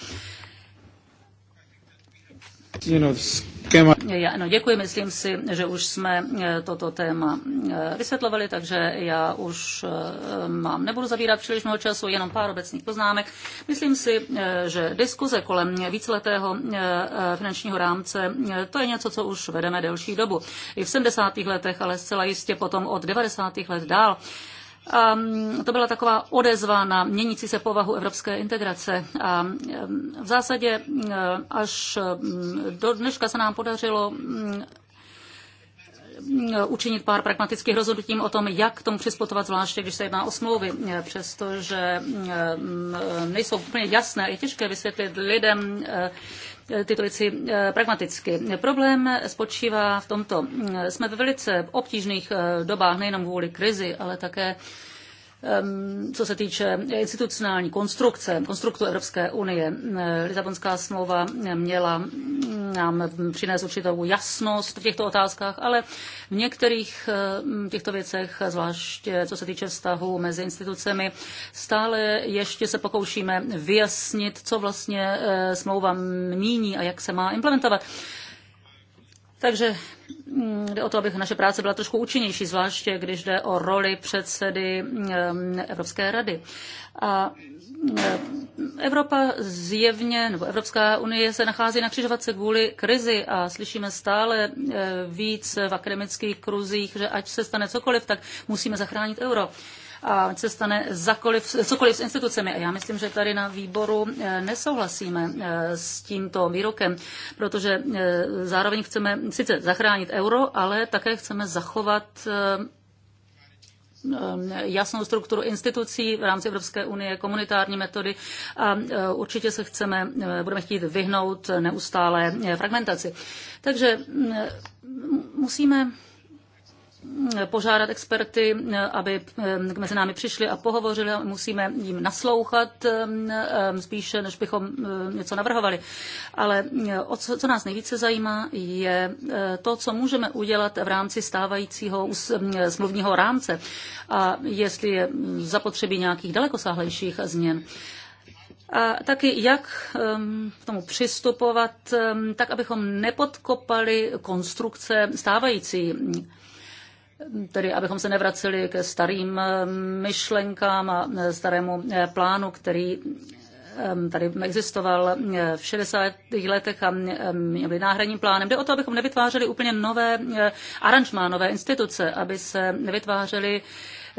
Já, no, děkuji, myslím si, že už jsme eh, toto téma eh, vysvětlovali, takže já už eh, mám, nebudu zabírat příliš mnoho času, jenom pár obecných poznámek. Myslím si, že diskuze kolem víceletého finančního rámce, to je něco, co už vedeme delší dobu. I v 70. letech, ale zcela jistě potom od 90. let dál Ehm, to byla taková odezva na měnící se povahu evropské integrace. A ehm, v zásadě eh, až mm, do dneška se nám podařilo mm, eh, učinit pár pragmatických rozhodnutím o tom, jak k tomu přizpůsobovat, zvláště když se jedná o smlouvy, eh, přestože mm, nejsou úplně jasné. Je těžké vysvětlit lidem, tyto věci eh, pragmaticky. Problém spočívá v tomto. Jsme ve velice obtížných eh, dobách, nejenom kvůli krizi, ale také co se týče institucionální konstrukce, konstruktu Evropské unie. Lisabonská smlouva měla nám přinést určitou jasnost v těchto otázkách, ale v některých těchto věcech, zvláště co se týče vztahu mezi institucemi, stále ještě se pokoušíme vyjasnit, co vlastně eh, smlouva míní a jak se má implementovat. Takže mm, jde o to, abych naše práce byla trošku účinnější, zvláště když jde o roli předsedy mm, Evropské rady. A mm, Evropa zjevně, nebo Evropská unie se nachází na křižovatce kvůli krizi a slyšíme stále e, víc v akademických kruzích, že ať se stane cokoliv, tak musíme zachránit euro a se stane zakoliv, cokoliv s institucemi. A já myslím, že tady na výboru eh, nesouhlasíme eh, s tímto výrokem, protože eh, zároveň chceme sice zachránit euro, ale také chceme zachovat jasnou strukturu institucí v rámci Evropské unie, komunitární metody a určitě se chceme, budeme chtít vyhnout neustále fragmentaci. Takže mm, musíme požádat experty, aby eh, mezi námi přišli a pohovořili. Musíme jim naslouchat eh, eh, spíše, než bychom něco navrhovali. Ale co nás nejvíce zajímá, je to, co můžeme udělat v rámci stávajícího smluvního rámce a jestli je zapotřebí nějakých dalekosáhlejších změn. A taky jak ehm, k tomu přistupovat, ehm, tak abychom nepodkopali konstrukce stávající tedy abychom se nevraceli ke starým eh, myšlenkám a eh, starému eh, plánu, který tady existoval v 60. letech a byli náhradním plánem. Jde o to, abychom nevytvářeli úplně nové aranžmá, nové instituce, aby se nevytvářely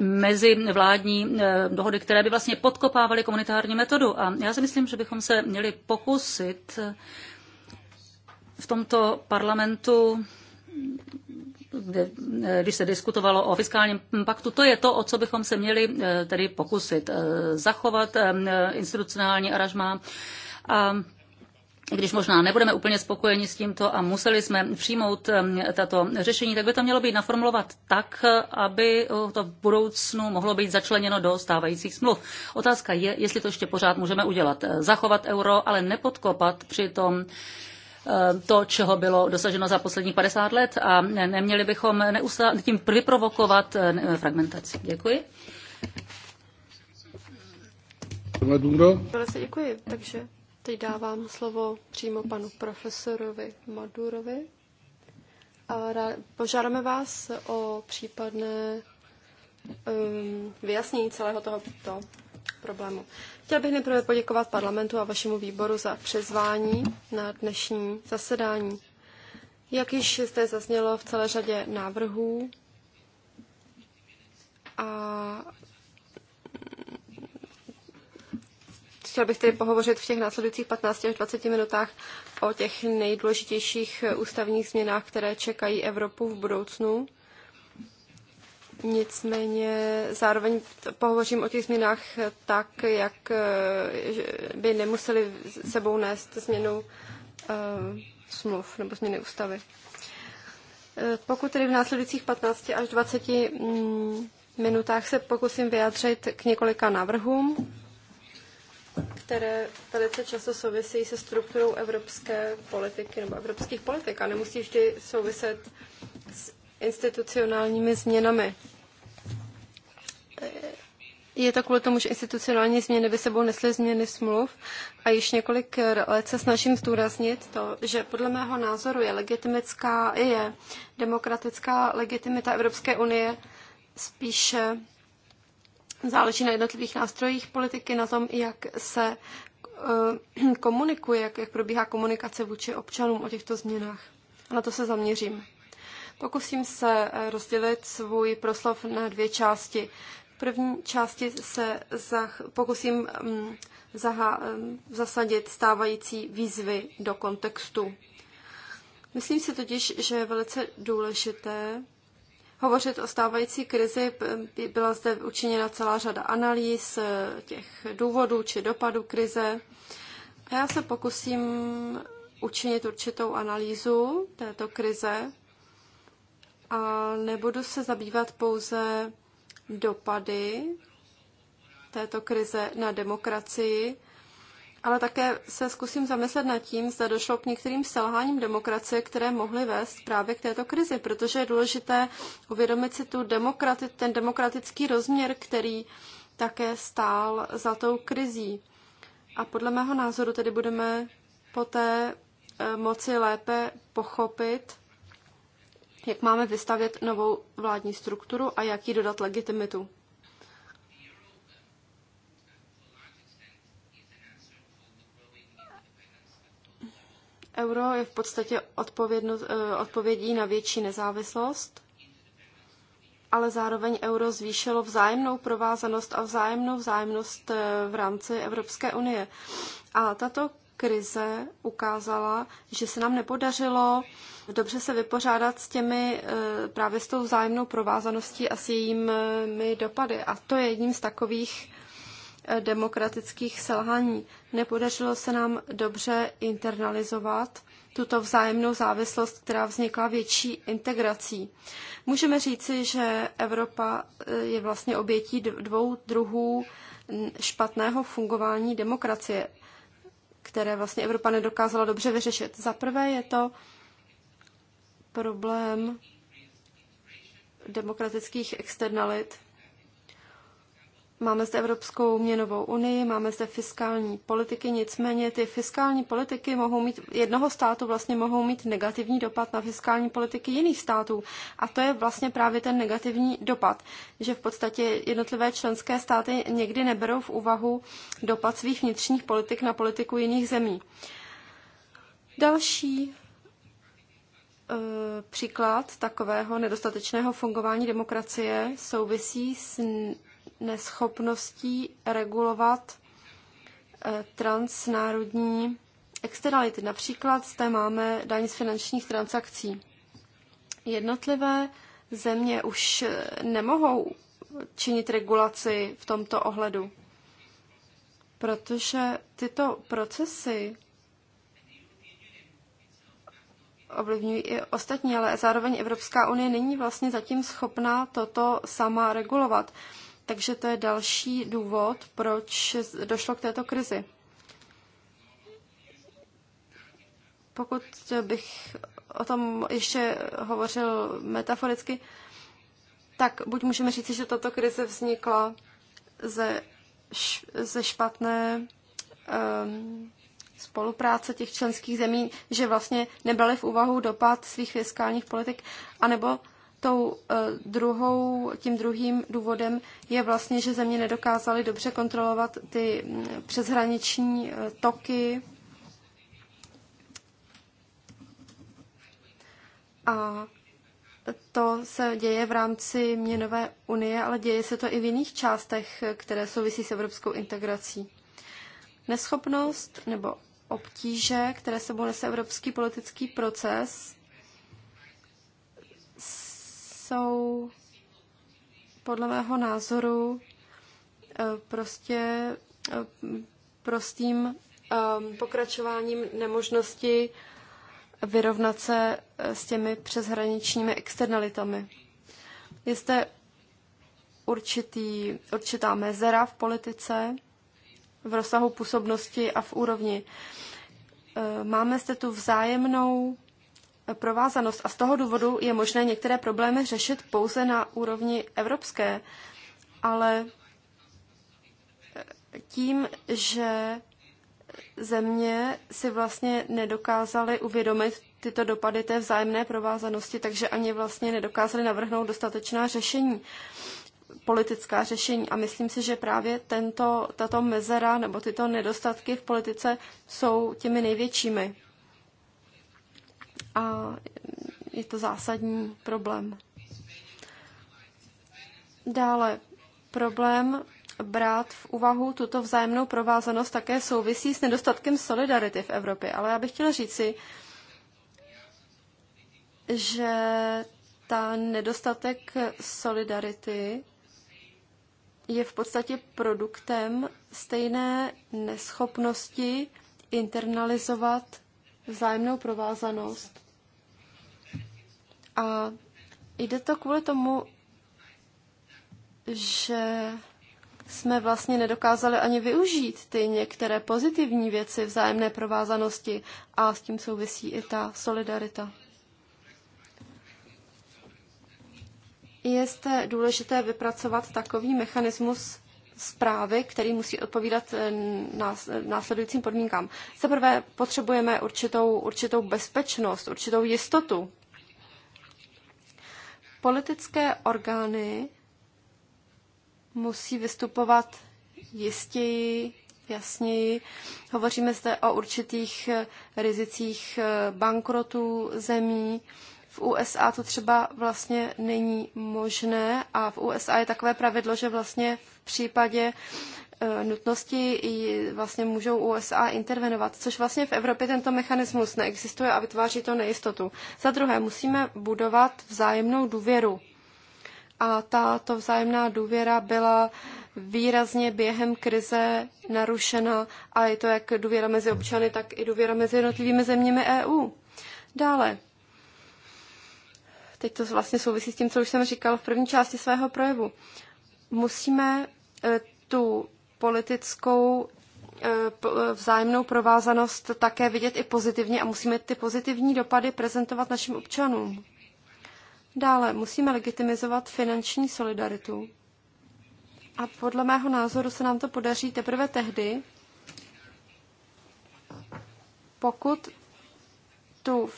mezi vládní dohody, které by vlastně podkopávaly komunitární metodu. A já si myslím, že bychom se měli pokusit v tomto parlamentu když se diskutovalo o fiskálním paktu, to je to, o co bychom se měli eh, tedy pokusit eh, zachovat eh, institucionální aranžma. A když možná nebudeme úplně spokojeni s tímto a museli jsme přijmout tato řešení, tak by to mělo být naformulovat tak, aby to v budoucnu mohlo být začleněno do stávajících smluv. Otázka je, jestli to ještě pořád můžeme udělat. Zachovat euro, ale nepodkopat při tom Eh, to, čeho bylo dosaženo za posledních 50 let a neměli bychom neustále tím vyprovokovat eh, fragmentaci. Děkuji. Velice děkuji. Takže teď dávám slovo přímo panu profesorovi Madurovi. A požádáme vás o případné um, vyjasnění celého tohoto problému. Chtěl bych nejprve poděkovat parlamentu a vašemu výboru za přezvání na dnešní zasedání. Jak již jste zaznělo v celé řadě návrhů a chtěl bych tedy pohovořit v těch následujících 15 až 20 minutách o těch nejdůležitějších ústavních změnách, které čekají Evropu v budoucnu. Nicméně zároveň pohovořím o těch změnách tak, jak eh, by nemuseli sebou nést změnu uh, smluv nebo změny ústavy. Eh, pokud tedy v následujících 15 až 20 mm, minutách se pokusím vyjádřit k několika návrhům, které velice často souvisejí se strukturou evropské politiky nebo evropských politik a nemusí vždy souviset s institucionálními změnami. Je to kvůli tomu, že institucionální změny by sebou nesly změny smluv a již několik let se snažím zdůraznit to, že podle mého názoru je legitimická, je demokratická legitimita Evropské unie spíše záleží na jednotlivých nástrojích politiky, na tom, jak se eh, komunikuje, jak, jak probíhá komunikace vůči občanům o těchto změnách. A na to se zaměřím. Pokusím se eh, rozdělit svůj proslov na dvě části první části se zah, pokusím um, zaha, um, zasadit stávající výzvy do kontextu. Myslím si totiž, že je velice důležité hovořit o stávající krizi. Byla zde učiněna celá řada analýz eh, těch důvodů či dopadů krize. A já se pokusím učinit určitou analýzu této krize a nebudu se zabývat pouze dopady této krize na demokracii, ale také se zkusím zamyslet nad tím, zda došlo k některým selháním demokracie, které mohly vést právě k této krizi, protože je důležité uvědomit si tu demokrati- ten demokratický rozměr, který také stál za tou krizí. A podle mého názoru tedy budeme poté eh, moci lépe pochopit jak máme vystavět novou vládní strukturu a jak jí dodat legitimitu. Euro je v podstatě eh, odpovědí na větší nezávislost, ale zároveň euro zvýšilo vzájemnou provázanost a vzájemnou vzájemnost eh, v rámci Evropské unie. A tato krize ukázala, že se nám nepodařilo dobře se vypořádat s těmi eh, právě s tou vzájemnou provázaností a s jejími dopady. A to je jedním z takových eh, demokratických selhání. Nepodařilo se nám dobře internalizovat tuto vzájemnou závislost, která vznikla větší integrací. Můžeme říci, že Evropa eh, je vlastně obětí dvou druhů špatného fungování demokracie, které vlastně Evropa nedokázala dobře vyřešit. Za prvé je to problém demokratických externalit. Máme zde Evropskou měnovou unii, máme zde fiskální politiky, nicméně ty fiskální politiky mohou mít, jednoho státu vlastně mohou mít negativní dopad na fiskální politiky jiných států. A to je vlastně právě ten negativní dopad, že v podstatě jednotlivé členské státy někdy neberou v úvahu dopad svých vnitřních politik na politiku jiných zemí. Další Eh, příklad takového nedostatečného fungování demokracie souvisí s neschopností regulovat eh, transnárodní externality. Například zde máme daň z finančních transakcí. Jednotlivé země už eh, nemohou činit regulaci v tomto ohledu, protože tyto procesy ovlivňují i ostatní, ale zároveň Evropská unie není vlastně zatím schopná toto sama regulovat. Takže to je další důvod, proč došlo k této krizi. Pokud bych o tom ještě hovořil metaforicky, tak buď můžeme říct, že tato krize vznikla ze, ze špatné um, spolupráce těch členských zemí, že vlastně nebrali v úvahu dopad svých fiskálních politik, anebo tou e, druhou, tím druhým důvodem je vlastně, že země nedokázaly dobře kontrolovat ty přeshraniční e, toky a to se děje v rámci měnové unie, ale děje se to i v jiných částech, které souvisí s evropskou integrací. Neschopnost nebo obtíže, které sebou nese evropský politický proces, jsou podle mého názoru eh, prostě eh, prostým ehm, pokračováním nemožnosti vyrovnat se eh, s těmi přeshraničními externalitami. Je zde určitý, určitá mezera v politice, v rozsahu působnosti a v úrovni. E, máme zde tu vzájemnou provázanost a z toho důvodu je možné některé problémy řešit pouze na úrovni evropské, ale tím, že země si vlastně nedokázaly uvědomit tyto dopady té vzájemné provázanosti, takže ani vlastně nedokázaly navrhnout dostatečná řešení. Uh, politická řešení. A myslím si, že právě tento, tato mezera nebo tyto nedostatky v politice jsou těmi největšími. A je to zásadní problém. Dále problém brát v úvahu tuto vzájemnou provázanost také souvisí s nedostatkem solidarity v Evropě. Ale já bych chtěla říci, že ta nedostatek solidarity je v podstatě produktem stejné neschopnosti internalizovat vzájemnou provázanost. A jde to kvůli tomu, že jsme vlastně nedokázali ani využít ty některé pozitivní věci vzájemné provázanosti a s tím souvisí i ta solidarita. je důležité vypracovat takový mechanismus zprávy, který musí odpovídat eh, eh, následujícím podmínkám. Za prvé potřebujeme určitou, určitou bezpečnost, určitou jistotu. Politické orgány musí vystupovat jistěji, jasněji. Hovoříme zde o určitých eh, rizicích bankrotů zemí, v USA to třeba vlastně není možné a v USA je takové pravidlo, že vlastně v případě e, nutnosti vlastně můžou USA intervenovat, což vlastně v Evropě tento mechanismus neexistuje a vytváří to nejistotu. Za druhé, musíme budovat vzájemnou důvěru. A tato vzájemná důvěra byla výrazně během krize narušena a je to jak důvěra mezi občany, tak i důvěra mezi jednotlivými zeměmi EU. Dále, Teď to vlastně souvisí s tím, co už jsem říkal v první části svého projevu. Musíme eh, tu politickou eh, eh, vzájemnou provázanost také vidět i pozitivně a musíme ty pozitivní dopady prezentovat našim občanům. Dále musíme legitimizovat finanční solidaritu. A podle mého názoru se nám to podaří teprve tehdy, pokud tu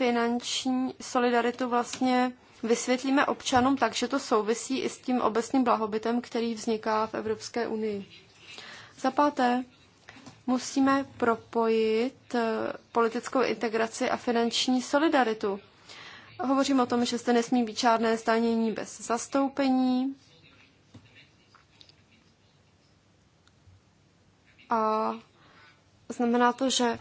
finanční solidaritu vlastně vysvětlíme občanům tak, že to souvisí i s tím obecným blahobytem, který vzniká v Evropské unii. Za páté, musíme propojit eh, politickou integraci a finanční solidaritu. Hovořím o tom, že zde nesmí být žádné zdanění bez zastoupení. A znamená to, že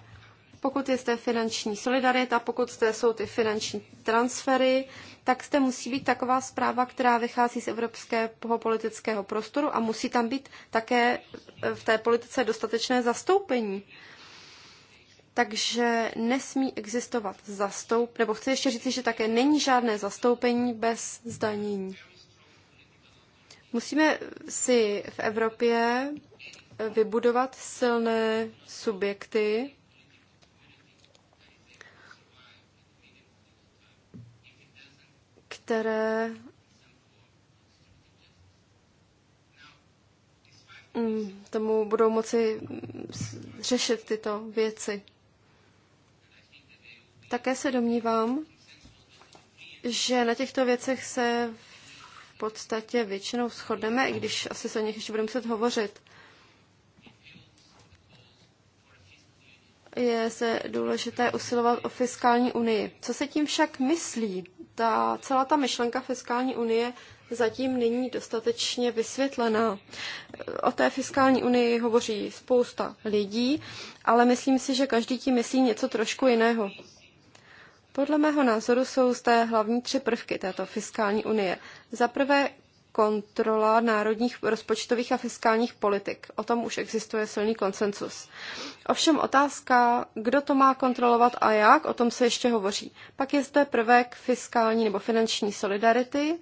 pokud je zde finanční solidarita, pokud zde jsou ty finanční transfery, tak zde musí být taková zpráva, která vychází z evropského politického prostoru a musí tam být také e, v té politice dostatečné zastoupení. Takže nesmí existovat zastoup, nebo chci ještě říct, že také není žádné zastoupení bez zdanění. Musíme si v Evropě vybudovat silné subjekty, které tomu budou moci řešit tyto věci. Také se domnívám, že na těchto věcech se v podstatě většinou shodneme, i když asi se o nich ještě budeme muset hovořit. je se důležité usilovat o fiskální unii. Co se tím však myslí? Ta, celá ta myšlenka fiskální unie zatím není dostatečně vysvětlená. O té fiskální unii hovoří spousta lidí, ale myslím si, že každý tím myslí něco trošku jiného. Podle mého názoru jsou zde hlavní tři prvky této fiskální unie. Za prvé kontrola národních rozpočtových a fiskálních politik. O tom už existuje silný konsensus. Ovšem otázka, kdo to má kontrolovat a jak, o tom se ještě hovoří. Pak je zde prvek fiskální nebo finanční solidarity.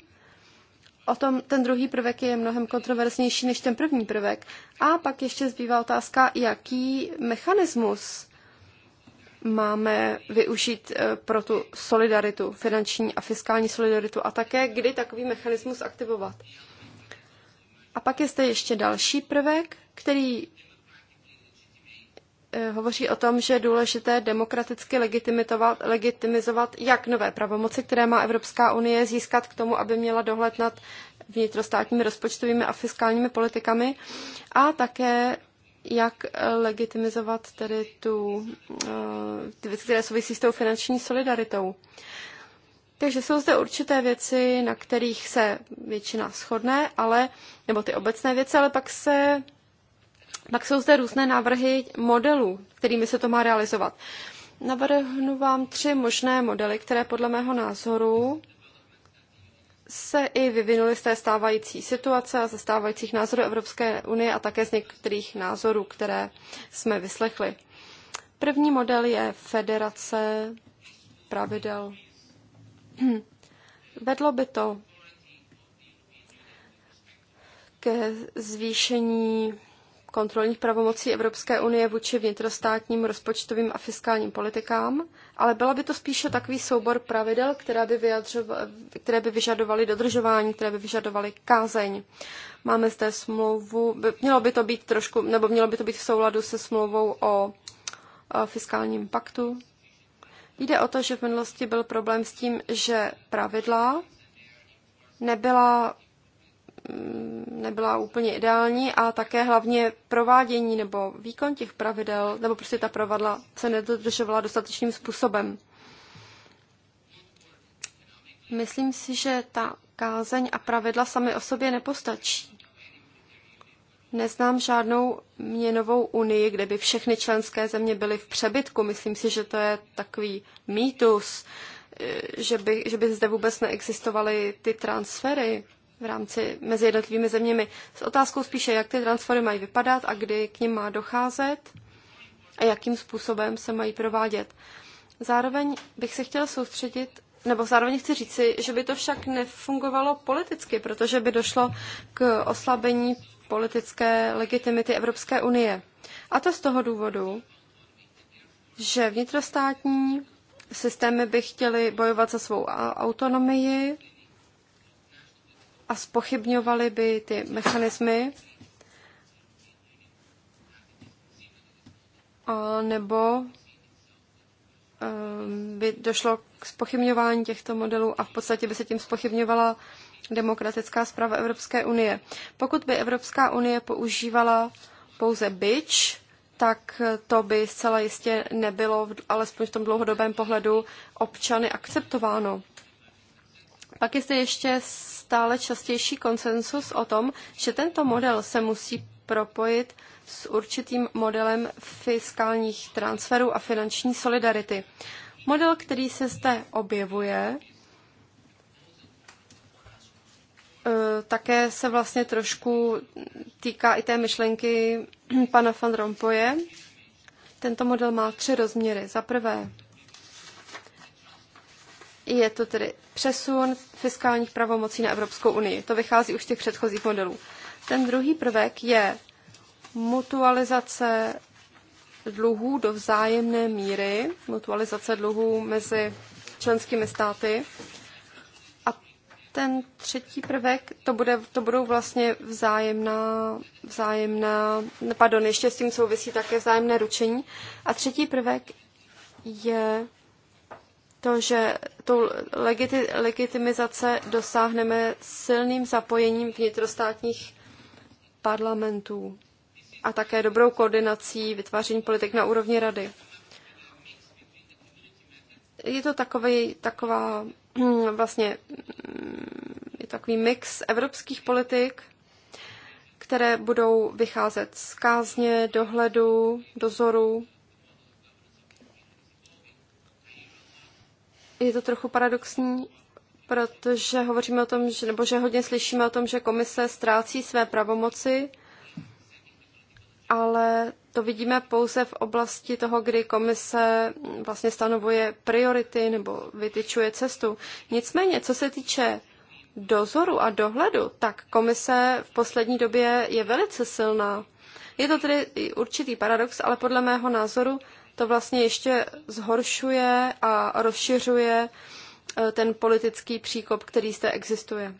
O tom ten druhý prvek je mnohem kontroverznější než ten první prvek. A pak ještě zbývá otázka, jaký mechanismus máme využít eh, pro tu solidaritu, finanční a fiskální solidaritu a také kdy takový mechanismus aktivovat. A pak je zde ještě další prvek, který eh, hovoří o tom, že je důležité demokraticky legitimizovat, legitimizovat jak nové pravomoci, které má Evropská unie, získat k tomu, aby měla dohled nad vnitrostátními rozpočtovými a fiskálními politikami a také jak eh, legitimizovat tedy tu, eh, ty věci, které souvisí s tou finanční solidaritou. Takže jsou zde určité věci, na kterých se většina shodne, ale, nebo ty obecné věci, ale pak se pak jsou zde různé návrhy modelů, kterými se to má realizovat. Navrhnu vám tři možné modely, které podle mého názoru se i vyvinuli z té stávající situace a ze stávajících názorů Evropské unie a také z některých názorů, které jsme vyslechli. První model je federace pravidel. Vedlo by to ke zvýšení kontrolních pravomocí Evropské unie vůči vnitrostátním rozpočtovým a fiskálním politikám, ale byla by to spíše takový soubor pravidel, která by které by vyžadovaly dodržování, které by vyžadovaly kázeň. Máme zde smlouvu, mělo by to být trošku, nebo mělo by to být v souladu se smlouvou o fiskálním paktu. Jde o to, že v minulosti byl problém s tím, že pravidla nebyla Mm, nebyla úplně ideální a také hlavně provádění nebo výkon těch pravidel, nebo prostě ta provadla se nedodržovala dostatečným způsobem. Myslím si, že ta kázeň a pravidla sami o sobě nepostačí. Neznám žádnou měnovou unii, kde by všechny členské země byly v přebytku. Myslím si, že to je takový mýtus, eh, že by, že by zde vůbec neexistovaly ty transfery v rámci mezi jednotlivými zeměmi. S otázkou spíše, jak ty transfery mají vypadat a kdy k ním má docházet a jakým způsobem se mají provádět. Zároveň bych se chtěla soustředit, nebo zároveň chci říci, že by to však nefungovalo politicky, protože by došlo k oslabení politické legitimity Evropské unie. A to z toho důvodu, že vnitrostátní systémy by chtěly bojovat za svou autonomii, a spochybňovaly by ty mechanismy, nebo ehm, by došlo k spochybňování těchto modelů a v podstatě by se tím spochybňovala demokratická zpráva Evropské unie. Pokud by Evropská unie používala pouze byč, tak to by zcela jistě nebylo, alespoň v tom dlouhodobém pohledu, občany akceptováno. Pak je zde ještě stále častější konsensus o tom, že tento model se musí propojit s určitým modelem fiskálních transferů a finanční solidarity. Model, který se zde objevuje, eh, také se vlastně trošku týká i té myšlenky pana van Rompuye. Tento model má tři rozměry. Za prvé, je to tedy přesun fiskálních pravomocí na Evropskou unii. To vychází už z těch předchozích modelů. Ten druhý prvek je mutualizace dluhů do vzájemné míry, mutualizace dluhů mezi členskými státy. A ten třetí prvek, to, bude, to budou vlastně vzájemná, vzájemná, pardon, ještě s tím souvisí také vzájemné ručení. A třetí prvek je to, že tou legiti- legitimizace dosáhneme silným zapojením vnitrostátních parlamentů a také dobrou koordinací vytváření politik na úrovni rady. Je to takový, taková mm, vlastně mm, je takový mix evropských politik, které budou vycházet z kázně, dohledu, dozoru je to trochu paradoxní, protože hovoříme o tom, že, nebo že hodně slyšíme o tom, že komise ztrácí své pravomoci, ale to vidíme pouze v oblasti toho, kdy komise vlastně stanovuje priority nebo vytyčuje cestu. Nicméně, co se týče dozoru a dohledu, tak komise v poslední době je velice silná. Je to tedy určitý paradox, ale podle mého názoru to vlastně ještě zhoršuje a rozšiřuje eh, ten politický příkop, který zde existuje.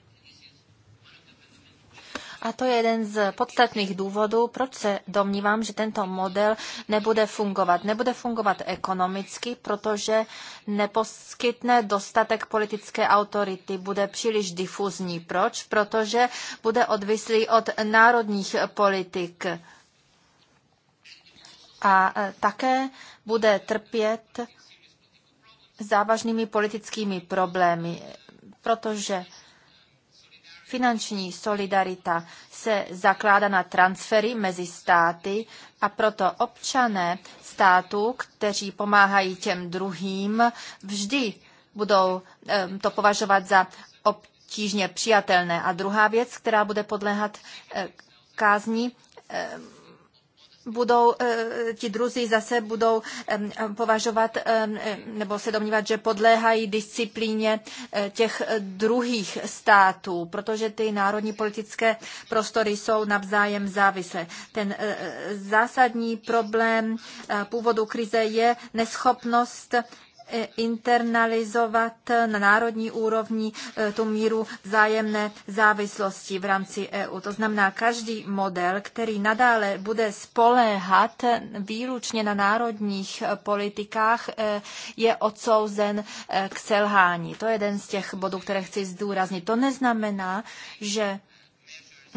A to je jeden z podstatných důvodů, proč se domnívám, že tento model nebude fungovat. Nebude fungovat ekonomicky, protože neposkytne dostatek politické autority, bude příliš difuzní. Proč? Protože bude odvislý od národních politik a e, také bude trpět závažnými politickými problémy, protože finanční solidarita se zakládá na transfery mezi státy a proto občané států, kteří pomáhají těm druhým, vždy budou to považovat za obtížně přijatelné. A druhá věc, která bude podléhat e, kázní, budou eh, ti druzí zase budou považovat nebo se domnívat, že podléhají disciplíně eh, těch eh, druhých států, protože ty národní politické prostory jsou navzájem závislé. Ten zásadní problém původu krize je neschopnost E, internalizovat na národní úrovni e, tu míru vzájemné závislosti v rámci EU. To znamená, každý model, který nadále bude spoléhat výlučně na národních politikách, e, je odsouzen k selhání. To je jeden z těch bodů, které chci zdůraznit. To neznamená, že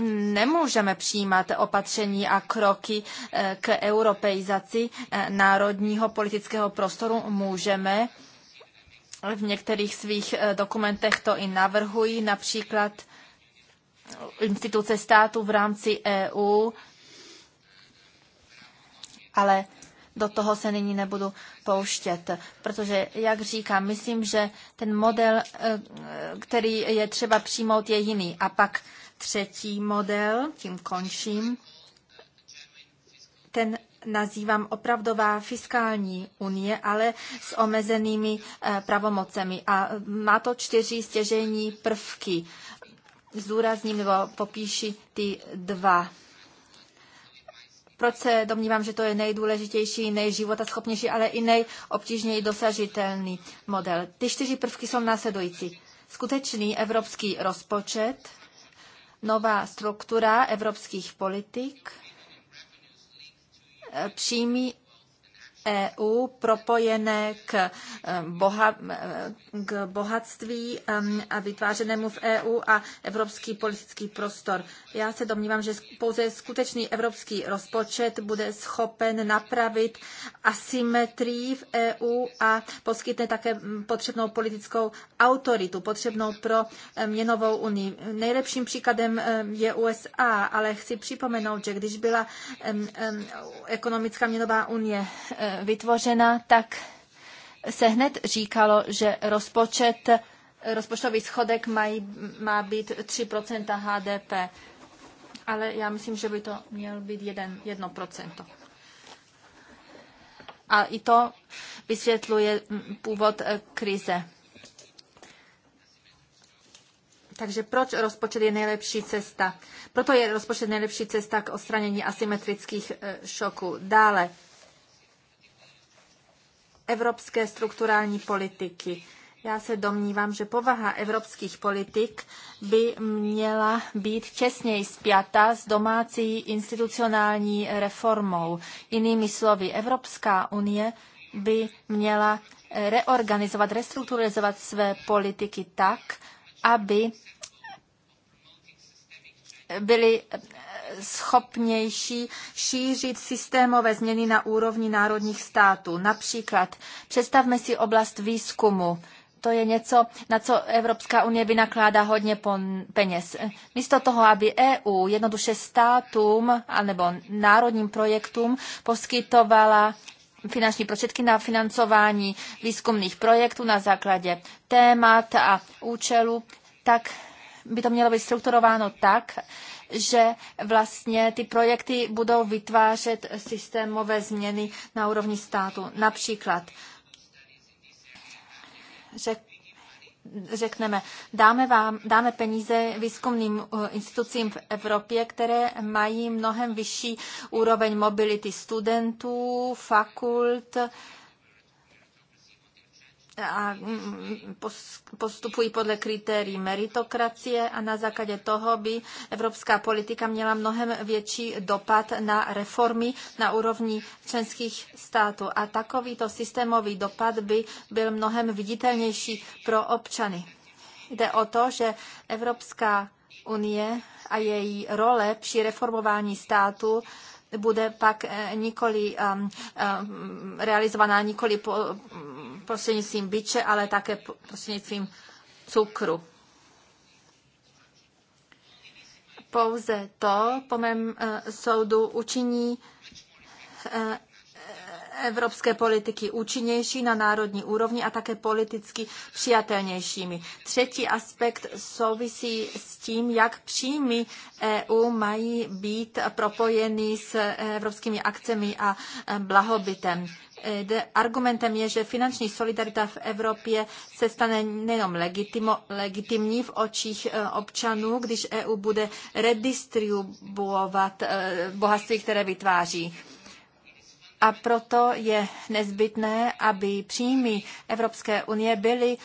nemůžeme přijímat opatření a kroky eh, k europeizaci eh, národního politického prostoru. Můžeme v některých svých eh, dokumentech to i navrhují, například instituce státu v rámci EU, ale do toho se nyní nebudu pouštět, protože, jak říkám, myslím, že ten model, eh, který je třeba přijmout, je jiný. A pak třetí model, tím končím, ten nazývám opravdová fiskální unie, ale s omezenými eh, pravomocemi. A má to čtyři stěžení prvky. Zúrazním nebo popíši ty dva proč se domnívám, že to je nejdůležitější, nejživotaschopnější, ale i nejobtížněji dosažitelný model? Ty čtyři prvky jsou následující. Skutečný evropský rozpočet, nová struktura evropských politik, přímý EU propojené k, eh, boha, eh, k bohatství eh, a vytvářenému v EU a evropský politický prostor. Já se domnívám, že pouze skutečný evropský rozpočet bude schopen napravit asymetrii v EU a poskytne také mm, potřebnou politickou autoritu, potřebnou pro měnovou unii. Nejlepším příkladem je USA, ale chci připomenout, že když byla ekonomická měnová unie vytvořena, tak se hned říkalo, že rozpočet, rozpočtový schodek mají, má být 3% HDP. Ale já myslím, že by to měl být 1, 1%. A i to vysvětluje původ eh, krize. Takže proč rozpočet je nejlepší cesta? Proto je rozpočet nejlepší cesta k odstranění asymetrických eh, šoků. Dále, evropské strukturální politiky. Já se domnívám, že povaha evropských politik by měla být těsněji spjata s domácí institucionální reformou. Jinými slovy, Evropská unie by měla reorganizovat, restrukturalizovat své politiky tak, aby byly schopnější šířit systémové změny na úrovni národních států. Například představme si oblast výzkumu. To je něco, na co Evropská unie vynakládá hodně peněz. Místo toho, aby EU jednoduše státům anebo národním projektům poskytovala finanční prostředky na financování výzkumných projektů na základě témat a účelu, tak by to mělo být strukturováno tak, že vlastně ty projekty budou vytvářet systémové změny na úrovni státu. Například že řekneme, dáme, vám, dáme peníze výzkumným uh, institucím v Evropě, které mají mnohem vyšší úroveň mobility studentů, fakult, a mm, postupují podle kritérií meritokracie a na základě toho by evropská politika měla mnohem větší dopad na reformy na úrovni členských států. A takovýto systémový dopad by byl mnohem viditelnější pro občany. Jde o to, že Evropská unie a její role při reformování státu bude pak eh, nikoli ehm, ehm, realizovaná nikoli prostřednictvím byče, ale také prostřednictvím cukru. Pouze to, po mém eh, soudu, učiní eh, evropské politiky účinnější na národní úrovni a také politicky přijatelnějšími. Třetí aspekt souvisí s tím, jak příjmy EU mají být propojeny s evropskými akcemi a blahobytem. Argumentem je, že finanční solidarita v Evropě se stane nejenom legitimo, legitimní v očích e, občanů, když EU bude redistribuovat e, bohatství, které vytváří. A proto je nezbytné, aby příjmy Evropské unie byly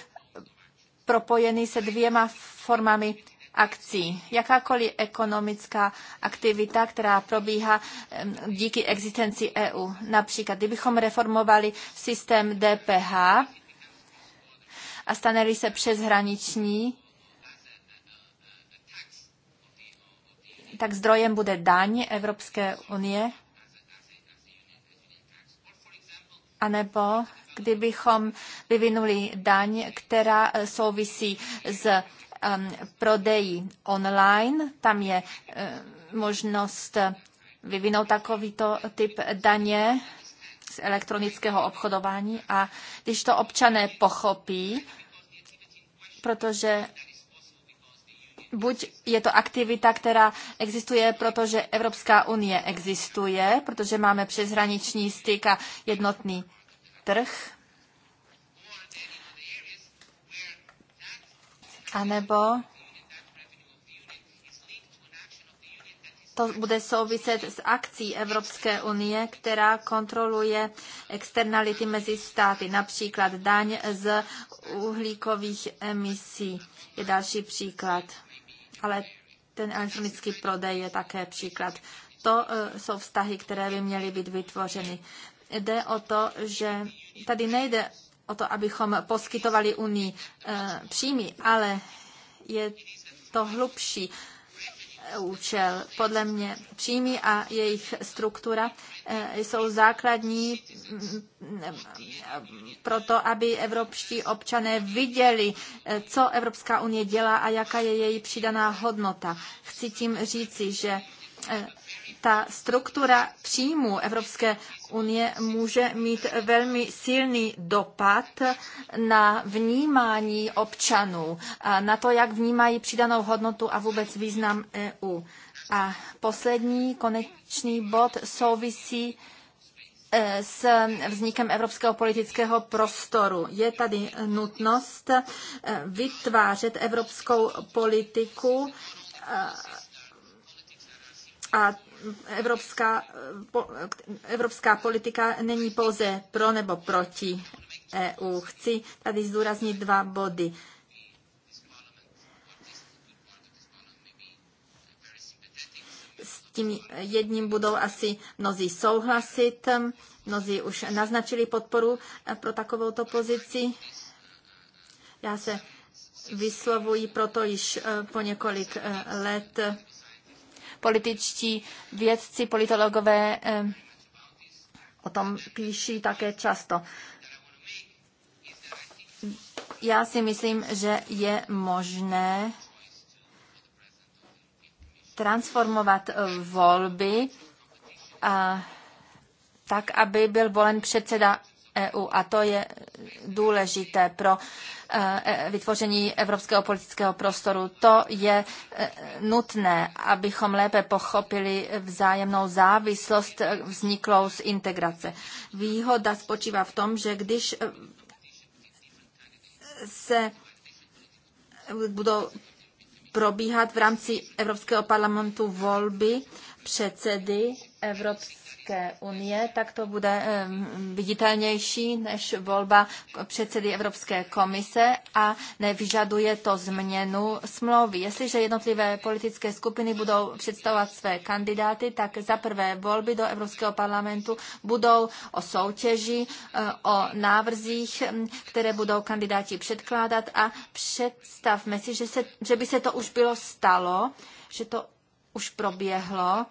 propojeny se dvěma formami akcí. Jakákoliv ekonomická aktivita, která probíhá díky existenci EU. Například, kdybychom reformovali systém DPH a staneli se přeshraniční, tak zdrojem bude daň Evropské unie anebo kdybychom vyvinuli daň, která eh, souvisí s ehm, prodeji online, tam je eh, možnost vyvinout takovýto typ daně z elektronického obchodování a když to občané pochopí, protože buď je to aktivita, která existuje, protože Evropská unie existuje, protože máme přeshraniční styk a jednotný trh, nebo to bude souviset s akcí Evropské unie, která kontroluje externality mezi státy, například daň z uhlíkových emisí. Je další příklad ale ten elektronický prodej je také příklad. To e, jsou vztahy, které by měly být vytvořeny. Jde o to, že tady nejde o to, abychom poskytovali Unii e, příjmy, ale je to hlubší účel. Podle mě příjmy a jejich struktura eh, jsou základní mm, pro to, aby evropští občané viděli, eh, co Evropská unie dělá a jaká je její přidaná hodnota. Chci tím říci, že Eh, ta struktura příjmů Evropské unie může mít velmi silný dopad na vnímání občanů, na to, jak vnímají přidanou hodnotu a vůbec význam EU. A poslední konečný bod souvisí eh, s vznikem evropského politického prostoru. Je tady nutnost eh, vytvářet evropskou politiku a evropská, evropská politika není pouze pro nebo proti EU. Chci tady zdůraznit dva body. S tím jedním budou asi mnozí souhlasit, mnozí už naznačili podporu pro takovouto pozici. Já se vyslovuji proto již eh, po několik eh, let političtí vědci, politologové eh, o tom píší také často. Já si myslím, že je možné transformovat volby a eh, tak, aby byl volen předseda EU a to je důležité pro eh, eh, vytvoření evropského politického prostoru. To je eh, nutné, abychom lépe pochopili vzájemnou závislost vzniklou z integrace. Výhoda spočívá v tom, že když se budou probíhat v rámci Evropského parlamentu volby předsedy Evropské Evropské unie, tak to bude eh, viditelnější než volba předsedy Evropské komise a nevyžaduje to změnu smlouvy. Jestliže jednotlivé politické skupiny budou představovat své kandidáty, tak za prvé volby do Evropského parlamentu budou o soutěži, eh, o návrzích, hm, které budou kandidáti předkládat a představme si, že, se, že by se to už bylo stalo, že to už proběhlo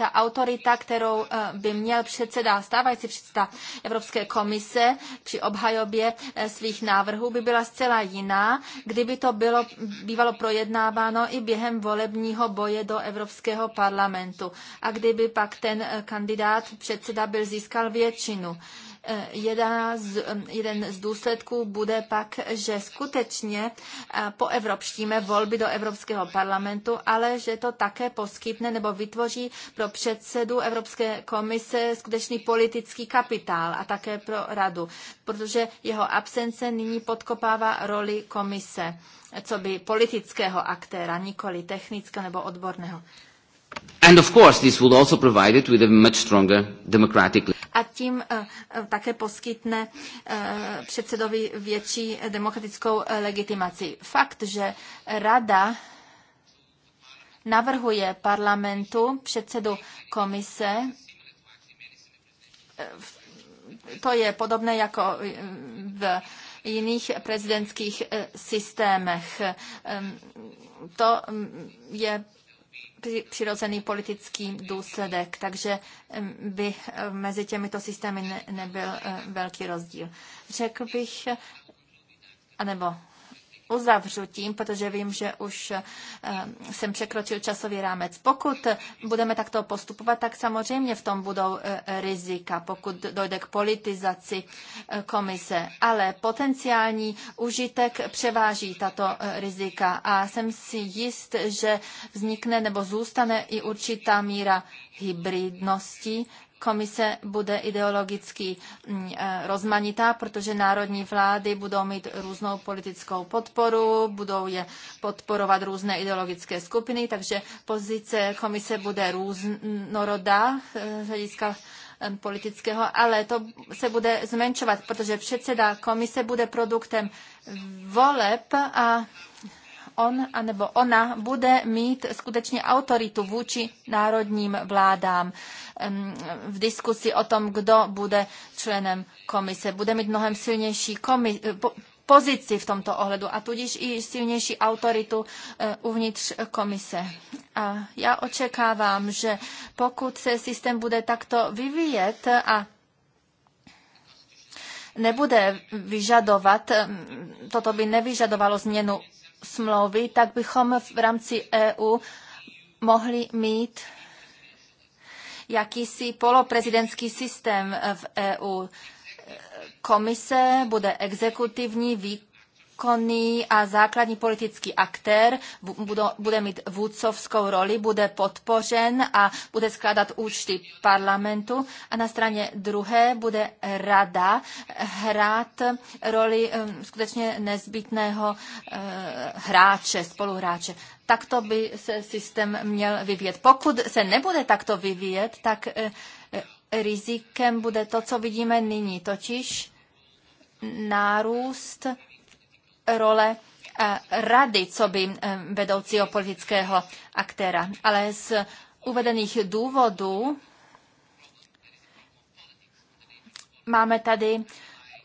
ta autorita, kterou eh, by měl předseda, stávající předseda Evropské komise při obhajobě eh, svých návrhů, by byla zcela jiná, kdyby to bylo, bývalo projednáváno i během volebního boje do Evropského parlamentu a kdyby pak ten eh, kandidát předseda byl získal většinu. Eh, jeden z, jeden z důsledků bude pak, že skutečně eh, poevropštíme volby do Evropského parlamentu, ale že to také poskytne nebo vytvoří pro předsedu Evropské komise skutečný politický kapitál a také pro radu, protože jeho absence nyní podkopává roli komise eh, co by politického aktéra, nikoli technického nebo odborného. And of course, this will also provide it with a much stronger democratic a tím eh, eh, také poskytne eh, předsedovi větší demokratickou legitimaci. Fakt, že rada navrhuje parlamentu předsedu komise to je podobné jako v jiných prezidentských systémech. Ehm, to mm, je přirozený politický důsledek, takže by mezi těmito systémy ne, nebyl velký rozdíl. Řekl bych, anebo uzavřu tím, protože vím, že už eh, jsem překročil časový rámec. Pokud budeme takto postupovat, tak samozřejmě v tom budou eh, rizika, pokud dojde k politizaci eh, komise. Ale potenciální užitek převáží tato rizika a jsem si jist, že vznikne nebo zůstane i určitá míra hybridnosti komise bude ideologicky mm, eh, rozmanitá, protože národní vlády budou mít různou politickou podporu, budou je podporovat různé ideologické skupiny, takže pozice komise bude různorodá eh, z hlediska eh, politického, ale to se bude zmenšovat, protože předseda komise bude produktem voleb a on anebo ona bude mít skutečně autoritu vůči národním vládám v diskusi o tom, kdo bude členem komise. Bude mít mnohem silnější komi- pozici v tomto ohledu a tudíž i silnější autoritu eh, uvnitř komise. A já očekávám, že pokud se systém bude takto vyvíjet a nebude vyžadovat, toto by nevyžadovalo změnu smlouvy, tak bychom v rámci EU mohli mít jakýsi poloprezidentský systém v EU. Komise bude exekutivní, výkonný a základní politický aktér, bude mít vůdcovskou roli, bude podpořen a bude skládat účty parlamentu. A na straně druhé bude rada hrát roli ehm, skutečně nezbytného eh, hráče, spoluhráče takto by se systém měl vyvíjet. Pokud se nebude takto vyvíjet, tak eh, eh, rizikem bude to, co vidíme nyní, totiž nárůst role eh, rady, co by eh, vedoucího politického aktéra. Ale z uvedených důvodů máme tady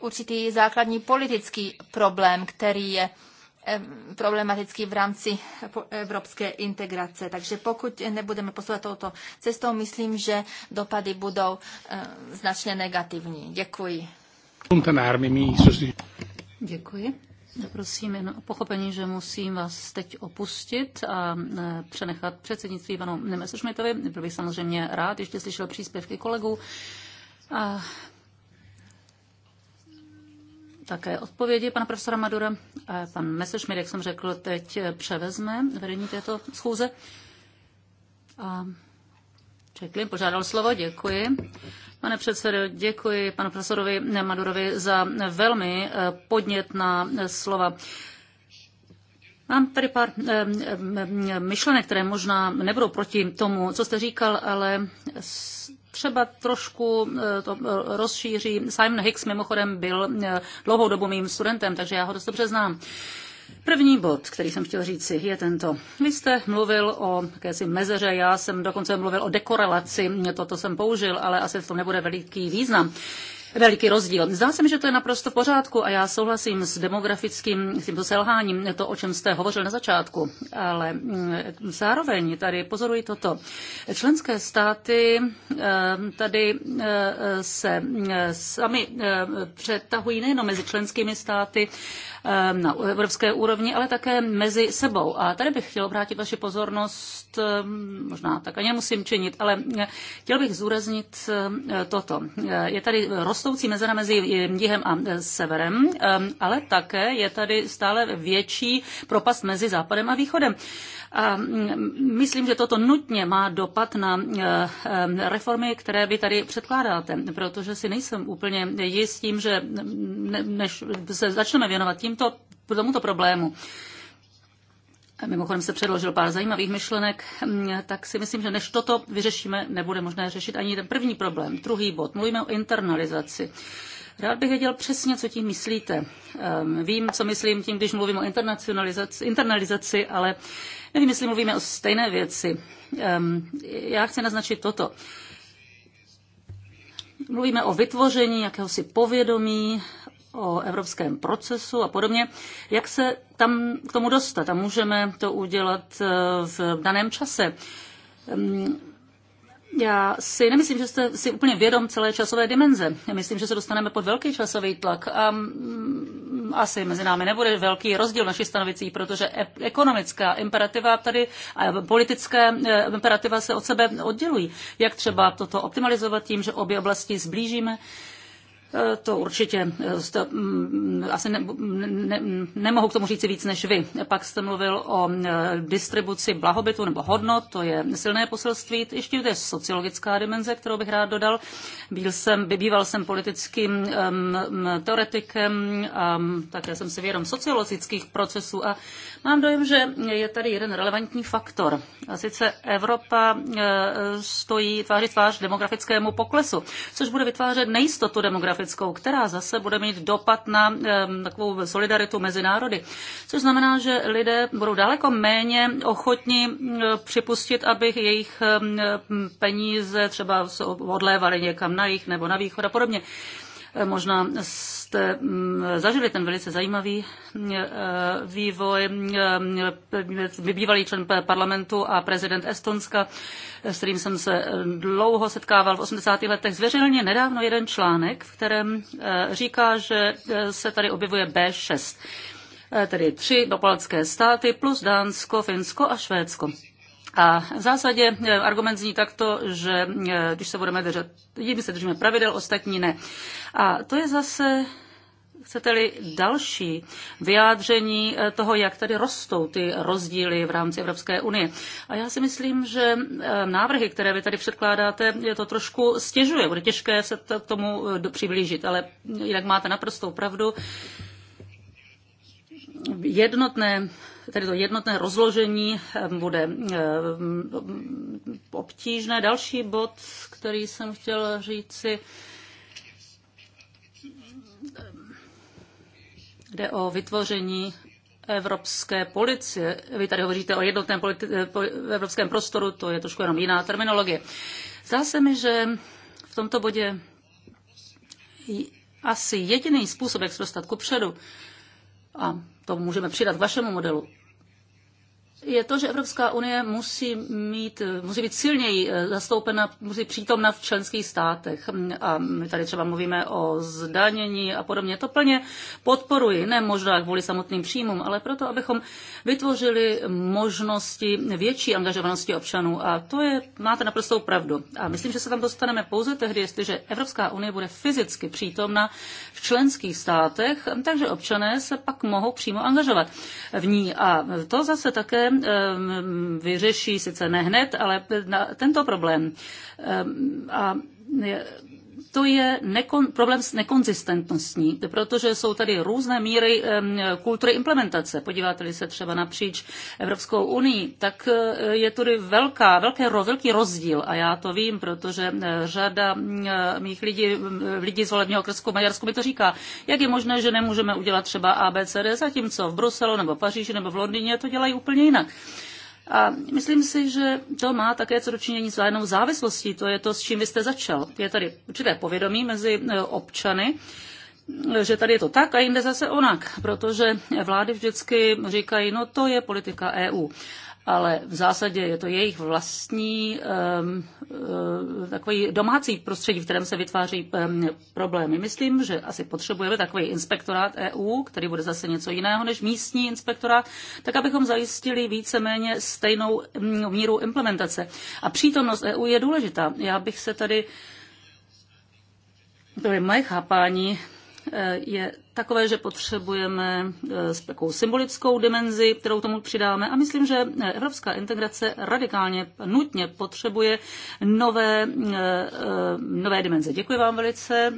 určitý základní politický problém, který je eh, problematický v rámci evropské integrace. Takže pokud nebudeme posouvat touto cestou, myslím, že dopady budou značně negativní. Děkuji. Děkuji. Prosím jen o pochopení, že musím vás teď opustit a e, přenechat předsednictví panu Messerschmittovi. Byl bych samozřejmě rád, ještě slyšel příspěvky kolegů. A také odpovědi pana profesora Madura. Pan Messerschmitt, jak jsem řekl, teď převezme vedení této schůze. A Čekli, požádal slovo, děkuji. Pane předsedo, děkuji panu profesorovi Madurovi za velmi eh, podnětná eh, slova. Mám tady pár eh, myšlenek, které možná nebudou proti tomu, co jste říkal, ale třeba trošku to rozšíří. Simon Hicks mimochodem byl dlouhou dobu mým studentem, takže já ho dost dobře znám. První bod, který jsem chtěl říci, je tento. Vy jste mluvil o jakési mezeře, já jsem dokonce mluvil o dekorelaci, toto jsem použil, ale asi v tom nebude veliký význam veliký rozdíl. Zdá se mi, že to je naprosto v pořádku a já souhlasím s demografickým s tímto selháním, to, o čem jste hovořil na začátku, ale mm, zároveň tady pozoruji toto. Členské státy eh, tady eh, se eh, sami přetahují nejenom mezi členskými státy, Ehm, na evropské úrovni, ale také mezi sebou. A tady bych chtěl obrátit vaši pozornost, ehm, možná tak ani nemusím činit, ale eh, chtěl bych zúraznit ehm, toto. Eh, je tady rostoucí mezera mezi jihem a eh, severem, ale také je tady stále větší propast mezi západem a východem. A mm, myslím, že toto nutně má dopad na eh, eh, reformy, které vy tady předkládáte, protože si nejsem úplně jist tím, že mm, než se začneme věnovat tímto, tomuto problému, Mimochodem se předložil pár zajímavých myšlenek, mm, tak si myslím, že než toto vyřešíme, nebude možné řešit ani ten první problém. Druhý bod. Mluvíme o internalizaci. Rád bych věděl přesně, co tím myslíte. Ehm, vím, co myslím tím, když mluvím o internacionalizaci, internalizaci, ale nevím, jestli mluvíme o stejné věci. Ehm, já chci naznačit toto. Mluvíme o vytvoření jakéhosi povědomí o evropském procesu a podobně. Jak se tam k tomu dostat? A můžeme to udělat eh, v daném čase ehm, já si nemyslím, že jste si úplně vědom celé časové dimenze. Myslím, že se dostaneme pod velký časový tlak a mm, asi mezi námi nebude velký rozdíl naší našich stanovicích, protože e- ekonomická imperativa tady a politické e, imperativa se od sebe oddělují. Jak třeba toto optimalizovat tím, že obě oblasti zblížíme? Eh, to určitě, eh, to, mm, mm, asi ne, ne, nemohu k tomu říci víc než vy. Pak jste mluvil o eh, distribuci blahobytu nebo hodnot, to je silné poselství. Ještě to je sociologická dimenze, kterou bych rád dodal. Byl jsem, býval jsem politickým um, teoretikem a také jsem si vědom sociologických procesů a mám dojem, že je tady jeden relevantní faktor. A sice Evropa stojí tváří tvář demografickému poklesu, což bude vytvářet nejistotu demografickou demografickou, která zase bude mít dopad na takovou solidaritu mezi národy. Což znamená, že lidé budou daleko méně ochotní připustit, aby jejich peníze třeba odlévaly někam na jich nebo na východ a podobně. Možná jste mm, zažili ten velice zajímavý mm, e, vývoj. Mm, e, bývalý člen parlamentu a prezident Estonska, e, s kterým jsem se dlouho setkával v 80. letech, zveřejnil nedávno jeden článek, v kterém říká, že se tady objevuje B6 tedy tři dopolské státy plus Dánsko, Finsko a Švédsko. A v zásadě e, argument zní takto, že e, když se budeme držet, my se držíme pravidel, ostatní ne. A to je zase chcete-li další vyjádření e, toho, jak tady rostou ty rozdíly v rámci Evropské unie. A já si myslím, že návrhy, které vy tady předkládáte, je to trošku stěžuje. Bude těžké se to k tomu přiblížit, ale jinak máte naprostou pravdu. Jednotné tedy to jednotné rozložení eh, bude eh, obtížné. Další bod, který jsem chtěl říci, jde o vytvoření evropské policie. Vy tady hovoříte o jednotném eh, evropském prostoru, to je trošku jenom jiná terminologie. Zdá se mi, že v tomto bodě asi jediný způsob, jak se dostat kupředu a to můžeme přidat k vašemu modelu je to, že Evropská unie musí, mít, musí být silněji eh, zastoupena, musí přítomna v členských státech. Mm, a my tady třeba mluvíme o zdanění a podobně. To plně podporuji, ne možná kvůli samotným příjmům, ale proto, abychom vytvořili možnosti větší angažovanosti občanů. A to je, máte naprostou pravdu. A myslím, že se tam dostaneme pouze tehdy, jestliže Evropská unie bude fyzicky přítomna v členských státech, takže občané se pak mohou přímo angažovat v ní. A to zase také Eh, vyřeší sice ne hned, ale tento problém. Eh, a to je nekon, problém s nekonzistentností, protože jsou tady různé míry kultury implementace. Podíváte-li se třeba napříč Evropskou unii, tak e, je tady velká, velké, velký rozdíl a já to vím, protože e, řada e, mých lidí, lidí z volebního okresku Maďarsku mi to říká, jak je možné, že nemůžeme udělat třeba ABCD, zatímco v Bruselu nebo Paříži nebo v Londýně to dělají úplně jinak. A myslím si, že to má také co dočinění s vzájemnou závislostí. To je to, s čím vy jste začal. Je tady určité povědomí mezi e, občany, že tady je to tak a jinde zase onak, protože vlády vždycky říkají, no to je politika EU ale v zásadě je to jejich vlastní um, uh, takový domácí prostředí, v kterém se vytváří um, problémy. Myslím, že asi potřebujeme takový inspektorát EU, který bude zase něco jiného než místní inspektorát, tak abychom zajistili víceméně stejnou míru implementace. A přítomnost EU je důležitá. Já bych se tady, to je moje chápání, eh, je takové, že potřebujeme eh, takovou symbolickou dimenzi, kterou tomu přidáme. A myslím, že evropská integrace radikálně nutně potřebuje nové, eh, eh, nové dimenze. Děkuji vám velice.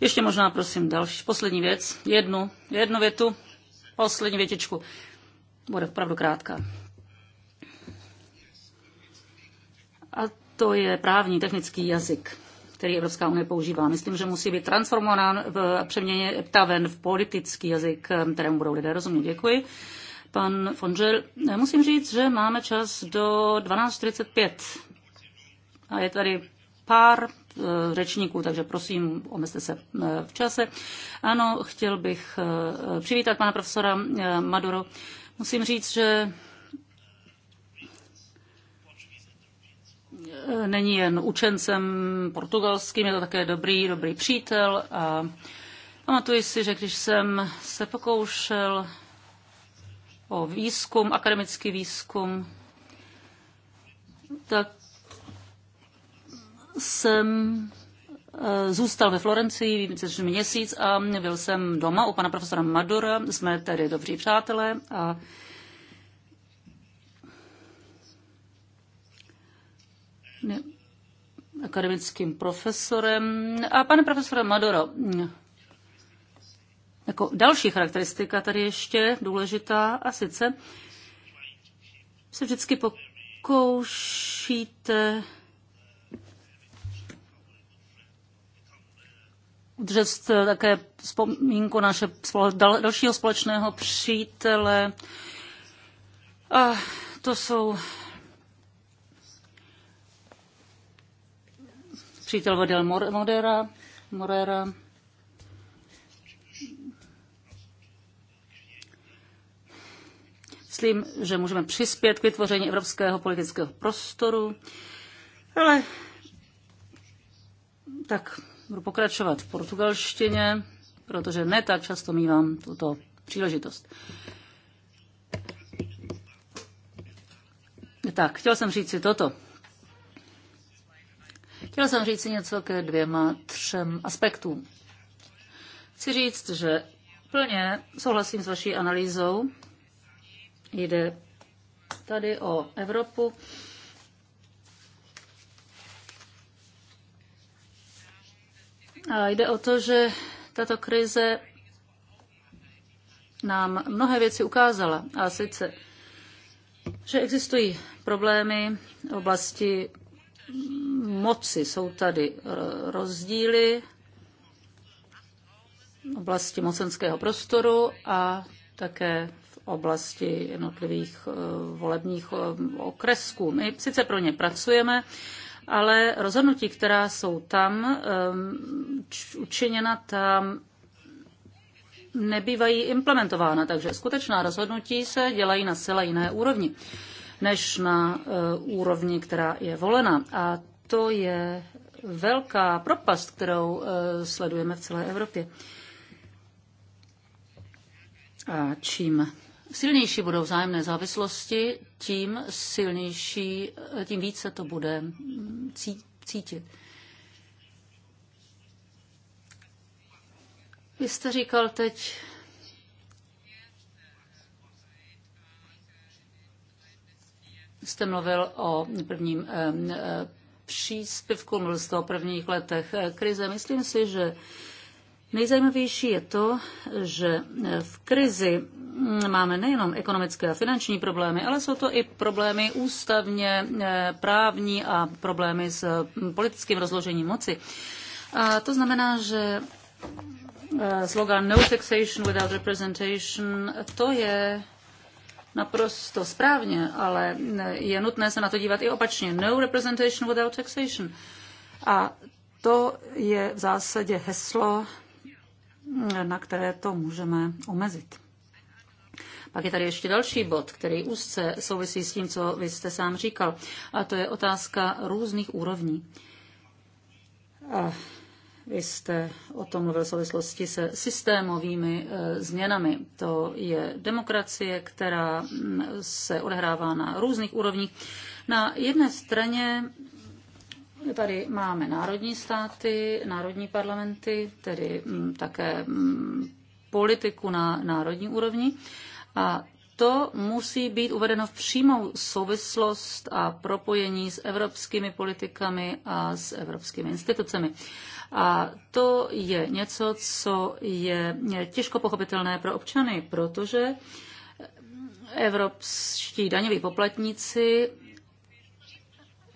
Ještě možná, prosím, další, poslední věc. Jednu, jednu větu, poslední větičku. Bude opravdu krátká. A to je právní technický jazyk který Evropská unie používá. Myslím, že musí být transformován v přeměně ptaven v politický jazyk, kterému budou lidé rozumět. Děkuji. Pan Fonžel, musím říct, že máme čas do 12.45 a je tady pár eh, řečníků, takže prosím, omezte se eh, v čase. Ano, chtěl bych eh, přivítat pana profesora Maduro. Musím říct, že není jen učencem portugalským, je to také dobrý, dobrý přítel a pamatuji si, že když jsem se pokoušel o výzkum, akademický výzkum, tak jsem eh, zůstal ve Florencii více než měsíc a byl jsem doma u pana profesora Madura, jsme tedy dobří přátelé a akademickým profesorem. A pane profesore Madoro, jako další charakteristika tady ještě důležitá, a sice se vždycky pokoušíte udržet také vzpomínku naše dalšího společného přítele. A to jsou přítel Vadel Morera, Morera. Myslím, že můžeme přispět k vytvoření evropského politického prostoru, ale tak budu pokračovat v portugalštině, protože ne tak často mívám tuto příležitost. Tak, chtěl jsem říct si toto. Chtěla jsem říct něco ke dvěma, třem aspektům. Chci říct, že plně souhlasím s vaší analýzou. Jde tady o Evropu. A jde o to, že tato krize nám mnohé věci ukázala. A sice, že existují problémy v oblasti moci. Jsou tady eh, rozdíly v oblasti mocenského prostoru a také v oblasti jednotlivých eh, volebních eh, okresků. My sice pro ně pracujeme, ale rozhodnutí, která jsou tam učiněna, tam nebývají implementována, takže skutečná rozhodnutí se dělají na celé jiné úrovni než na eh, úrovni, která je volena. A to je velká propast, kterou eh, sledujeme v celé Evropě. A čím silnější budou vzájemné závislosti, tím silnější, eh, tím více to bude mm, cítit. Vy jste říkal teď jste mluvil o prvním eh, eh, příspěvku, mluvil jste o prvních letech eh, krize. Myslím si, že Nejzajímavější je to, že v krizi mm, máme nejenom ekonomické a finanční problémy, ale jsou to i problémy ústavně právní a problémy s mm, politickým rozložením moci. A to znamená, že slogan No taxation without representation, to je naprosto správně, ale je nutné se na to dívat i opačně. No representation without taxation. A to je v zásadě heslo, na které to můžeme omezit. Pak je tady ještě další bod, který úzce souvisí s tím, co vy jste sám říkal, a to je otázka různých úrovní. Eh, vy jste o tom mluvil v souvislosti se systémovými e, změnami. To je demokracie, která se odehrává na různých úrovních. Na jedné straně Tady máme národní státy, národní parlamenty, tedy také politiku na národní úrovni. A to musí být uvedeno v přímou souvislost a propojení s evropskými politikami a s evropskými institucemi. A to je něco, co je těžko pochopitelné pro občany, protože evropští daňoví poplatníci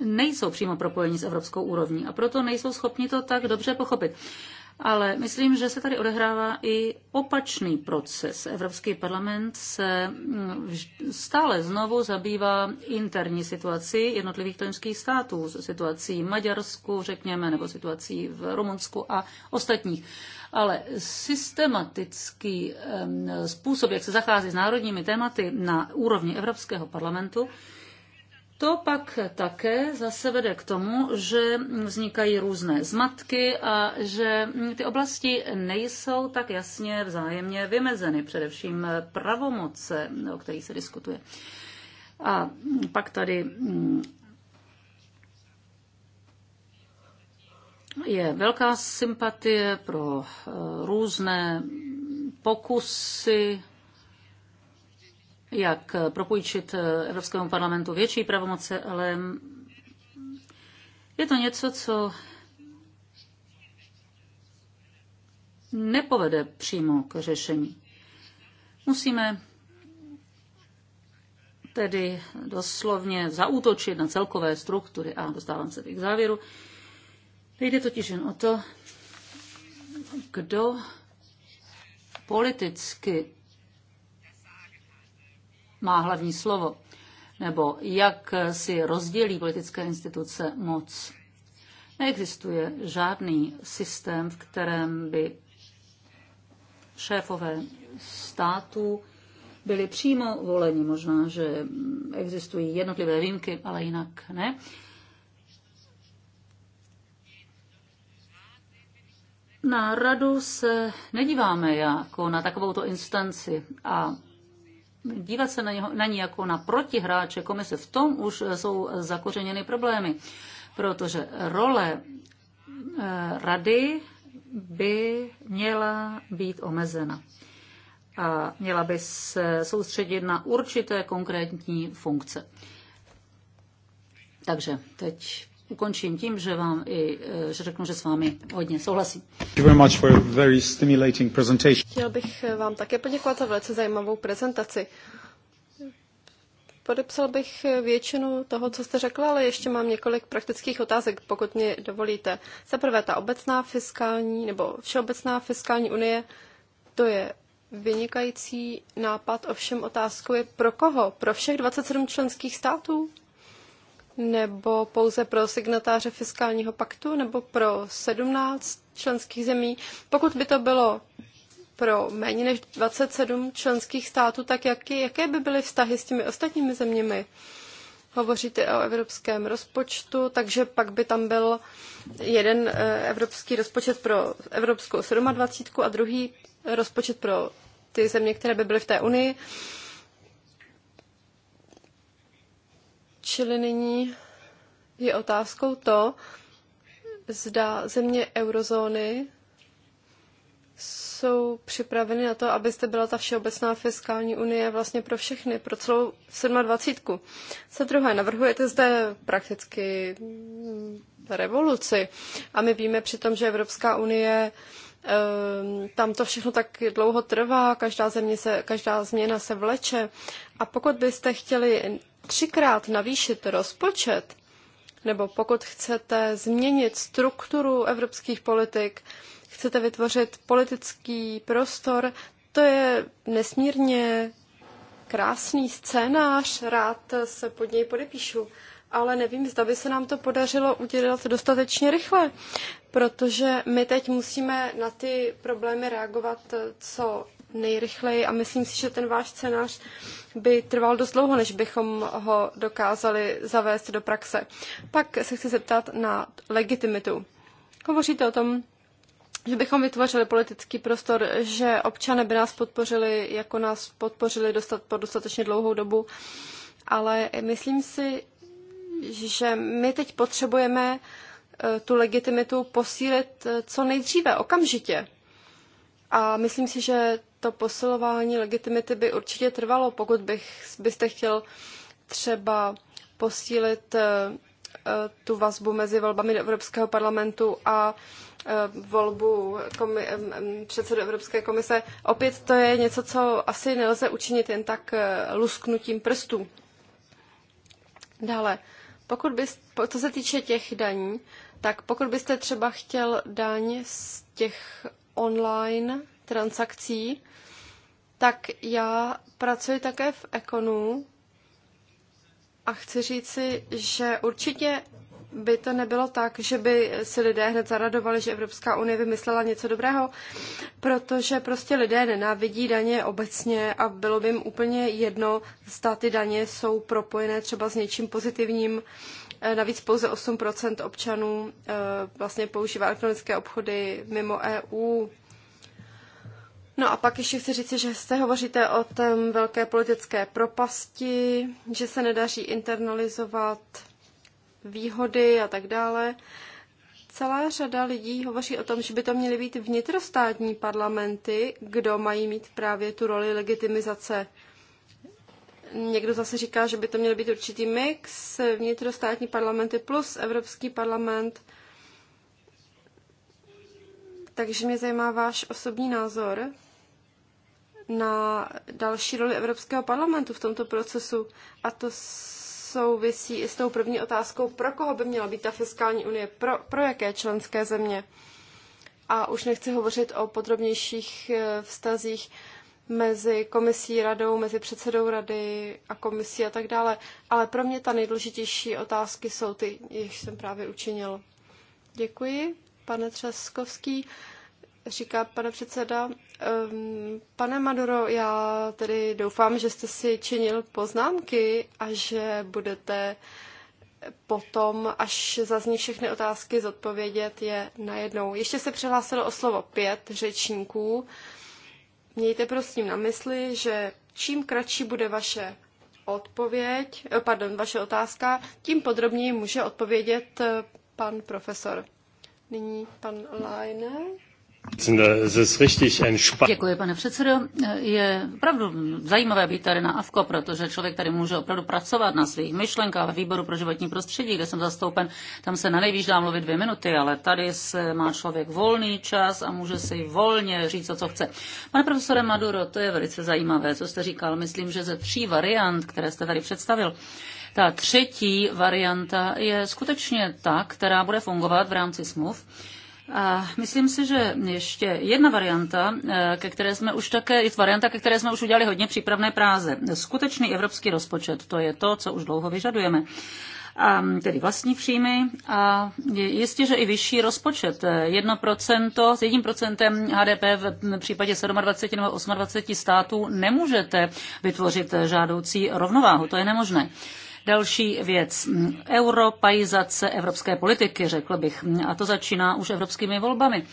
nejsou přímo propojeni s evropskou úrovní a proto nejsou schopni to tak dobře pochopit. Ale myslím, že se tady odehrává i opačný proces. Evropský parlament se mm, stále znovu zabývá interní situaci jednotlivých členských států, situací v Maďarsku, řekněme, nebo situací v Rumunsku a ostatních. Ale systematický způsob, jak se zachází s národními tématy na úrovni Evropského parlamentu, to pak také zase vede k tomu, že vznikají různé zmatky a že ty oblasti nejsou tak jasně vzájemně vymezeny, především pravomoce, o kterých se diskutuje. A pak tady mm, je velká sympatie pro eh, různé pokusy jak propůjčit eh, Evropskému parlamentu větší pravomoce, ale je to něco, co nepovede přímo k řešení. Musíme tedy doslovně zaútočit na celkové struktury. A dostávám se k závěru. Jde totiž jen o to, kdo politicky má hlavní slovo, nebo jak si rozdělí politické instituce moc. Neexistuje žádný systém, v kterém by šéfové států byli přímo voleni. Možná, že existují jednotlivé výjimky, ale jinak ne. Na radu se nedíváme jako na takovouto instanci a dívat se na, něho, na ní jako na protihráče komise, v tom už jsou zakořeněny problémy, protože role eh, rady by měla být omezena a měla by se soustředit na určité konkrétní funkce. Takže teď ukončím tím, že vám i, e, že řeknu, že s vámi hodně souhlasím. Chtěl bych e, vám také poděkovat za velice zajímavou prezentaci. Podepsal bych e, většinu toho, co jste řekla, ale ještě mám několik praktických otázek, pokud mi dovolíte. Za prvé, ta obecná fiskální nebo všeobecná fiskální unie, to je vynikající nápad, ovšem otázkou je pro koho? Pro všech 27 členských států? nebo pouze pro signatáře fiskálního paktu, nebo pro 17 členských zemí. Pokud by to bylo pro méně než 27 členských států, tak jaký, jaké by byly vztahy s těmi ostatními zeměmi? Hovoříte o evropském rozpočtu, takže pak by tam byl jeden eh, evropský rozpočet pro evropskou 27 a druhý rozpočet pro ty země, které by byly v té unii. Čili nyní je otázkou to, zda země eurozóny jsou připraveny na to, abyste byla ta všeobecná fiskální unie vlastně pro všechny, pro celou 27. Za druhé, navrhujete zde prakticky revoluci a my víme přitom, že Evropská unie ehm, tam to všechno tak dlouho trvá, každá, země se, každá změna se vleče. A pokud byste chtěli třikrát navýšit rozpočet, nebo pokud chcete změnit strukturu evropských politik, chcete vytvořit politický prostor, to je nesmírně krásný scénář, rád se pod něj podepíšu, ale nevím, zda by se nám to podařilo udělat dostatečně rychle, protože my teď musíme na ty problémy reagovat co nejrychleji a myslím si, že ten váš scénář by trval dost dlouho, než bychom ho dokázali zavést do praxe. Pak se chci zeptat na legitimitu. Hovoříte o tom, že bychom vytvořili politický prostor, že občané by nás podpořili, jako nás podpořili dostat po dostatečně dlouhou dobu, ale myslím si, že my teď potřebujeme eh, tu legitimitu posílit eh, co nejdříve, okamžitě. A myslím si, že to posilování legitimity by určitě trvalo, pokud bych, byste chtěl třeba posílit eh, eh, tu vazbu mezi volbami do Evropského parlamentu a eh, volbu komi- předsedu Evropské komise. Opět to je něco, co asi nelze učinit jen tak lusknutím prstů. Dále, pokud bys, co se týče těch daní, tak pokud byste třeba chtěl daň z těch online transakcí, tak já pracuji také v Ekonu a chci říci, že určitě by to nebylo tak, že by si lidé hned zaradovali, že Evropská unie vymyslela něco dobrého, protože prostě lidé nenávidí daně obecně a bylo by jim úplně jedno, zda ty daně jsou propojené třeba s něčím pozitivním. Eh, navíc pouze 8% občanů eh, vlastně používá elektronické obchody mimo EU. No a pak ještě chci říct, že jste hovoříte o té velké politické propasti, že se nedaří internalizovat výhody a tak dále. Celá řada lidí hovoří o tom, že by to měly být vnitrostátní parlamenty, kdo mají mít právě tu roli legitimizace. Někdo zase říká, že by to měl být určitý mix vnitrostátní parlamenty plus Evropský parlament. Takže mě zajímá váš osobní názor na další roli Evropského parlamentu v tomto procesu. A to souvisí i s tou první otázkou, pro koho by měla být ta fiskální unie, pro, pro jaké členské země. A už nechci hovořit o podrobnějších eh, vztazích mezi komisí, radou, mezi předsedou rady a komisí a tak dále. Ale pro mě ta nejdůležitější otázky jsou ty, jež jsem právě učinil. Děkuji, pane Třeskovský říká pane předseda. Ehm, pane Maduro, já tedy doufám, že jste si činil poznámky a že budete potom, až zazní všechny otázky, zodpovědět je najednou. Ještě se přihlásilo o slovo pět řečníků. Mějte prosím na mysli, že čím kratší bude vaše odpověď, eh, pardon, vaše otázka, tím podrobněji může odpovědět eh, pan profesor. Nyní pan Leiner. Děkuji, pane předsedo. Je opravdu zajímavé být tady na AFKO, protože člověk tady může opravdu pracovat na svých myšlenkách ve výboru pro životní prostředí, kde jsem zastoupen. Tam se na nejvíc dá mluvit dvě minuty, ale tady se má člověk volný čas a může si volně říct, co chce. Pane profesore Maduro, to je velice zajímavé, co jste říkal. Myslím, že ze tří variant, které jste tady představil, ta třetí varianta je skutečně ta, která bude fungovat v rámci smluv a myslím si, že ještě jedna varianta, eh, ke které jsme už také, je varianta, ke které jsme už udělali hodně přípravné práze. Skutečný evropský rozpočet, to je to, co už dlouho vyžadujeme a tedy vlastní příjmy a jistě, že i vyšší rozpočet. 1% s 1% HDP v případě 27 nebo 28 států nemůžete vytvořit žádoucí rovnováhu. To je nemožné. Další věc. Europaizace evropské politiky, řekl bych. A to začíná už evropskými volbami.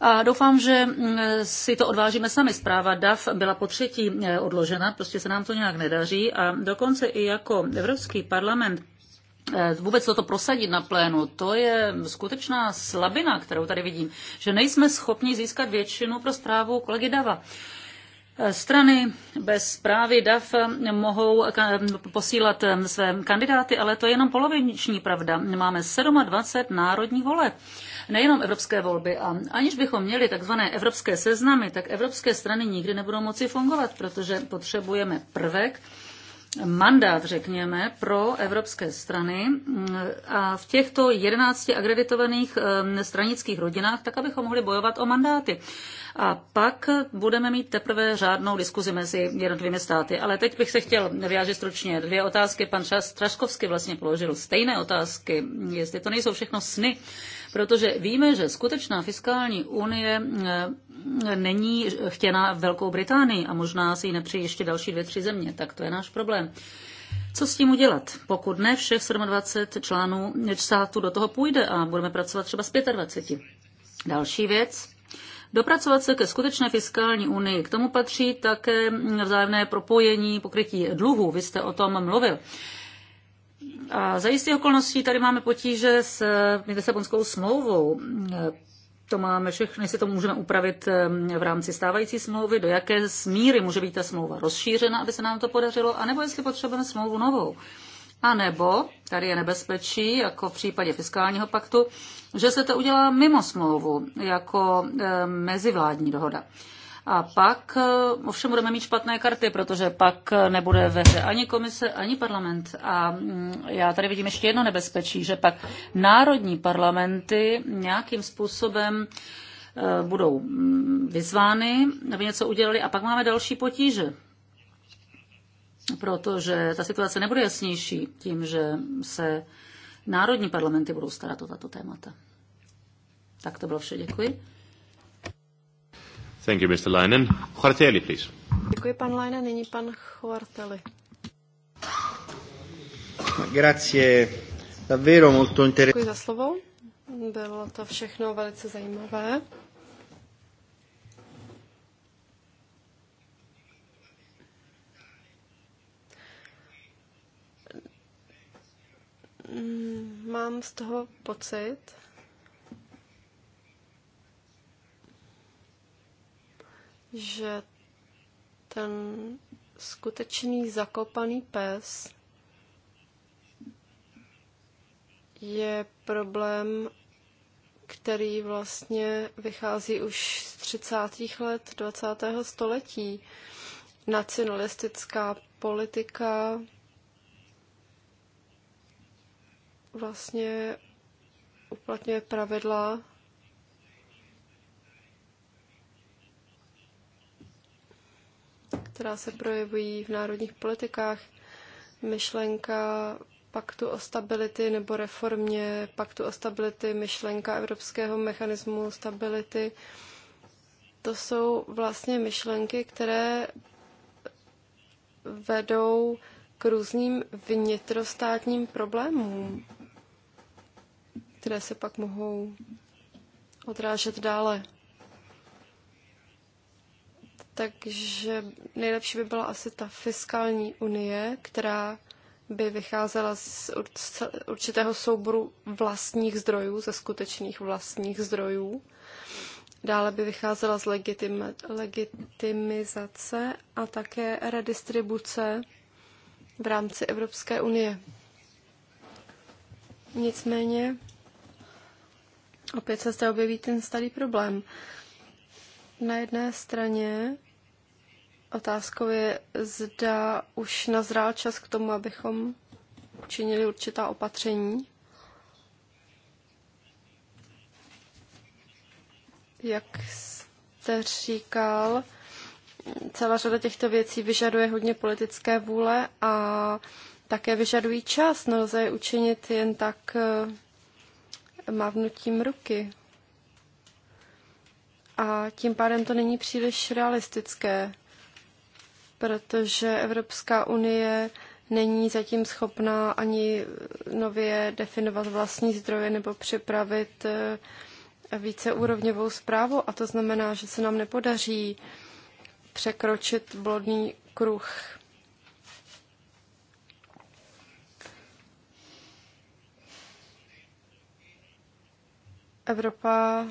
A doufám, že mm, si to odvážíme sami. Zpráva DAF byla po třetí e, odložena, prostě se nám to nějak nedaří a dokonce i jako Evropský parlament e, vůbec toto prosadit na plénu, to je skutečná slabina, kterou tady vidím, že nejsme schopni získat většinu pro zprávu kolegy Dava. Strany bez zprávy DAF mohou posílat eh, své kandidáty, ale to je jenom poloviční pravda. Máme 27 národních voleb, nejenom evropské volby. A aniž bychom měli takzvané evropské seznamy, tak evropské strany nikdy nebudou moci fungovat, protože potřebujeme prvek, mandát, řekněme, pro evropské strany mm, a v těchto 11 agreditovaných mm, stranických rodinách, tak abychom mohli bojovat o mandáty. A pak budeme mít teprve řádnou diskuzi mezi jednotlivými státy. Ale teď bych se chtěl vyjádřit stručně dvě otázky. Pan Traškovský vlastně položil stejné otázky, jestli to nejsou všechno sny protože víme, že skutečná fiskální unie eh, není chtěna Velkou Británií a možná si ji nepřijí ještě další dvě, tři země, tak to je náš problém. Co s tím udělat, pokud ne všech 27 článů státu do toho půjde a budeme pracovat třeba s 25? Další věc, Dopracovat se ke skutečné fiskální unii. K tomu patří také vzájemné propojení pokrytí dluhu. Vy jste o tom mluvil. A za jistých okolností tady máme potíže s eh, Lisabonskou smlouvou. Eh, to máme všechno, jestli to můžeme upravit eh, v rámci stávající smlouvy, do jaké smíry může být ta smlouva rozšířena, aby se nám to podařilo, anebo jestli potřebujeme smlouvu novou. A nebo, tady je nebezpečí, jako v případě fiskálního paktu, že se to udělá mimo smlouvu, jako mezivládní dohoda. A pak eh, ovšem budeme mít špatné karty, protože pak eh, nebude ve hře ani komise, ani parlament. A mm, já tady vidím ještě jedno nebezpečí, že pak národní parlamenty nějakým způsobem eh, budou mm, vyzvány, aby něco udělali a pak máme další potíže protože ta situace nebude jasnější tím, že se národní parlamenty budou starat o tato témata. Tak to bylo vše, děkuji. Thank you, Mr. Leinen. Chvarteli, please. Děkuji, pan Leinen. Nyní pan Chvarteli. Grazie. Davvero molto inter... Děkuji za slovo. Bylo to všechno velice zajímavé. Mám z toho pocit, že ten skutečný zakopaný pes je problém, který vlastně vychází už z 30. let 20. století. Nacionalistická politika vlastně uplatňuje pravidla která se projevují v národních politikách, myšlenka paktu o stability nebo reformě paktu o stability, myšlenka evropského mechanismu stability. To jsou vlastně myšlenky, které vedou k různým vnitrostátním problémům, které se pak mohou odrážet dále. Takže nejlepší by byla asi ta fiskální unie, která by vycházela z určitého souboru vlastních zdrojů, ze skutečných vlastních zdrojů. Dále by vycházela z legitim, legitimizace a také redistribuce v rámci Evropské unie. Nicméně opět se zde objeví ten starý problém. Na jedné straně otázkou je, zda už nazrál čas k tomu, abychom učinili určitá opatření. Jak jste říkal, celá řada těchto věcí vyžaduje hodně politické vůle a také vyžadují čas. Nelze je učinit jen tak eh, mávnutím ruky. A tím pádem to není příliš realistické, protože Evropská unie není zatím schopná ani nově definovat vlastní zdroje nebo připravit eh, úrovňovou zprávu. A to znamená, že se nám nepodaří překročit blodný kruh. Evropa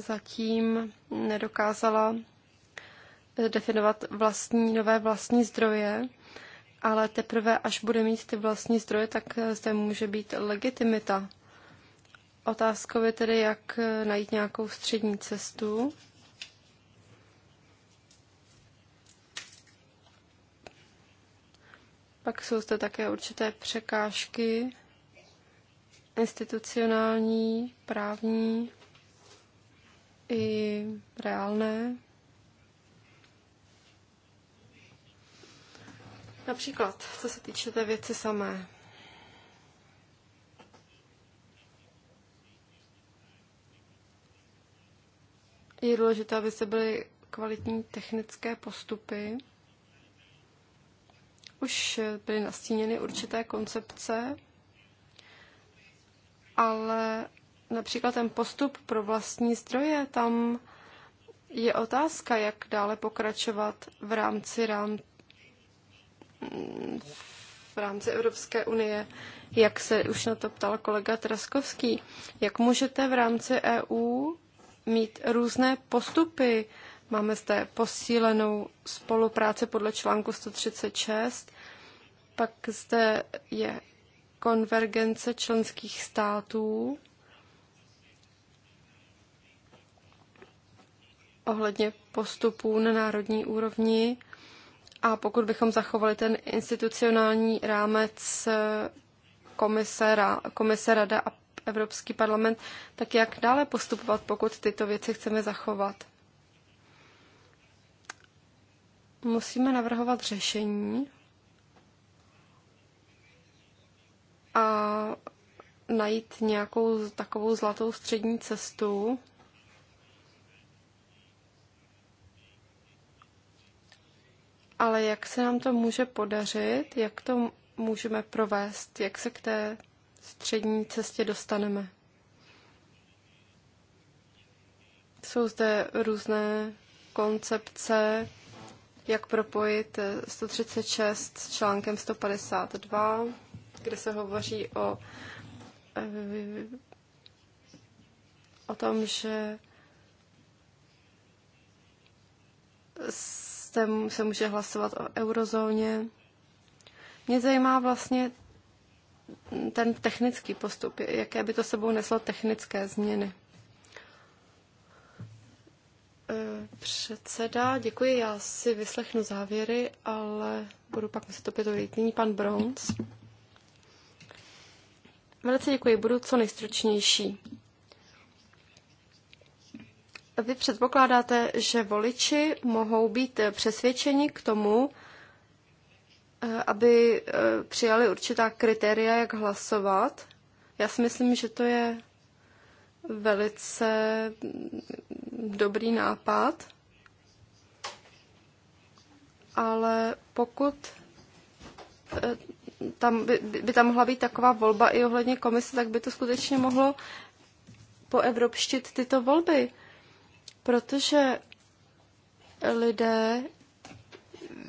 zatím nedokázala definovat vlastní, nové vlastní zdroje, ale teprve až bude mít ty vlastní zdroje, tak zde může být legitimita. Otázkou je tedy, jak najít nějakou střední cestu. Pak jsou zde také určité překážky institucionální, právní i reálné. Například, co se týče té věci samé. Je důležité, aby se byly kvalitní technické postupy. Už byly nastíněny určité koncepce, ale například ten postup pro vlastní zdroje, tam je otázka, jak dále pokračovat v rámci rám... v rámci Evropské unie, jak se už na to ptal kolega Traskovský. Jak můžete v rámci EU mít různé postupy? Máme zde posílenou spolupráci podle článku 136, pak zde je konvergence členských států, ohledně postupů na národní úrovni a pokud bychom zachovali ten institucionální rámec eh, komise, komise Rada a Evropský parlament, tak jak dále postupovat, pokud tyto věci chceme zachovat? Musíme navrhovat řešení a najít nějakou takovou zlatou střední cestu, ale jak se nám to může podařit, jak to můžeme provést, jak se k té střední cestě dostaneme. Jsou zde různé koncepce, jak propojit 136 eh, s článkem 152, kde se hovoří o, eh, o tom, že se, se může hlasovat o eurozóně. Mě zajímá vlastně ten technický postup, jaké by to sebou neslo technické změny. E, předseda, děkuji, já si vyslechnu závěry, ale budu pak muset opět dojít. Nyní pan Bronz. Velice děkuji, budu co nejstručnější vy předpokládáte, že voliči mohou být přesvědčeni k tomu, eh, aby eh, přijali určitá kritéria, jak hlasovat. Já si myslím, že to je velice mm, dobrý nápad, ale pokud eh, tam by, by tam mohla být taková volba i ohledně komise, tak by to skutečně mohlo poevropštit tyto volby. Protože lidé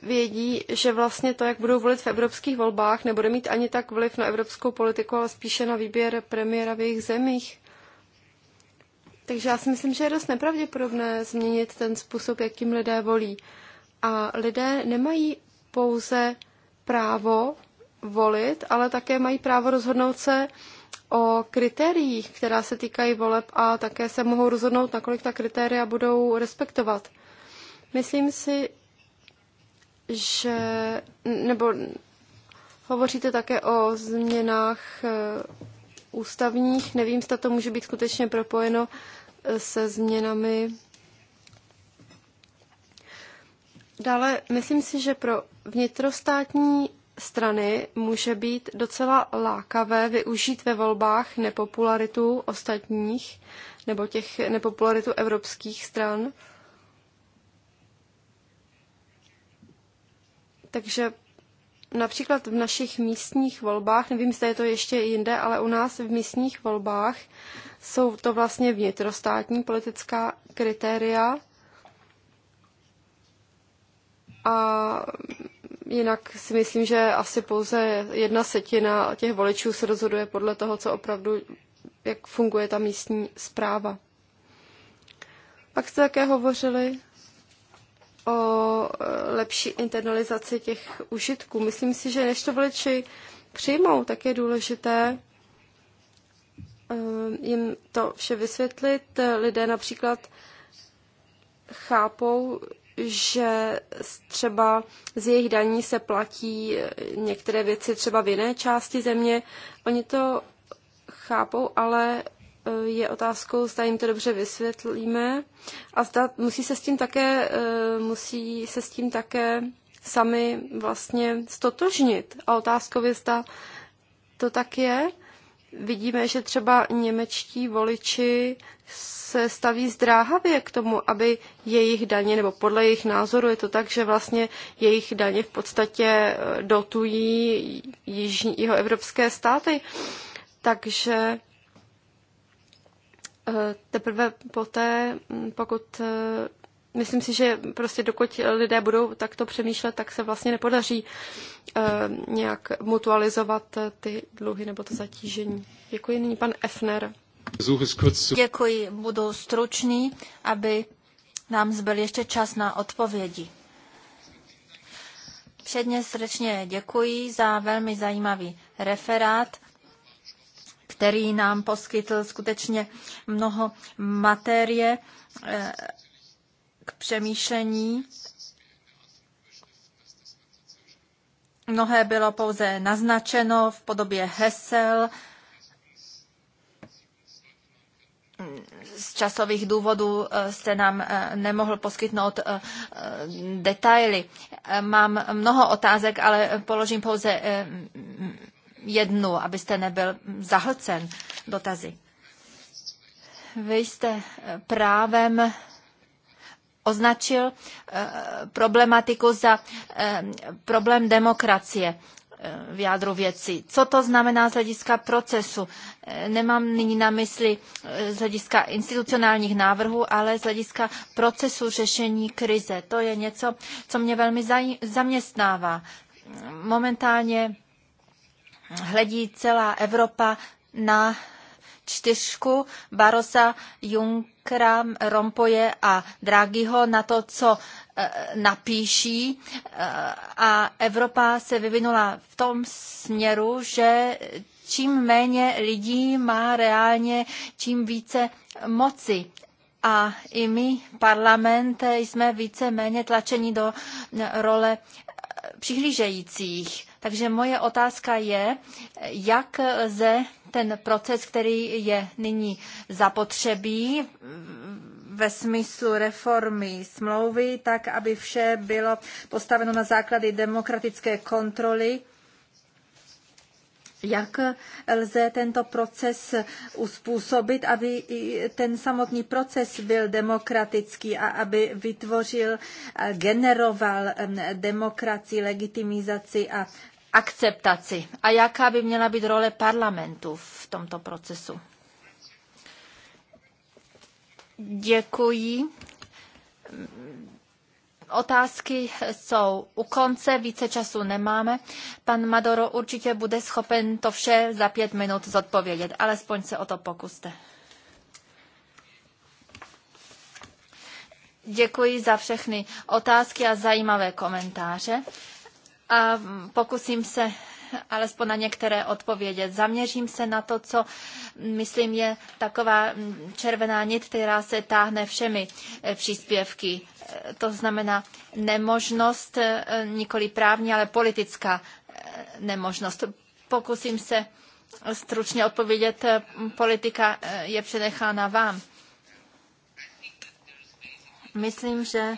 vědí, že vlastně to, jak budou volit v evropských volbách, nebude mít ani tak vliv na evropskou politiku, ale spíše na výběr premiéra v jejich zemích. Takže já si myslím, že je dost nepravděpodobné změnit ten způsob, jakým lidé volí. A lidé nemají pouze právo volit, ale také mají právo rozhodnout se, o kritériích, která se týkají voleb a také se mohou rozhodnout, nakolik ta kritéria budou respektovat. Myslím si, že, nebo hovoříte také o změnách eh, ústavních. Nevím, zda to může být skutečně propojeno eh, se změnami. Dále, myslím si, že pro vnitrostátní strany může být docela lákavé využít ve volbách nepopularitu ostatních nebo těch nepopularitu evropských stran. Takže například v našich místních volbách, nevím, jestli je to ještě jinde, ale u nás v místních volbách jsou to vlastně vnitrostátní politická kritéria a Jinak si myslím, že asi pouze jedna setina těch voličů se rozhoduje podle toho, co opravdu, jak funguje ta místní zpráva. Pak jste také hovořili o eh, lepší internalizaci těch užitků. Myslím si, že než to voliči přijmou, tak je důležité eh, jim to vše vysvětlit. Lidé například chápou, že třeba z jejich daní se platí eh, některé věci třeba v jiné části země. Oni to chápou, ale eh, je otázkou, zda jim to dobře vysvětlíme a zda musí se s tím také, eh, musí se s tím také sami vlastně stotožnit. A otázkou je, zda to tak je vidíme, že třeba němečtí voliči se staví zdráhavě k tomu, aby jejich daně, nebo podle jejich názoru je to tak, že vlastně jejich daně v podstatě eh, dotují jižní, jeho evropské státy. Takže eh, teprve poté, mm, pokud eh, myslím si, že prostě dokud lidé budou takto přemýšlet, tak se vlastně nepodaří uh, nějak mutualizovat eh, ty dluhy nebo to zatížení. Děkuji nyní pan Efner. Děkuji, budu stručný, aby nám zbyl ještě čas na odpovědi. Předně srdečně děkuji za velmi zajímavý referát který nám poskytl skutečně mnoho materie eh, k přemýšlení. Mnohé bylo pouze naznačeno v podobě hesel, z časových důvodů jste eh, nám eh, nemohl poskytnout eh, detaily. Mám mnoho otázek, ale položím pouze mm, jednu, abyste nebyl zahlcen dotazy. Vy jste právem označil eh, problematiku za eh, problém demokracie eh, v jádru věci. Co to znamená z hlediska procesu? Nemám nyní na mysli z hlediska institucionálních návrhů, ale z hlediska procesu řešení krize. To je něco, co mě velmi zaměstnává. Momentálně hledí celá Evropa na čtyřku Barosa, Junkra, Rompoje a Draghiho na to, co eh, napíší eh, a Evropa se vyvinula v tom směru, že čím méně lidí má reálně, čím více moci. A i my, parlament, eh, jsme více méně tlačeni do role přihlížejících. Takže moje otázka je, jak lze ten proces, který je nyní zapotřebí ve smyslu reformy smlouvy, tak aby vše bylo postaveno na základy demokratické kontroly jak lze tento proces uspůsobit, aby ten samotný proces byl demokratický a aby vytvořil, generoval demokracii, legitimizaci a akceptaci. A jaká by měla být role parlamentu v tomto procesu? Děkuji Otázky jsou u konce, více času nemáme. Pan Madoro určitě bude schopen to vše za pět minut zodpovědět, alespoň se o to pokuste. Děkuji za všechny otázky a zajímavé komentáře a pokusím se alespoň na některé odpovědět. Zaměřím se na to, co myslím je taková červená nit, která se táhne všemi eh, příspěvky. Eh, to znamená nemožnost, eh, nikoli právní, ale politická nemožnost. Pokusím se stručně odpovědět. Politika je přenechána vám. Myslím, že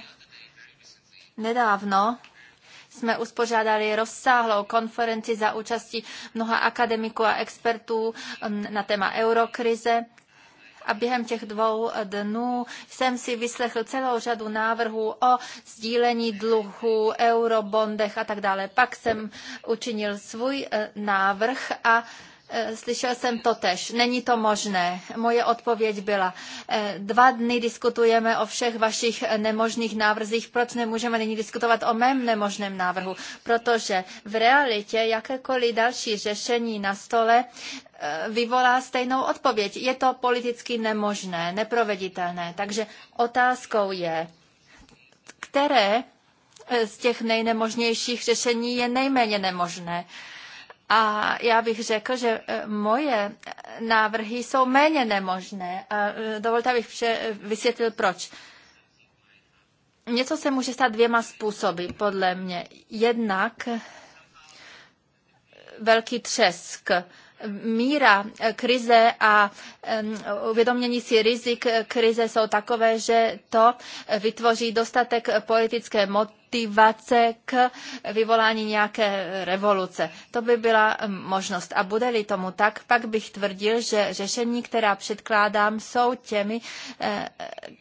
nedávno jsme uspořádali rozsáhlou konferenci za účasti mnoha akademiků a expertů um, na téma eurokrize. A během těch dvou dnů jsem si vyslechl celou řadu návrhů o sdílení dluhu, eurobondech a tak dále. Pak jsem učinil svůj eh, návrh a Eh, slyšel jsem to tež. Není to možné. Moje odpověď byla, eh, dva dny diskutujeme o všech vašich nemožných návrzích. Proč nemůžeme nyní diskutovat o mém nemožném návrhu? Protože v realitě jakékoliv další řešení na stole eh, vyvolá stejnou odpověď. Je to politicky nemožné, neproveditelné. Takže otázkou je, které z těch nejnemožnějších řešení je nejméně nemožné. A já bych řekl, že e, moje návrhy jsou méně nemožné. A e, dovolte, abych vše e, vysvětlil, proč. Něco se může stát dvěma způsoby, podle mě. Jednak velký třesk míra eh, krize a uvědomění si rizik eh, krize jsou takové, že to eh, vytvoří dostatek politické motivace k vyvolání nějaké revoluce. To by byla možnost. A bude-li tomu tak, pak bych tvrdil, že řešení, která předkládám, jsou těmi,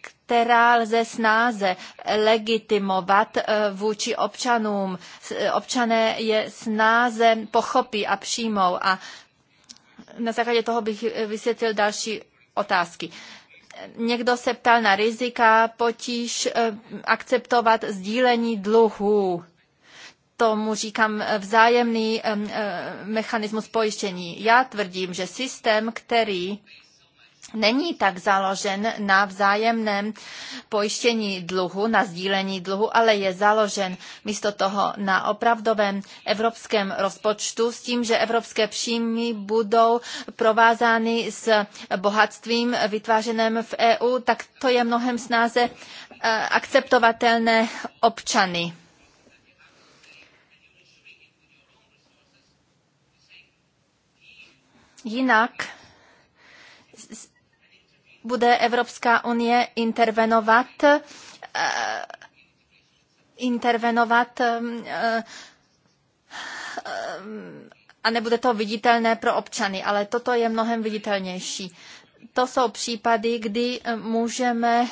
která lze snáze legitimovat vůči občanům. Občané je snáze pochopí a přijmou a na základě toho bych vysvětlil další otázky. Někdo se ptal na rizika, potíž eh, akceptovat sdílení dluhů tomu říkám eh, vzájemný eh, mechanismus pojištění. Já tvrdím, že systém, který není tak založen na vzájemném pojištění dluhu, na sdílení dluhu, ale je založen místo toho na opravdovém evropském rozpočtu s tím, že evropské příjmy budou provázány s bohatstvím vytvářeným v EU, tak to je mnohem snáze eh, akceptovatelné občany. Jinak bude Evropská unie intervenovat eh, intervenovat eh, eh, a nebude to viditelné pro občany, ale toto je mnohem viditelnější. To jsou případy, kdy můžeme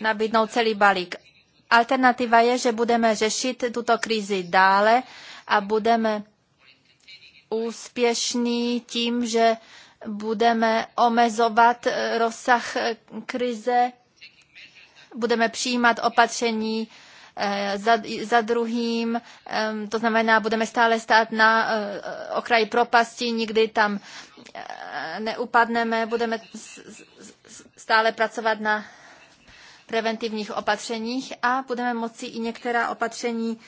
nabídnout celý balík. Alternativa je, že budeme řešit tuto krizi dále a budeme úspěšní tím, že budeme omezovat eh, rozsah eh, krize, budeme přijímat opatření eh, za, za druhým, to znamená, budeme stále stát na okraji propasti, nikdy tam neupadneme, budeme stále pracovat na preventivních opatřeních a budeme moci i některá opatření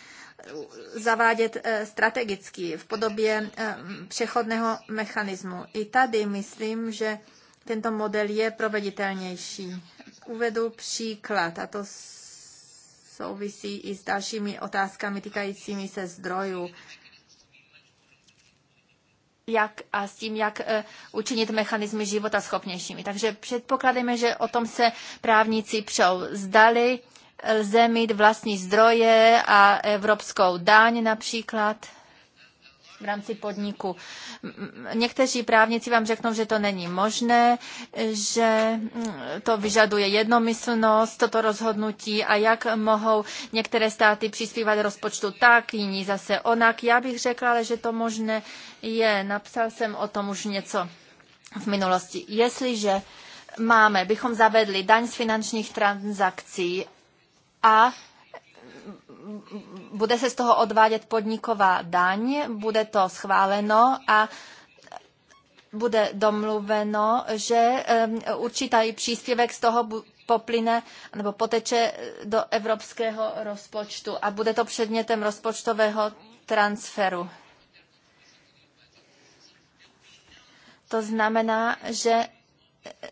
zavádět eh, strategicky v podobě eh, přechodného mechanismu. I tady myslím, že tento model je proveditelnější. Uvedu příklad, a to souvisí i s dalšími otázkami týkajícími se zdrojů. Jak a s tím, jak eh, učinit mechanizmy života schopnějšími. Takže předpokladejme, že o tom se právníci přou. Zdali lze mít vlastní zdroje a evropskou daň například v rámci podniku. Někteří právníci vám řeknou, že to není možné, že mm, to vyžaduje jednomyslnost, toto rozhodnutí a jak mohou některé státy přispívat rozpočtu tak, jiní zase onak. Já bych řekla, ale že to možné je. Napsal jsem o tom už něco v minulosti. Jestliže máme, bychom zavedli daň z finančních transakcí a bude se z toho odvádět podniková daň, bude to schváleno a bude domluveno, že určitý příspěvek z toho poplyne nebo poteče do evropského rozpočtu a bude to předmětem rozpočtového transferu. To znamená, že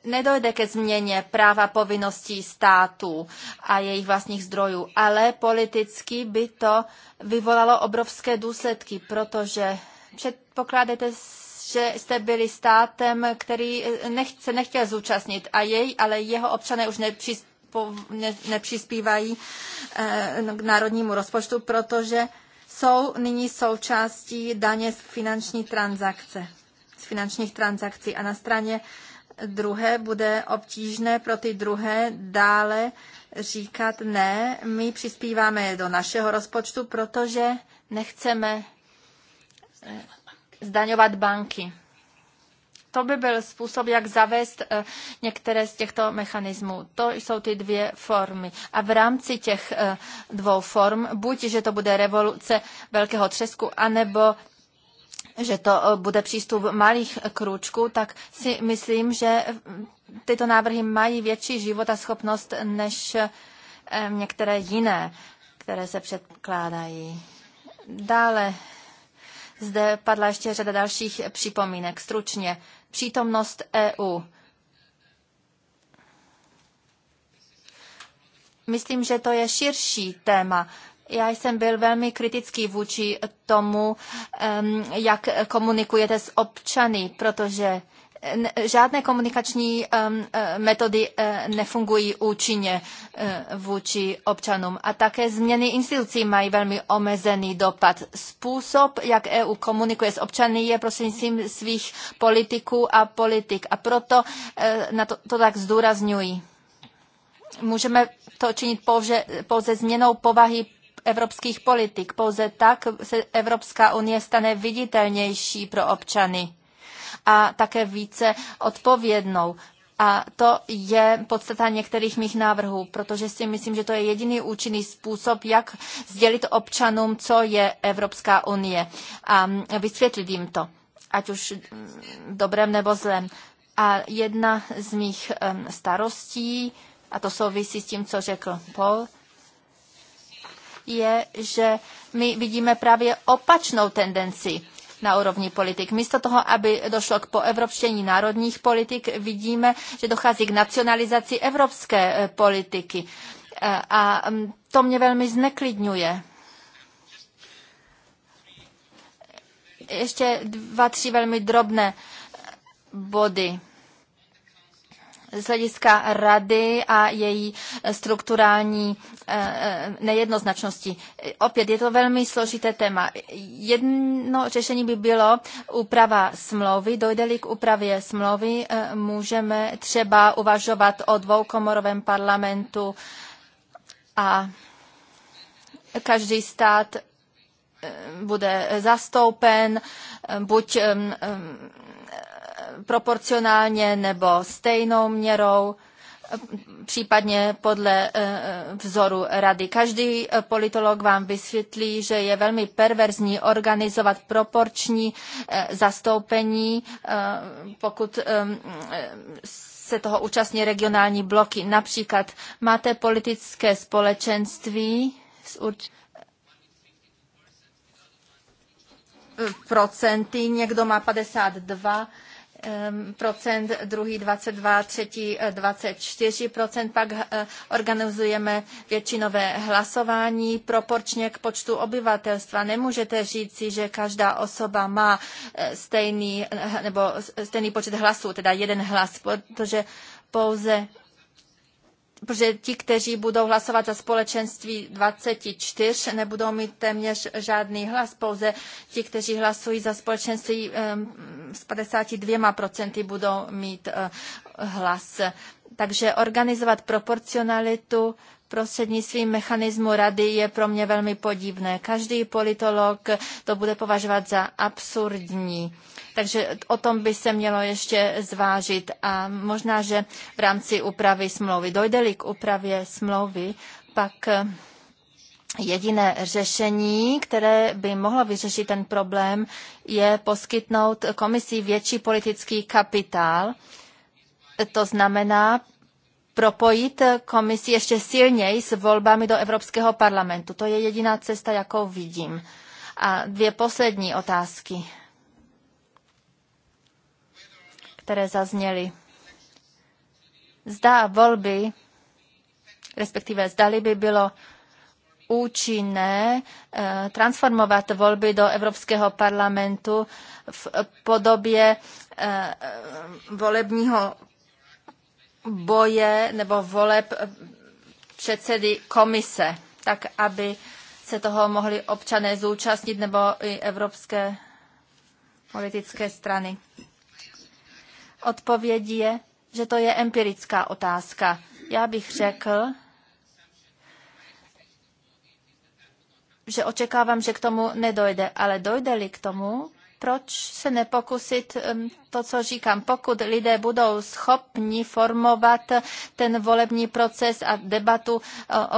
nedojde ke změně práva povinností států a jejich vlastních zdrojů, ale politicky by to vyvolalo obrovské důsledky, protože předpokládáte že jste byli státem, který eh, se nechtěl zúčastnit a jej, ale jeho občané už nepřispívají eh, no, k národnímu rozpočtu, protože jsou nyní součástí daně z finanční transakce, z finančních transakcí a na straně druhé bude obtížné pro ty druhé dále říkat ne, my přispíváme do našeho rozpočtu, protože nechceme eh, zdaňovat banky. To by byl způsob, jak zavést eh, některé z těchto mechanismů. To jsou ty dvě formy. A v rámci těch eh, dvou form, buď, že to bude revoluce velkého třesku, anebo že to eh, bude přístup malých krůčků, tak si myslím, že eh, tyto návrhy mají větší život a schopnost než eh, některé jiné, které se předkládají. Dále zde padla ještě řada dalších připomínek. Stručně, přítomnost EU. Myslím, že to je širší téma já jsem byl velmi kritický vůči tomu, jak komunikujete s občany, protože žádné komunikační e, metody e, nefungují účinně e, vůči občanům. A také změny institucí mají velmi omezený dopad. Způsob, jak EU komunikuje s občany, je prostřednictvím svých politiků a politik. A proto na to, to tak zdůrazňuji. Můžeme to činit pouze, pouze změnou povahy evropských politik. Pouze tak se Evropská unie stane viditelnější pro občany a také více odpovědnou. A to je podstata některých mých návrhů, protože si myslím, že to je jediný účinný způsob, jak sdělit občanům, co je Evropská unie a vysvětlit jim to, ať už dobrém nebo zlem. A jedna z mých starostí, a to souvisí s tím, co řekl Paul, je, že my vidíme právě opačnou tendenci na úrovni politik. Místo toho, aby došlo k poevropštění národních politik, vidíme, že dochází k nacionalizaci evropské eh, politiky. Eh, a mm, to mě velmi zneklidňuje. Ještě dva, tři velmi drobné body z hlediska rady a její eh, strukturální eh, eh, nejednoznačnosti. Opět je to velmi složité téma. Jedno řešení by bylo úprava smlouvy. Dojde-li k úpravě smlouvy, můžeme třeba uvažovat o dvoukomorovém parlamentu a každý stát bude zastoupen buď proporcionálně nebo stejnou měrou, případně podle eh, vzoru rady. Každý eh, politolog vám vysvětlí, že je velmi perverzní organizovat proporční eh, zastoupení, pokud se toho účastní regionální bloky. Například máte politické společenství s urč- procenty, někdo má 52 Ehm, procent, druhý 22, třetí 24 eh, procent. Pak eh, organizujeme většinové hlasování proporčně k počtu obyvatelstva. Nemůžete říci, že každá osoba má eh, stejný, nebo stejný počet hlasů, teda jeden hlas, protože pouze protože ti, kteří budou hlasovat za společenství 24, nebudou mít téměř žádný hlas, pouze ti, kteří hlasují za společenství s 52% budou mít eh, hlas. Takže organizovat proporcionalitu prostřednictvím mechanismu rady je pro mě velmi podivné. Každý politolog to bude považovat za absurdní. Takže o tom by se mělo ještě zvážit a možná, že v rámci úpravy smlouvy, dojde-li k úpravě smlouvy, pak eh, Jediné řešení, které by mohlo vyřešit ten problém, je poskytnout komisi větší politický kapitál. To znamená propojit komisi ještě silněji s volbami do Evropského parlamentu. To je jediná cesta, jakou vidím. A dvě poslední otázky, které zazněly. Zda volby, respektive zdali by bylo účinné eh, transformovat volby do Evropského parlamentu v podobě eh, volebního boje nebo voleb předsedy komise, tak aby se toho mohli občané zúčastnit nebo i evropské politické strany. Odpověď je, že to je empirická otázka. Já bych řekl, že očekávám, že k tomu nedojde, ale dojde-li k tomu, proč se nepokusit um, to, co říkám, pokud lidé budou schopni formovat ten volební proces a debatu uh,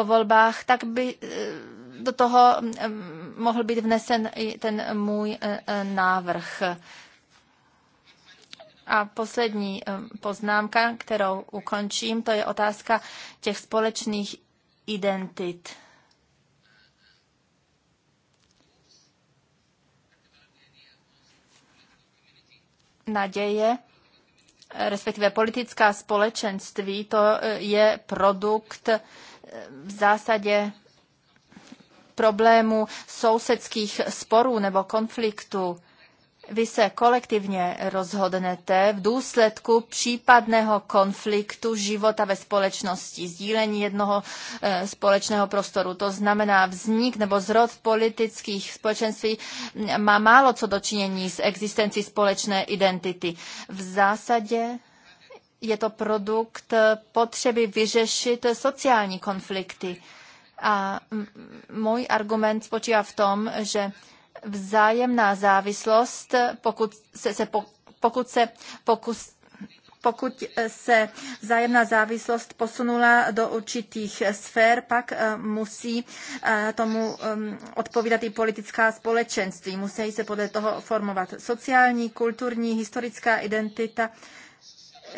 o volbách, tak by uh, do toho um, mohl být vnesen i ten můj uh, návrh. A poslední um, poznámka, kterou ukončím, to je otázka těch společných identit. naděje, respektive politická společenství, to eh, je produkt eh, v zásadě problému sousedských sporů nebo konfliktů. Vy se kolektivně rozhodnete v důsledku případného konfliktu života ve společnosti, sdílení jednoho eh, společného prostoru. To znamená, vznik nebo zrod politických společenství hm, má málo co dočinění s existencí společné identity. V zásadě je to produkt potřeby vyřešit sociální konflikty. A můj argument spočívá v tom, že vzájemná závislost, pokud se, se pokud se pokus, pokud se vzájemná závislost posunula do určitých sfér, pak eh, musí eh, tomu ehm, odpovídat i politická společenství. Musí se podle toho formovat sociální, kulturní, historická identita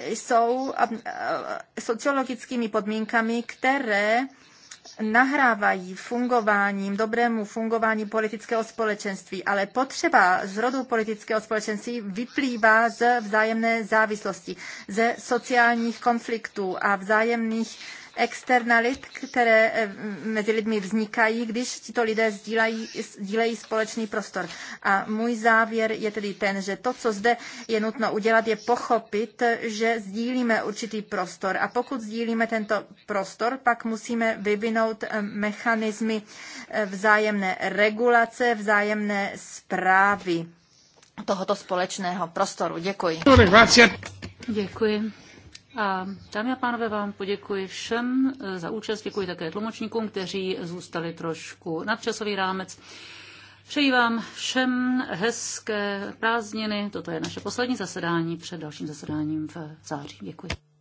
jsou eh, sociologickými podmínkami, které nahrávají fungováním, dobrému fungování politického společenství, ale potřeba zrodu politického společenství vyplývá z vzájemné závislosti, ze sociálních konfliktů a vzájemných externalit, které eh, mezi lidmi vznikají, když tito lidé sdílejí, sdílejí společný prostor. A můj závěr je tedy ten, že to, co zde je nutno udělat, je pochopit, že sdílíme určitý prostor. A pokud sdílíme tento prostor, pak musíme vyvinout eh, mechanismy eh, vzájemné regulace, vzájemné zprávy tohoto společného prostoru. Děkuji. Děkuji. A dámy a pánové, vám poděkuji všem za účast, děkuji také tlumočníkům, kteří zůstali trošku nad časový rámec. Přeji vám všem hezké prázdniny. Toto je naše poslední zasedání před dalším zasedáním v září. Děkuji.